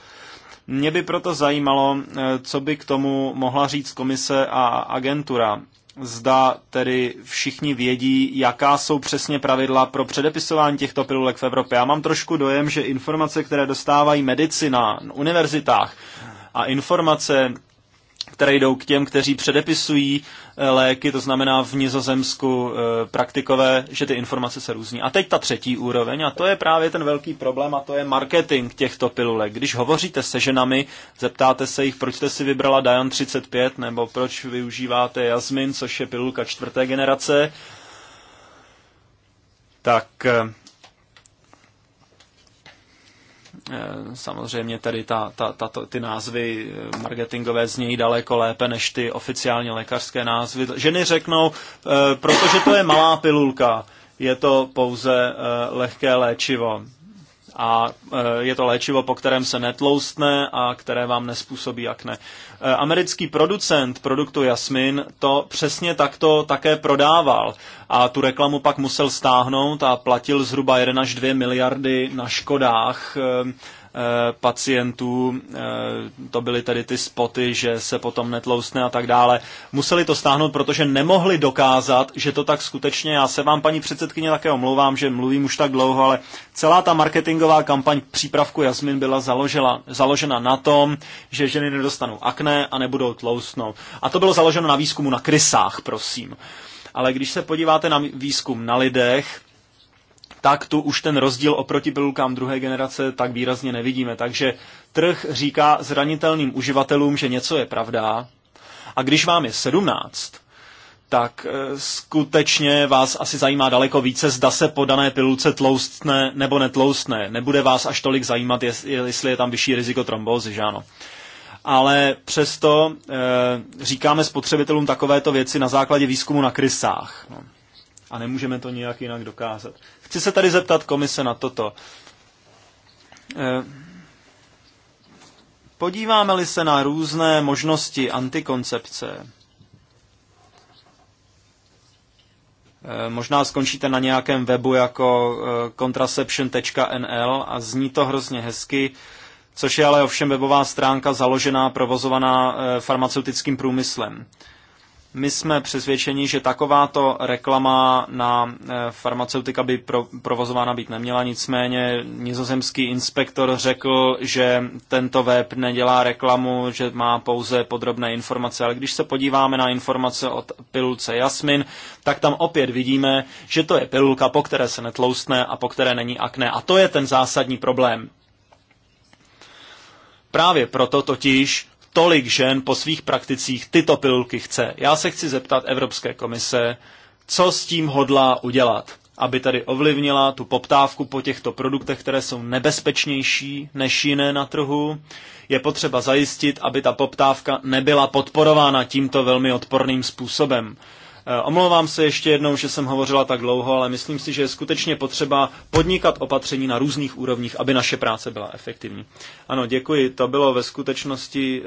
mě by proto zajímalo, eh, co by k tomu mohla říct komise a agentura. Zda tedy všichni vědí, jaká jsou přesně pravidla pro předepisování těchto pilulek v Evropě. Já mám trošku dojem, že informace, které dostávají medici na univerzitách a informace, které jdou k těm, kteří předepisují eh, léky, to znamená v Nizozemsku eh, praktikové, že ty informace se různí. A teď ta třetí úroveň, a to je právě ten velký problém, a to je marketing těchto pilulek. Když hovoříte se ženami, zeptáte se jich, proč jste si vybrala Dian 35, nebo proč využíváte Jasmin, což je pilulka čtvrté generace, tak eh, Eh, samozřejmě tedy ta, ta, ta, ty názvy eh, marketingové znějí daleko lépe než ty oficiálně lékařské názvy. Ženy řeknou, eh, protože to je malá pilulka, je to pouze lehké léčivo. A je to léčivo, po kterém se netloustne a které vám nespůsobí akne. Eh, americký producent produktu Jasmin to přesně takto také prodával a tu reklamu pak musel stáhnout a platil zhruba 1 až 2 miliardy na škodách eh, Eh, pacientů, eh, to byly tedy ty spoty, že se potom netlousne a tak dále, museli to stáhnout, protože nemohli dokázat, že to tak skutečně, já se vám paní předsedkyně také omlouvám, že mluvím už tak dlouho, ale celá ta marketingová kampaň přípravku Jasmin byla založila, založena na tom, že ženy nedostanou akné a nebudou tlousnout. A to bylo založeno na výzkumu na krysách, prosím. Ale když se podíváte na výzkum na lidech, tak tu už ten rozdíl oproti pilulkám druhé generace tak výrazně nevidíme. Takže trh říká zranitelným uživatelům, že něco je pravda a když vám je 17, tak e, skutečně vás asi zajímá daleko více, zda se po dané pilulce tloustne nebo netloustne. Nebude vás až tolik zajímat, jestli je tam vyšší riziko trombózy, že ano ale přesto e, říkáme spotřebitelům takovéto věci na základě výzkumu na krysách. No a nemůžeme to nějak jinak dokázat. Chci se tady zeptat komise na toto. Eh, podíváme-li se na různé možnosti antikoncepce, eh, Možná skončíte na nějakém webu jako eh, contraception.nl a zní to hrozně hezky, což je ale ovšem webová stránka založená, provozovaná farmaceutickým průmyslem. My jsme přesvědčeni, že takováto reklama na eh, farmaceutika by provozována být neměla, nicméně nizozemský inspektor řekl, že tento web nedělá reklamu, že má pouze podrobné informace, ale když se podíváme na informace od pilulce Jasmin, tak tam opět vidíme, že to je pilulka, po které se netloustne a po které není akné. A to je ten zásadní problém. Právě proto totiž tolik žen po svých prakticích tyto pilulky chce. Já se chci zeptat Evropské komise, co s tím hodlá udělat, aby tady ovlivnila tu poptávku po těchto produktech, které jsou nebezpečnější než jiné na trhu. Je potřeba zajistit, aby ta poptávka nebyla podporována tímto velmi odporným způsobem. Eh, omlouvám se ještě jednou, že jsem hovořila tak dlouho, ale myslím si, že je skutečně potřeba podnikat opatření na různých úrovních, aby naše práce byla efektivní. Ano, děkuji. To bylo ve skutečnosti uh,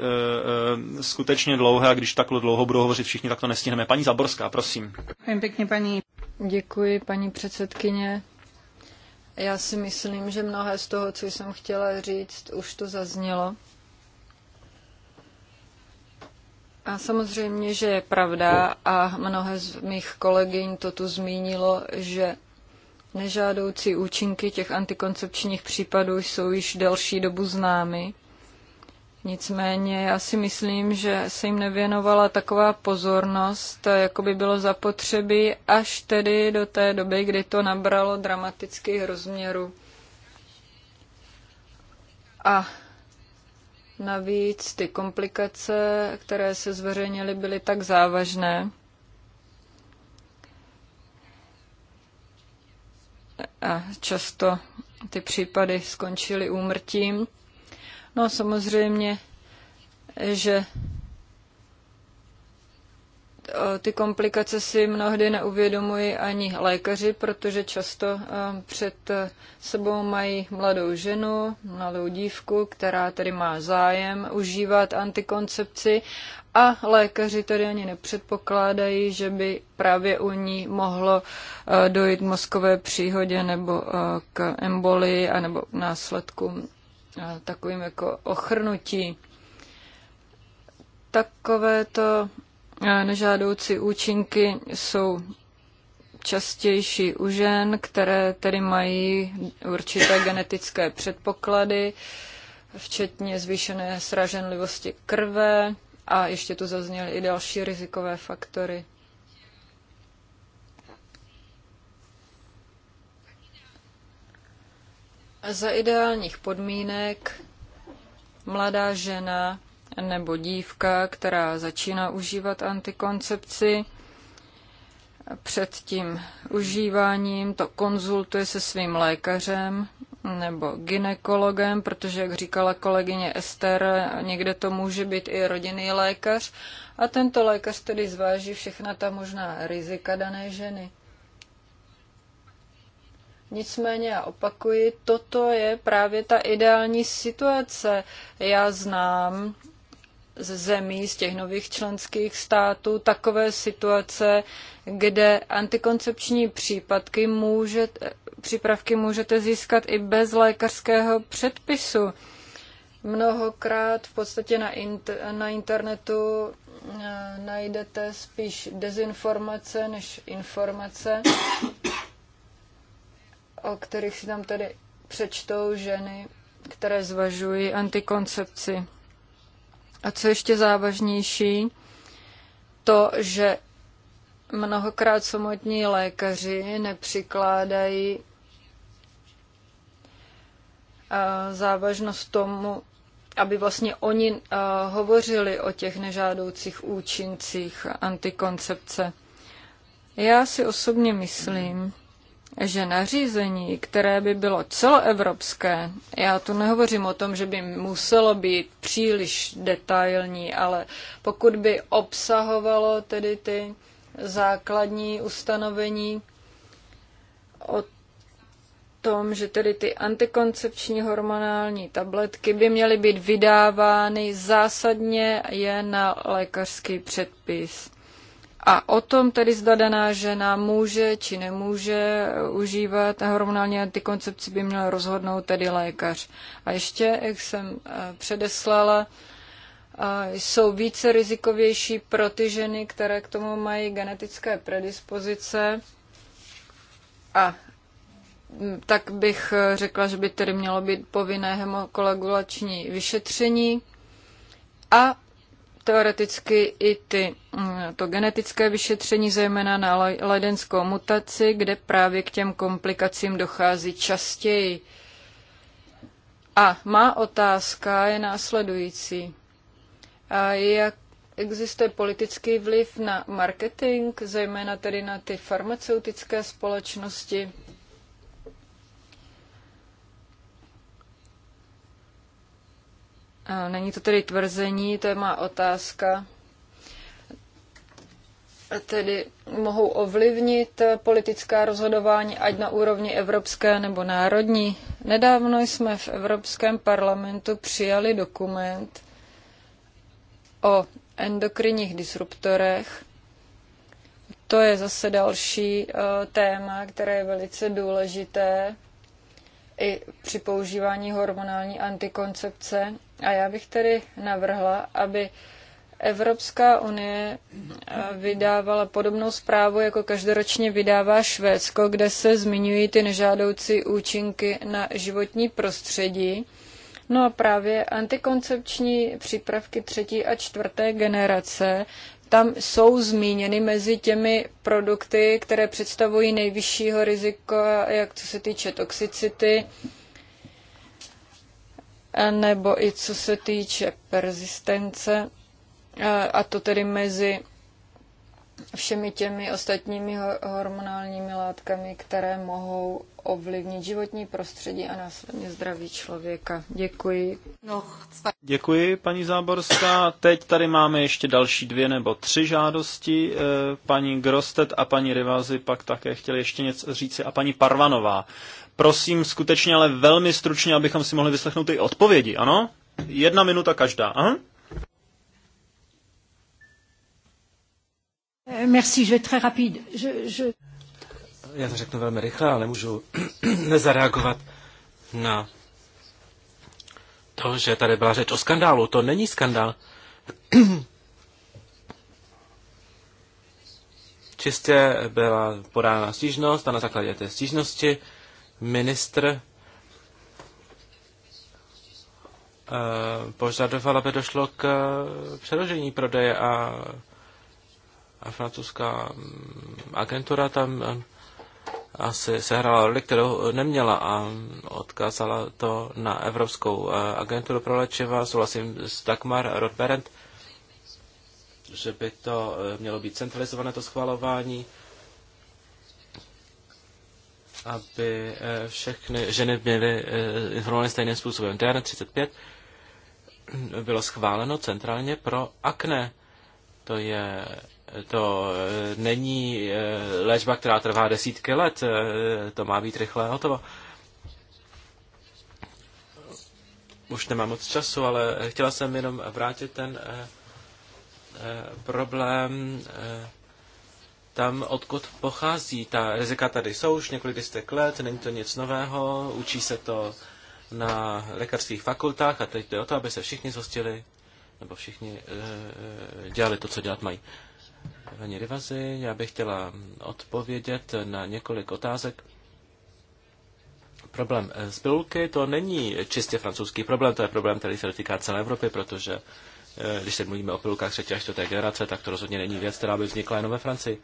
uh, skutečně dlouhé a když takhle dlouho budou hovořit všichni, tak to nestihneme. Paní Zaborská, prosím. Děkuji pěkně, paní. Děkuji, paní předsedkyně. Já si myslím, že mnohé z toho, co jsem chtěla říct, už to zaznělo. A samozřejmě, že je pravda a mnohé z mých kolegyň to tu zmínilo, že nežádoucí účinky těch antikoncepčních případů jsou již delší dobu známy. Nicméně já si myslím, že se jim nevěnovala taková pozornost, jako by bylo zapotřebí, až tedy do té doby, kdy to nabralo dramatických rozměrů. A Navíc ty komplikace, které se zveřejnily, byly tak závažné, a často ty případy skončily úmrtím. No a samozřejmě, že Eh, ty komplikace si mnohdy neuvědomují ani lékaři, protože často eh, před eh, sebou mají mladou ženu, mladou dívku, která tedy má zájem užívat antikoncepci a lékaři tedy ani nepředpokládají, že by právě u ní mohlo dojít mozkové příhodě nebo k embolii a nebo k následkům takovým jako ochrnutí. Takovéto nežádoucí účinky jsou častější u žen, které tedy mají určité genetické předpoklady, včetně zvýšené sraženlivosti krve a ještě tu zazněly i další rizikové faktory. Za ideálních podmínek mladá žena nebo dívka, která začíná užívat antikoncepci, před tím užíváním to konzultuje se svým lékařem nebo ginekologem, protože, jak říkala kolegyně Ester, někde to může být i rodinný lékař. A tento lékař tedy zváží všechna ta možná rizika dané ženy. Nicméně já opakuji, toto je právě ta ideální situace. Já znám z zemí, z těch nových členských států, takové situace, kde antikoncepční případky může, přípravky můžete získat i bez lékařského předpisu. Mnohokrát v podstatě na, inter, na internetu eh, najdete spíš dezinformace než informace, o kterých si tam tedy přečtou ženy, které zvažují antikoncepci. A co ještě závažnější, to, že mnohokrát samotní lékaři nepřikládají eh, závažnost tomu, aby vlastně oni eh, hovořili o těch nežádoucích účincích antikoncepce. Já si osobně myslím, že nařízení, které by bylo celoevropské, já tu nehovořím o tom, že by muselo být příliš detailní, ale pokud by obsahovalo tedy ty základní ustanovení o tom, že tedy ty antikoncepční hormonální tabletky by měly být vydávány zásadně jen na lékařský předpis. A o tom tedy zda daná žena může či nemůže užívat hormonální antikoncepci by měl rozhodnout tedy lékař. A ještě, jak jsem eh, předeslala, eh, jsou více rizikovější pro ty ženy, které k tomu mají genetické predispozice. A mm, tak bych eh, řekla, že by tedy mělo být povinné hemokoagulační vyšetření a teoreticky i ty, mm, to genetické vyšetření, zejména na ledenskou mutaci, kde právě k těm komplikacím dochází častěji. A má otázka je následující. A jak existuje politický vliv na marketing, zejména tedy na ty farmaceutické společnosti? Není to tedy tvrzení, to je má otázka. Tedy mohou ovlivnit politická rozhodování, ať na úrovni evropské nebo národní. Nedávno jsme v Evropském parlamentu přijali dokument o endokrinních disruptorech. To je zase další eh, téma, které je velice důležité i při používání hormonální antikoncepce. A já bych tedy navrhla, aby Evropská unie eh, vydávala podobnou zprávu, jako každoročně vydává Švédsko, kde se zmiňují ty nežádoucí účinky na životní prostředí. No a právě antikoncepční přípravky třetí a čtvrté generace tam jsou zmíněny mezi těmi produkty, které představují nejvyššího rizika, jak co se týče toxicity, nebo i co se týče persistence, a to tedy mezi všemi těmi ostatními hormonálními látkami, které mohou ovlivnit životní prostředí a následně zdraví člověka. Děkuji. No, Děkuji, paní Záborská. Teď tady máme ještě další dvě nebo tři žádosti. Eh, paní Grostet a paní Rivazy pak také chtěli ještě něco říci a paní Parvanová. Prosím skutečně, ale velmi stručně, abychom si mohli vyslechnout ty odpovědi, ano? Jedna minuta každá, aha? Euh, merci, je vais très rapide. Je, je... Já to řeknu velmi rychle, ale můžu nezareagovat na to, že tady byla řeč o skandálu. To není skandál. Čistě byla podána stížnost a na základě té stížnosti ministr eh, požadoval, aby došlo k eh, přeložení prodeje a francouzská mm, agentura tam eh, asi sehrala roli, kterou neměla a odkázala to na Evropskou eh, agenturu pro léčiva. Souhlasím s Dagmar Rodberent. že by to eh, mělo být centralizované to schvalování, aby všechny ženy měly informovány stejným způsobem. DN35 bylo schváleno centrálně pro akné. To je to eh, není eh, léčba, která trvá desítky let, eh, to má být rychle hotovo. Už nemám moc času, ale chtěla jsem jenom vrátit ten problém tam, odkud pochází. Ta rizika tady jsou už několik desítek let, není to nic nového, učí se to na lékařských fakultách a teď jde o to, aby se všichni zhostili, nebo všichni e, dělali to, co dělat mají paní Rivazi. Já bych chtěla odpovědět na několik otázek. Problém eh, z pilulky to není čistě francouzský problém, to je problém, který se dotýká celé Evropy, protože eh, když se mluvíme o pilulkách třetí až čtvrté generace, tak to rozhodně není věc, která by vznikla jenom ve Francii.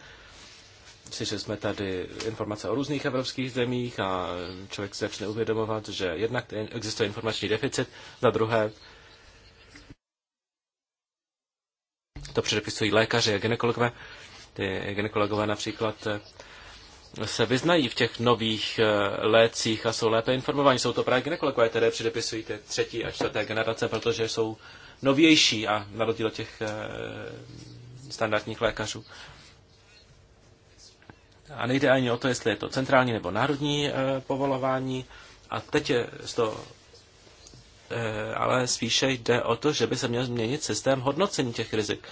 Slyšeli jsme tady informace o různých evropských zemích a člověk se začne uvědomovat, že jednak existuje informační deficit, za druhé To předepisují lékaři a gynekologové. Ty gynekologové například eh, se vyznají v těch nových eh, lécích a jsou lépe informovaní, Jsou to právě gynekologové, které předepisují ty třetí a čtvrté generace, protože jsou novější a na rozdíl od těch eh, standardních lékařů. A nejde ani o to, jestli je to centrální nebo národní povolování. A teď je z toho Eh, ale spíše jde o to, že by se měl změnit systém hodnocení těch rizik.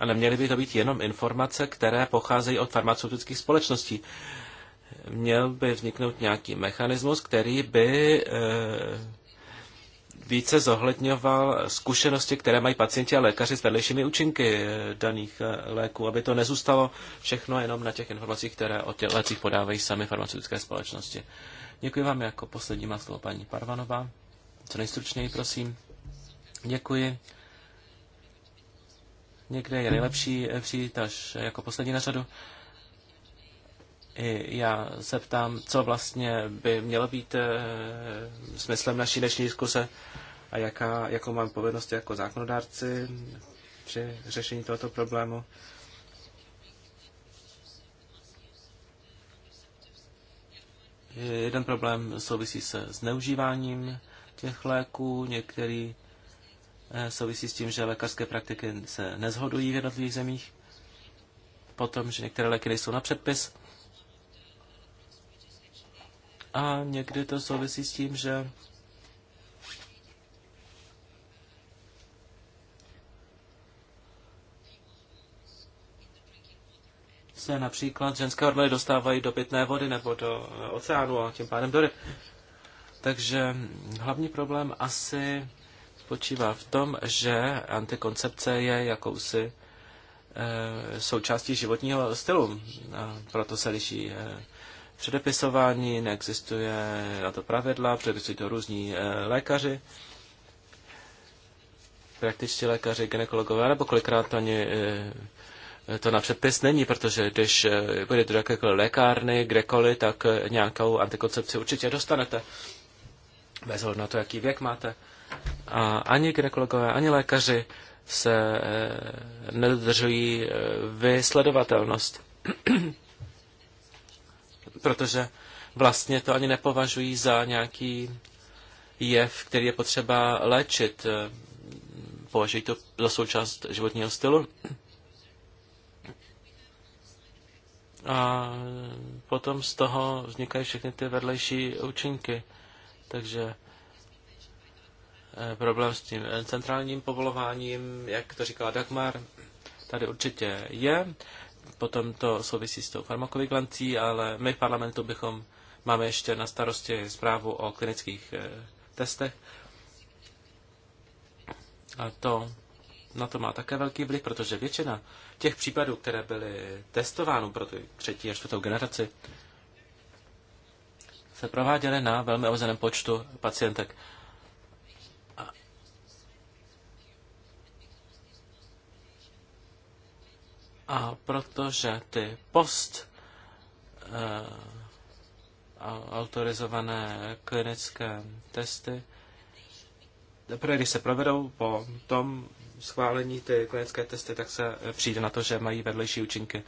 A neměly by to být jenom informace, které pocházejí od farmaceutických společností. Měl by vzniknout nějaký mechanismus, který by eh, více zohledňoval zkušenosti, které mají pacienti a lékaři s vedlejšími účinky eh, daných léků, aby to nezůstalo všechno jenom na těch informacích, které o těch lécích podávají sami farmaceutické společnosti. Děkuji vám jako poslední má slovo paní Parvanová. Co nejstručněji, prosím. Děkuji. Někde je nejlepší eh, přijít až eh, jako poslední na řadu. I já se ptám, co vlastně by mělo být e, smyslem naší dnešní diskuse a jaká, jakou mám povinnost jako zákonodárci při řešení tohoto problému. Jeden problém souvisí se zneužíváním těch léků, některý eh, souvisí s tím, že lékařské praktiky se nezhodují v jednotlivých zemích, potom, že některé léky nejsou na předpis. A někdy to souvisí s tím, že se například ženské orly dostávají do pitné vody nebo do eh, oceánu a tím pádem do ryb. Takže hlavní problém asi spočívá v tom, že antikoncepce je jakousi eh, součástí životního stylu. A proto se liší eh, předepisování, neexistuje na to pravidla, předepisují to různí lékaři, praktičtí lékaři, gynekologové, nebo kolikrát ani to na předpis není, protože když budete eh, do jakékoliv lékárny, kdekoliv, tak eh, nějakou antikoncepci určitě dostanete. Bez ohledu na to, jaký věk máte. A ani gynekologové, ani lékaři se eh, nedodržují vysledovatelnost. protože vlastně to ani nepovažují za nějaký jev, který je potřeba léčit. Považují to za součást životního stylu. A potom z toho vznikají všechny ty vedlejší účinky. Takže eh, problém s tím eh, centrálním povolováním, jak to říkala Dagmar, tady určitě je. Potom to souvisí s tou farmakovigilancí, ale my v parlamentu bychom máme ještě na starosti zprávu o klinických eh, testech. A to na to má také velký vliv, protože většina těch případů, které byly testovány pro tu třetí a čtvrtou generaci, se prováděly na velmi omezeném počtu pacientek. A a protože ty post eh, autorizované klinické testy teprve když se provedou po tom schválení ty klinické testy, tak se eh, přijde na to, že mají vedlejší účinky.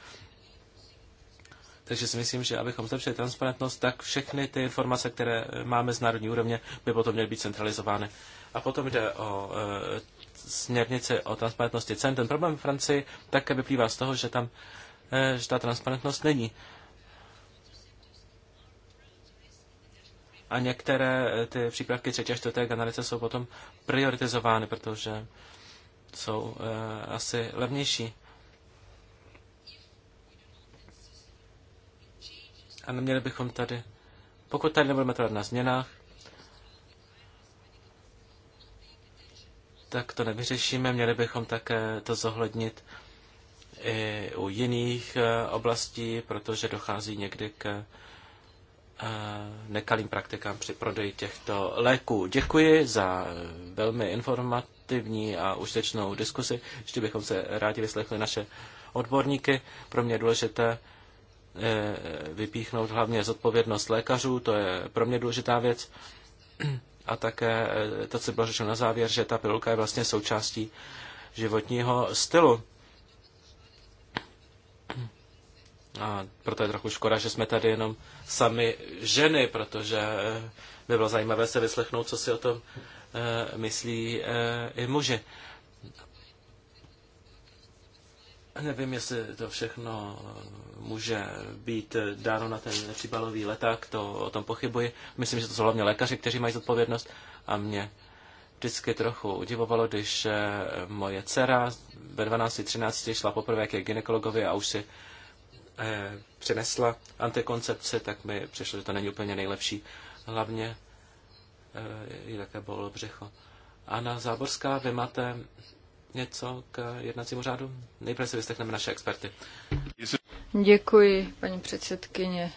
Takže si myslím, že abychom zlepšili transparentnost, tak všechny ty informace, které eh, máme z národní úrovně, by potom měly být centralizovány. A potom jde o e, směrnici o transparentnosti cen. Ten problém v Francii také vyplývá z toho, že tam e, že ta transparentnost není. E, a některé eh, ty přípravky třetí a čtvrté generace jsou potom prioritizovány, protože jsou uh, asi levnější. A neměli bychom tady, pokud tady nebudeme trvat na změnách, tak to nevyřešíme. Měli bychom také to zohlednit i u jiných eh, oblastí, protože dochází někdy k nekalým praktikám při prodeji těchto léků. Děkuji za eh, velmi informativní a užitečnou diskusi. Ještě bychom se rádi vyslechli naše odborníky. Pro mě je důležité eh, vypíchnout hlavně zodpovědnost lékařů, to je pro mě důležitá věc. A také eh, to, co bylo řečeno na závěr, že ta pilulka je vlastně součástí životního stylu. A proto je trochu škoda, že jsme tady jenom sami ženy, protože eh, by bylo zajímavé se vyslechnout, co si o tom eh, myslí eh, i muži. Nevím, jestli to všechno může být dáno na ten příbalový leták, to o tom pochybuji. Myslím, že to jsou hlavně lékaři, kteří mají zodpovědnost a mě vždycky trochu udivovalo, když moje dcera ve 12-13 šla poprvé ke ginekologovi a už si Eh, přinesla antikoncepce, tak mi přišlo, že to není úplně nejlepší. Hlavně je eh, také bol břicho. A na Záborská, vy máte něco k jednacímu řádu? Nejprve si vystechneme naše experty. Děkuji, paní předsedkyně.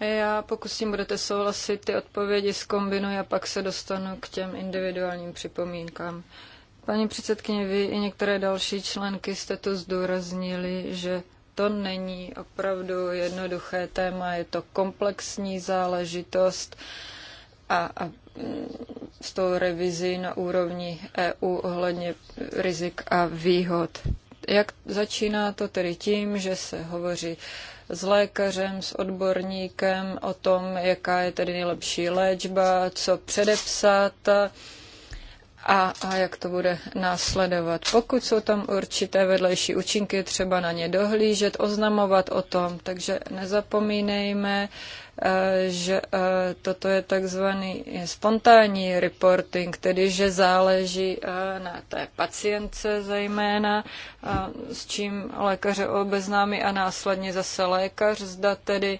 Já, pokusím budete souhlasit, ty odpovědi zkombinuji a pak se dostanu k těm individuálním připomínkám. Paní předsedkyně, vy i některé další členky jste to zdůraznili, že to není opravdu jednoduché téma, je to komplexní záležitost a, a mm, s tou revizí na úrovni EU ohledně rizik a výhod. Jak začíná to tedy tím, že se hovoří s lékařem, s odborníkem o tom, jaká je tedy nejlepší léčba, co předepsat, a, a jak to bude následovat. Pokud jsou tam určité vedlejší účinky, třeba na ně dohlížet, oznamovat o tom. Takže nezapomínejme, e, že e, toto je takzvaný spontánní reporting, tedy že záleží e, na té pacientce zejména, s čím lékaře obeznámí a následně zase lékař, zda tedy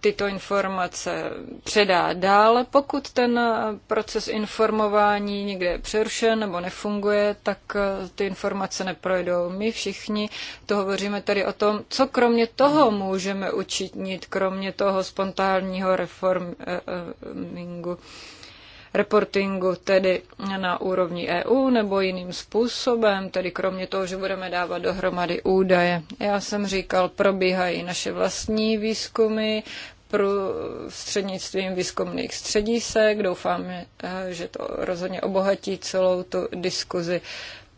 tyto informace předá dál. Pokud ten proces informování někde je přerušen nebo nefunguje, tak eh, ty informace neprojdou. My všichni to hovoříme tady o tom, co kromě toho můžeme učinit, kromě toho spontánního reformingu. Eh, eh reportingu, tedy na úrovni EU nebo jiným způsobem, tedy kromě toho, že budeme dávat dohromady údaje. Já jsem říkal, probíhají naše vlastní výzkumy, střednictvím výzkumných středisek. Doufám, že to rozhodně obohatí celou tu diskuzi.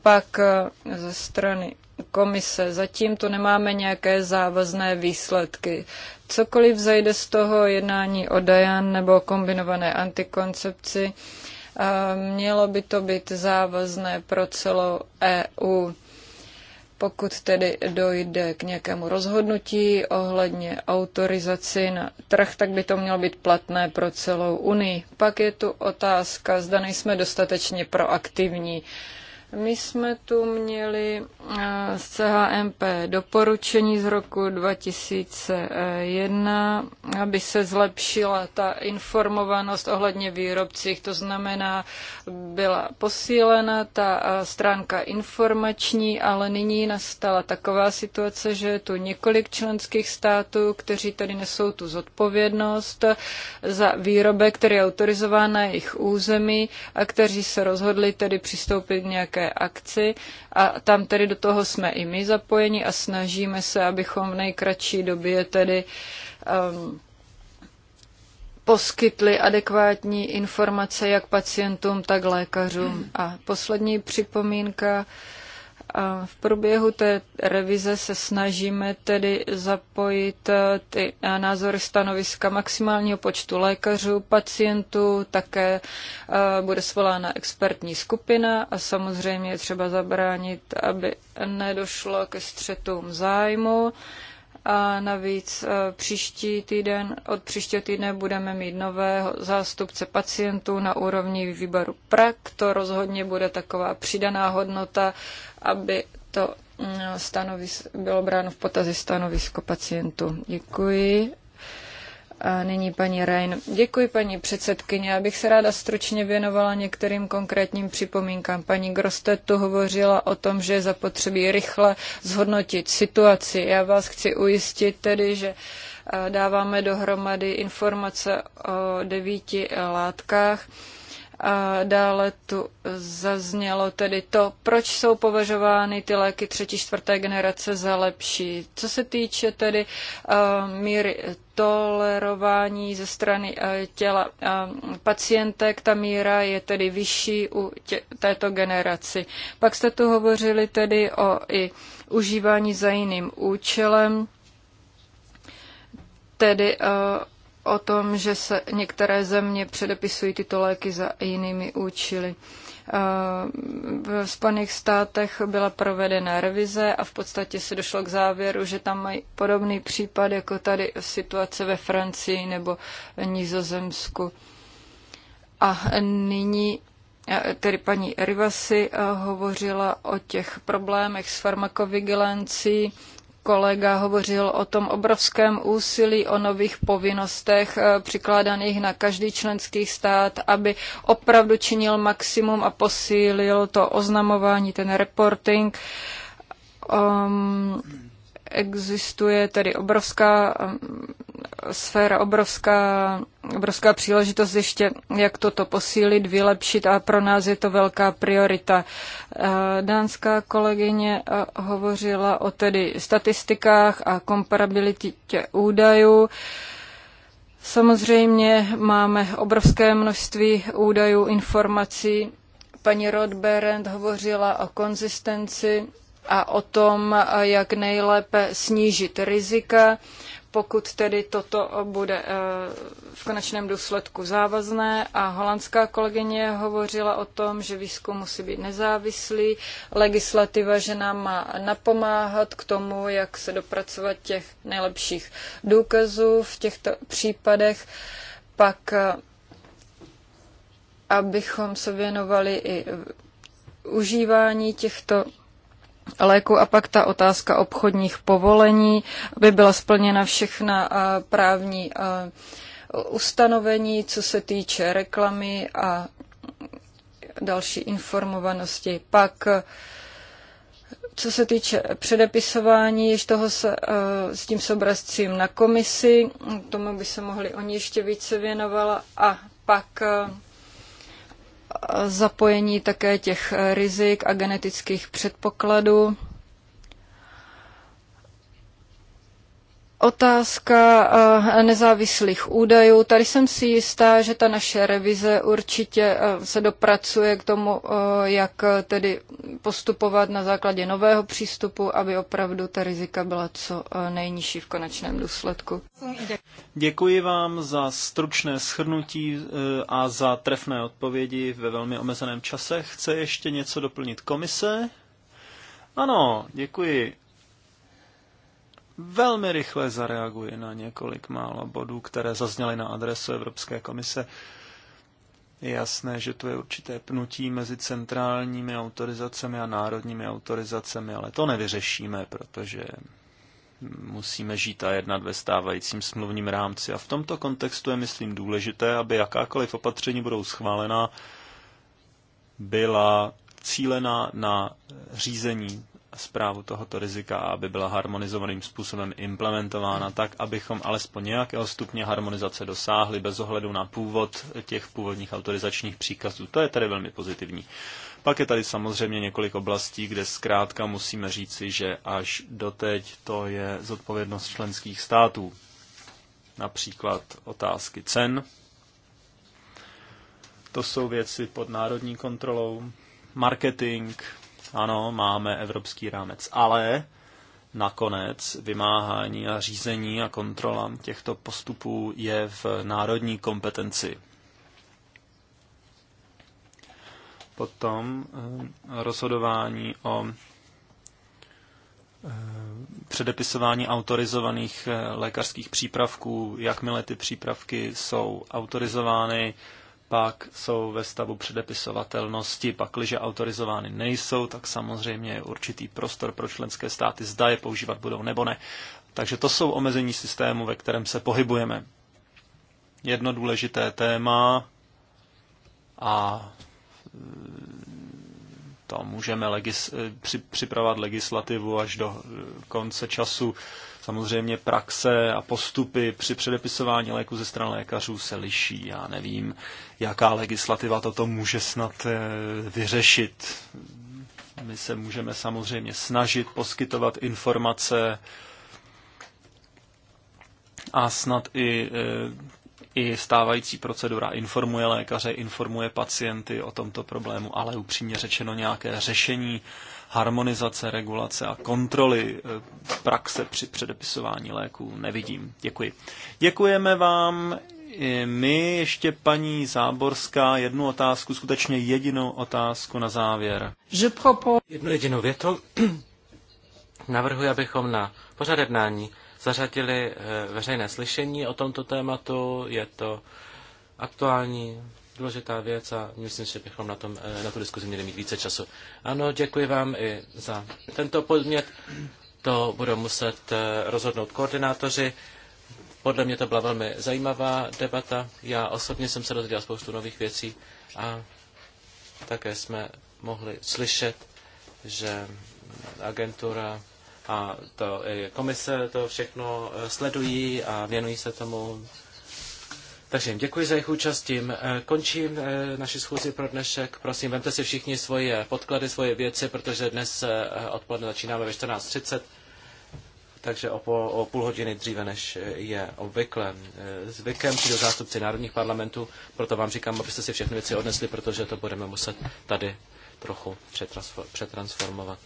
Pak eh, ze strany komise. Zatím tu nemáme nějaké závazné výsledky. Cokoliv zajde z toho jednání o Dajan nebo kombinované antikoncepci, eh, mělo by to být závazné pro celou EU. Pokud tedy dojde k nějakému rozhodnutí ohledně autorizaci na trh, tak by to mělo být platné pro celou Unii. Pak je tu otázka, zda nejsme dostatečně proaktivní. My jsme tu měli eh, z CHMP doporučení z roku 2001, aby se zlepšila ta informovanost ohledně výrobcích. To znamená, byla posílena ta eh, stránka informační, ale nyní nastala taková situace, že je tu několik členských států, kteří tady nesou tu zodpovědnost eh, za výrobek, který je autorizován na jejich území a kteří se rozhodli tedy přistoupit k nějaké občanské akci a tam tedy do toho jsme i my zapojeni a snažíme se, abychom v nejkratší době tedy um, poskytli adekvátní informace jak pacientům, tak lékařům. A poslední připomínka. Uh, a v průběhu té revize se snažíme tedy zapojit eh, ty eh, názory stanoviska maximálního počtu lékařů, pacientů, také eh, bude svolána expertní skupina a samozřejmě je třeba zabránit, aby nedošlo ke střetům zájmu. A navíc e, příští týden, od příštího týdne budeme mít nového zástupce pacientů na úrovni výboru PRAK. To rozhodně bude taková přidaná hodnota, aby to mm, stanovis, bylo bráno v potazi stanovisko pacientů. Děkuji a nyní paní Rein. Děkuji, paní předsedkyně. Já bych se ráda stručně věnovala některým konkrétním připomínkám. Paní Grostet tu hovořila o tom, že je zapotřebí rychle zhodnotit situaci. Já vás chci ujistit tedy, že e, dáváme dohromady informace o devíti látkách a dále tu zaznělo tedy to, proč jsou považovány ty léky třetí, čtvrté generace za lepší. Co se týče tedy uh, míry tolerování ze strany eh, těla eh, pacientek. Ta míra je tedy vyšší u tě, této generaci. Pak jste tu hovořili tedy o i užívání za jiným účelem, tedy o tom, že se některé země předepisují tyto léky za jinými účely. Eh, v Spojených státech byla provedena revize a v podstatě se došlo k závěru, že tam mají podobný případ jako tady situace ve Francii nebo Nizozemsku. A nyní eh, tedy paní Rivasi eh, hovořila o těch problémech s farmakovigilancí kolega hovořil o tom obrovském úsilí o nových povinnostech eh, přikládaných na každý členský stát, aby opravdu činil maximum a posílil to oznamování, ten reporting. Um, Existuje tedy obrovská um, sféra, obrovská, obrovská příležitost ještě, jak toto posílit, vylepšit a pro nás je to velká priorita. Uh, dánská kolegyně uh, hovořila o tedy statistikách a komparabilitě údajů. Samozřejmě máme obrovské množství údajů, informací. Paní Rodberend hovořila o konzistenci a o tom, eh, jak nejlépe snížit rizika, pokud tedy toto bude eh, v konečném důsledku závazné. A holandská kolegyně hovořila o tom, že výzkum musí být nezávislý, legislativa, že nám má napomáhat k tomu, jak se dopracovat těch nejlepších důkazů v těchto případech. Pak eh, abychom se věnovali i užívání těchto léku a pak ta otázka obchodních povolení, aby byla splněna všechna právní ustanovení, co se týče reklamy a další informovanosti. Pak co se týče předepisování, již toho se, s tím sobrazcím na komisi, tomu by se mohli oni ještě více věnovala a pak zapojení také těch rizik a genetických předpokladů Otázka eh, nezávislých údajů. Tady jsem si jistá, že ta naše revize určitě eh, se dopracuje k tomu, eh, jak tedy postupovat na základě nového přístupu, aby opravdu ta rizika byla co nejnižší v konečném důsledku. Děkuji vám za stručné shrnutí a za trefné odpovědi ve velmi omezeném čase. Chce ještě něco doplnit komise? Ano, děkuji velmi rychle zareaguji na několik málo bodů, které zazněly na adresu Evropské komise. Je jasné, že to je určité pnutí mezi centrálními autorizacemi a národními autorizacemi, ale to nevyřešíme, protože musíme žít a jednat ve stávajícím smluvním rámci. A v tomto kontextu je, myslím, důležité, aby jakákoliv opatření budou schválena, byla cílená na řízení zprávu tohoto rizika, aby byla harmonizovaným způsobem implementována tak, abychom alespoň nějakého stupně harmonizace dosáhli bez ohledu na původ těch původních autorizačních příkazů. To je tedy velmi pozitivní. Pak je tady samozřejmě několik oblastí, kde zkrátka musíme říci, že až doteď to je zodpovědnost členských států. Například otázky cen. To jsou věci pod národní kontrolou. Marketing, ano, máme evropský rámec, ale nakonec vymáhání a řízení a kontrola těchto postupů je v národní kompetenci. Potom eh, rozhodování o eh, předepisování autorizovaných eh, lékařských přípravků, jakmile ty přípravky jsou autorizovány, pak jsou ve stavu předepisovatelnosti, pakliže autorizovány nejsou, tak samozřejmě je určitý prostor pro členské státy, zda je používat budou nebo ne. Takže to jsou omezení systému, ve kterém se pohybujeme. Jedno důležité téma a e, to můžeme legis- e, připravovat legislativu až do e, konce času Samozřejmě praxe a postupy při předepisování léku ze strany lékařů se liší. Já nevím, jaká legislativa toto může snad eh, vyřešit. My se můžeme samozřejmě snažit poskytovat informace a snad i eh, i stávající procedura informuje lékaře, informuje pacienty o tomto problému, ale upřímně řečeno nějaké řešení harmonizace, regulace a kontroly eh, praxe při předepisování léků nevidím. Děkuji. Děkujeme vám. My ještě paní Záborská jednu otázku, skutečně jedinou otázku na závěr. Jednu jedinou větu. Navrhuji, abychom na pořad jednání zařadili eh, veřejné slyšení o tomto tématu. Je to aktuální důležitá věc a myslím, že bychom na, tom, eh, na tu diskuzi měli mít více času. Ano, děkuji vám i za tento podmět. To budou muset eh, rozhodnout koordinátoři. Podle mě to byla velmi zajímavá debata. Já osobně jsem se dozvěděl spoustu nových věcí a také jsme mohli slyšet, že agentura a to komise to všechno eh, sledují a věnují se tomu takže jim děkuji za jejich účast, tím eh, končím eh, naši schůzi pro dnešek. Prosím, vemte si všichni svoje podklady, svoje věci, protože dnes eh, odpoledne začínáme ve 14.30, takže o, po, o půl hodiny dříve, než je obvykle. Zvykem přijdou zástupci národních parlamentů, proto vám říkám, abyste si všechny věci odnesli, protože to budeme muset tady trochu přetransformovat.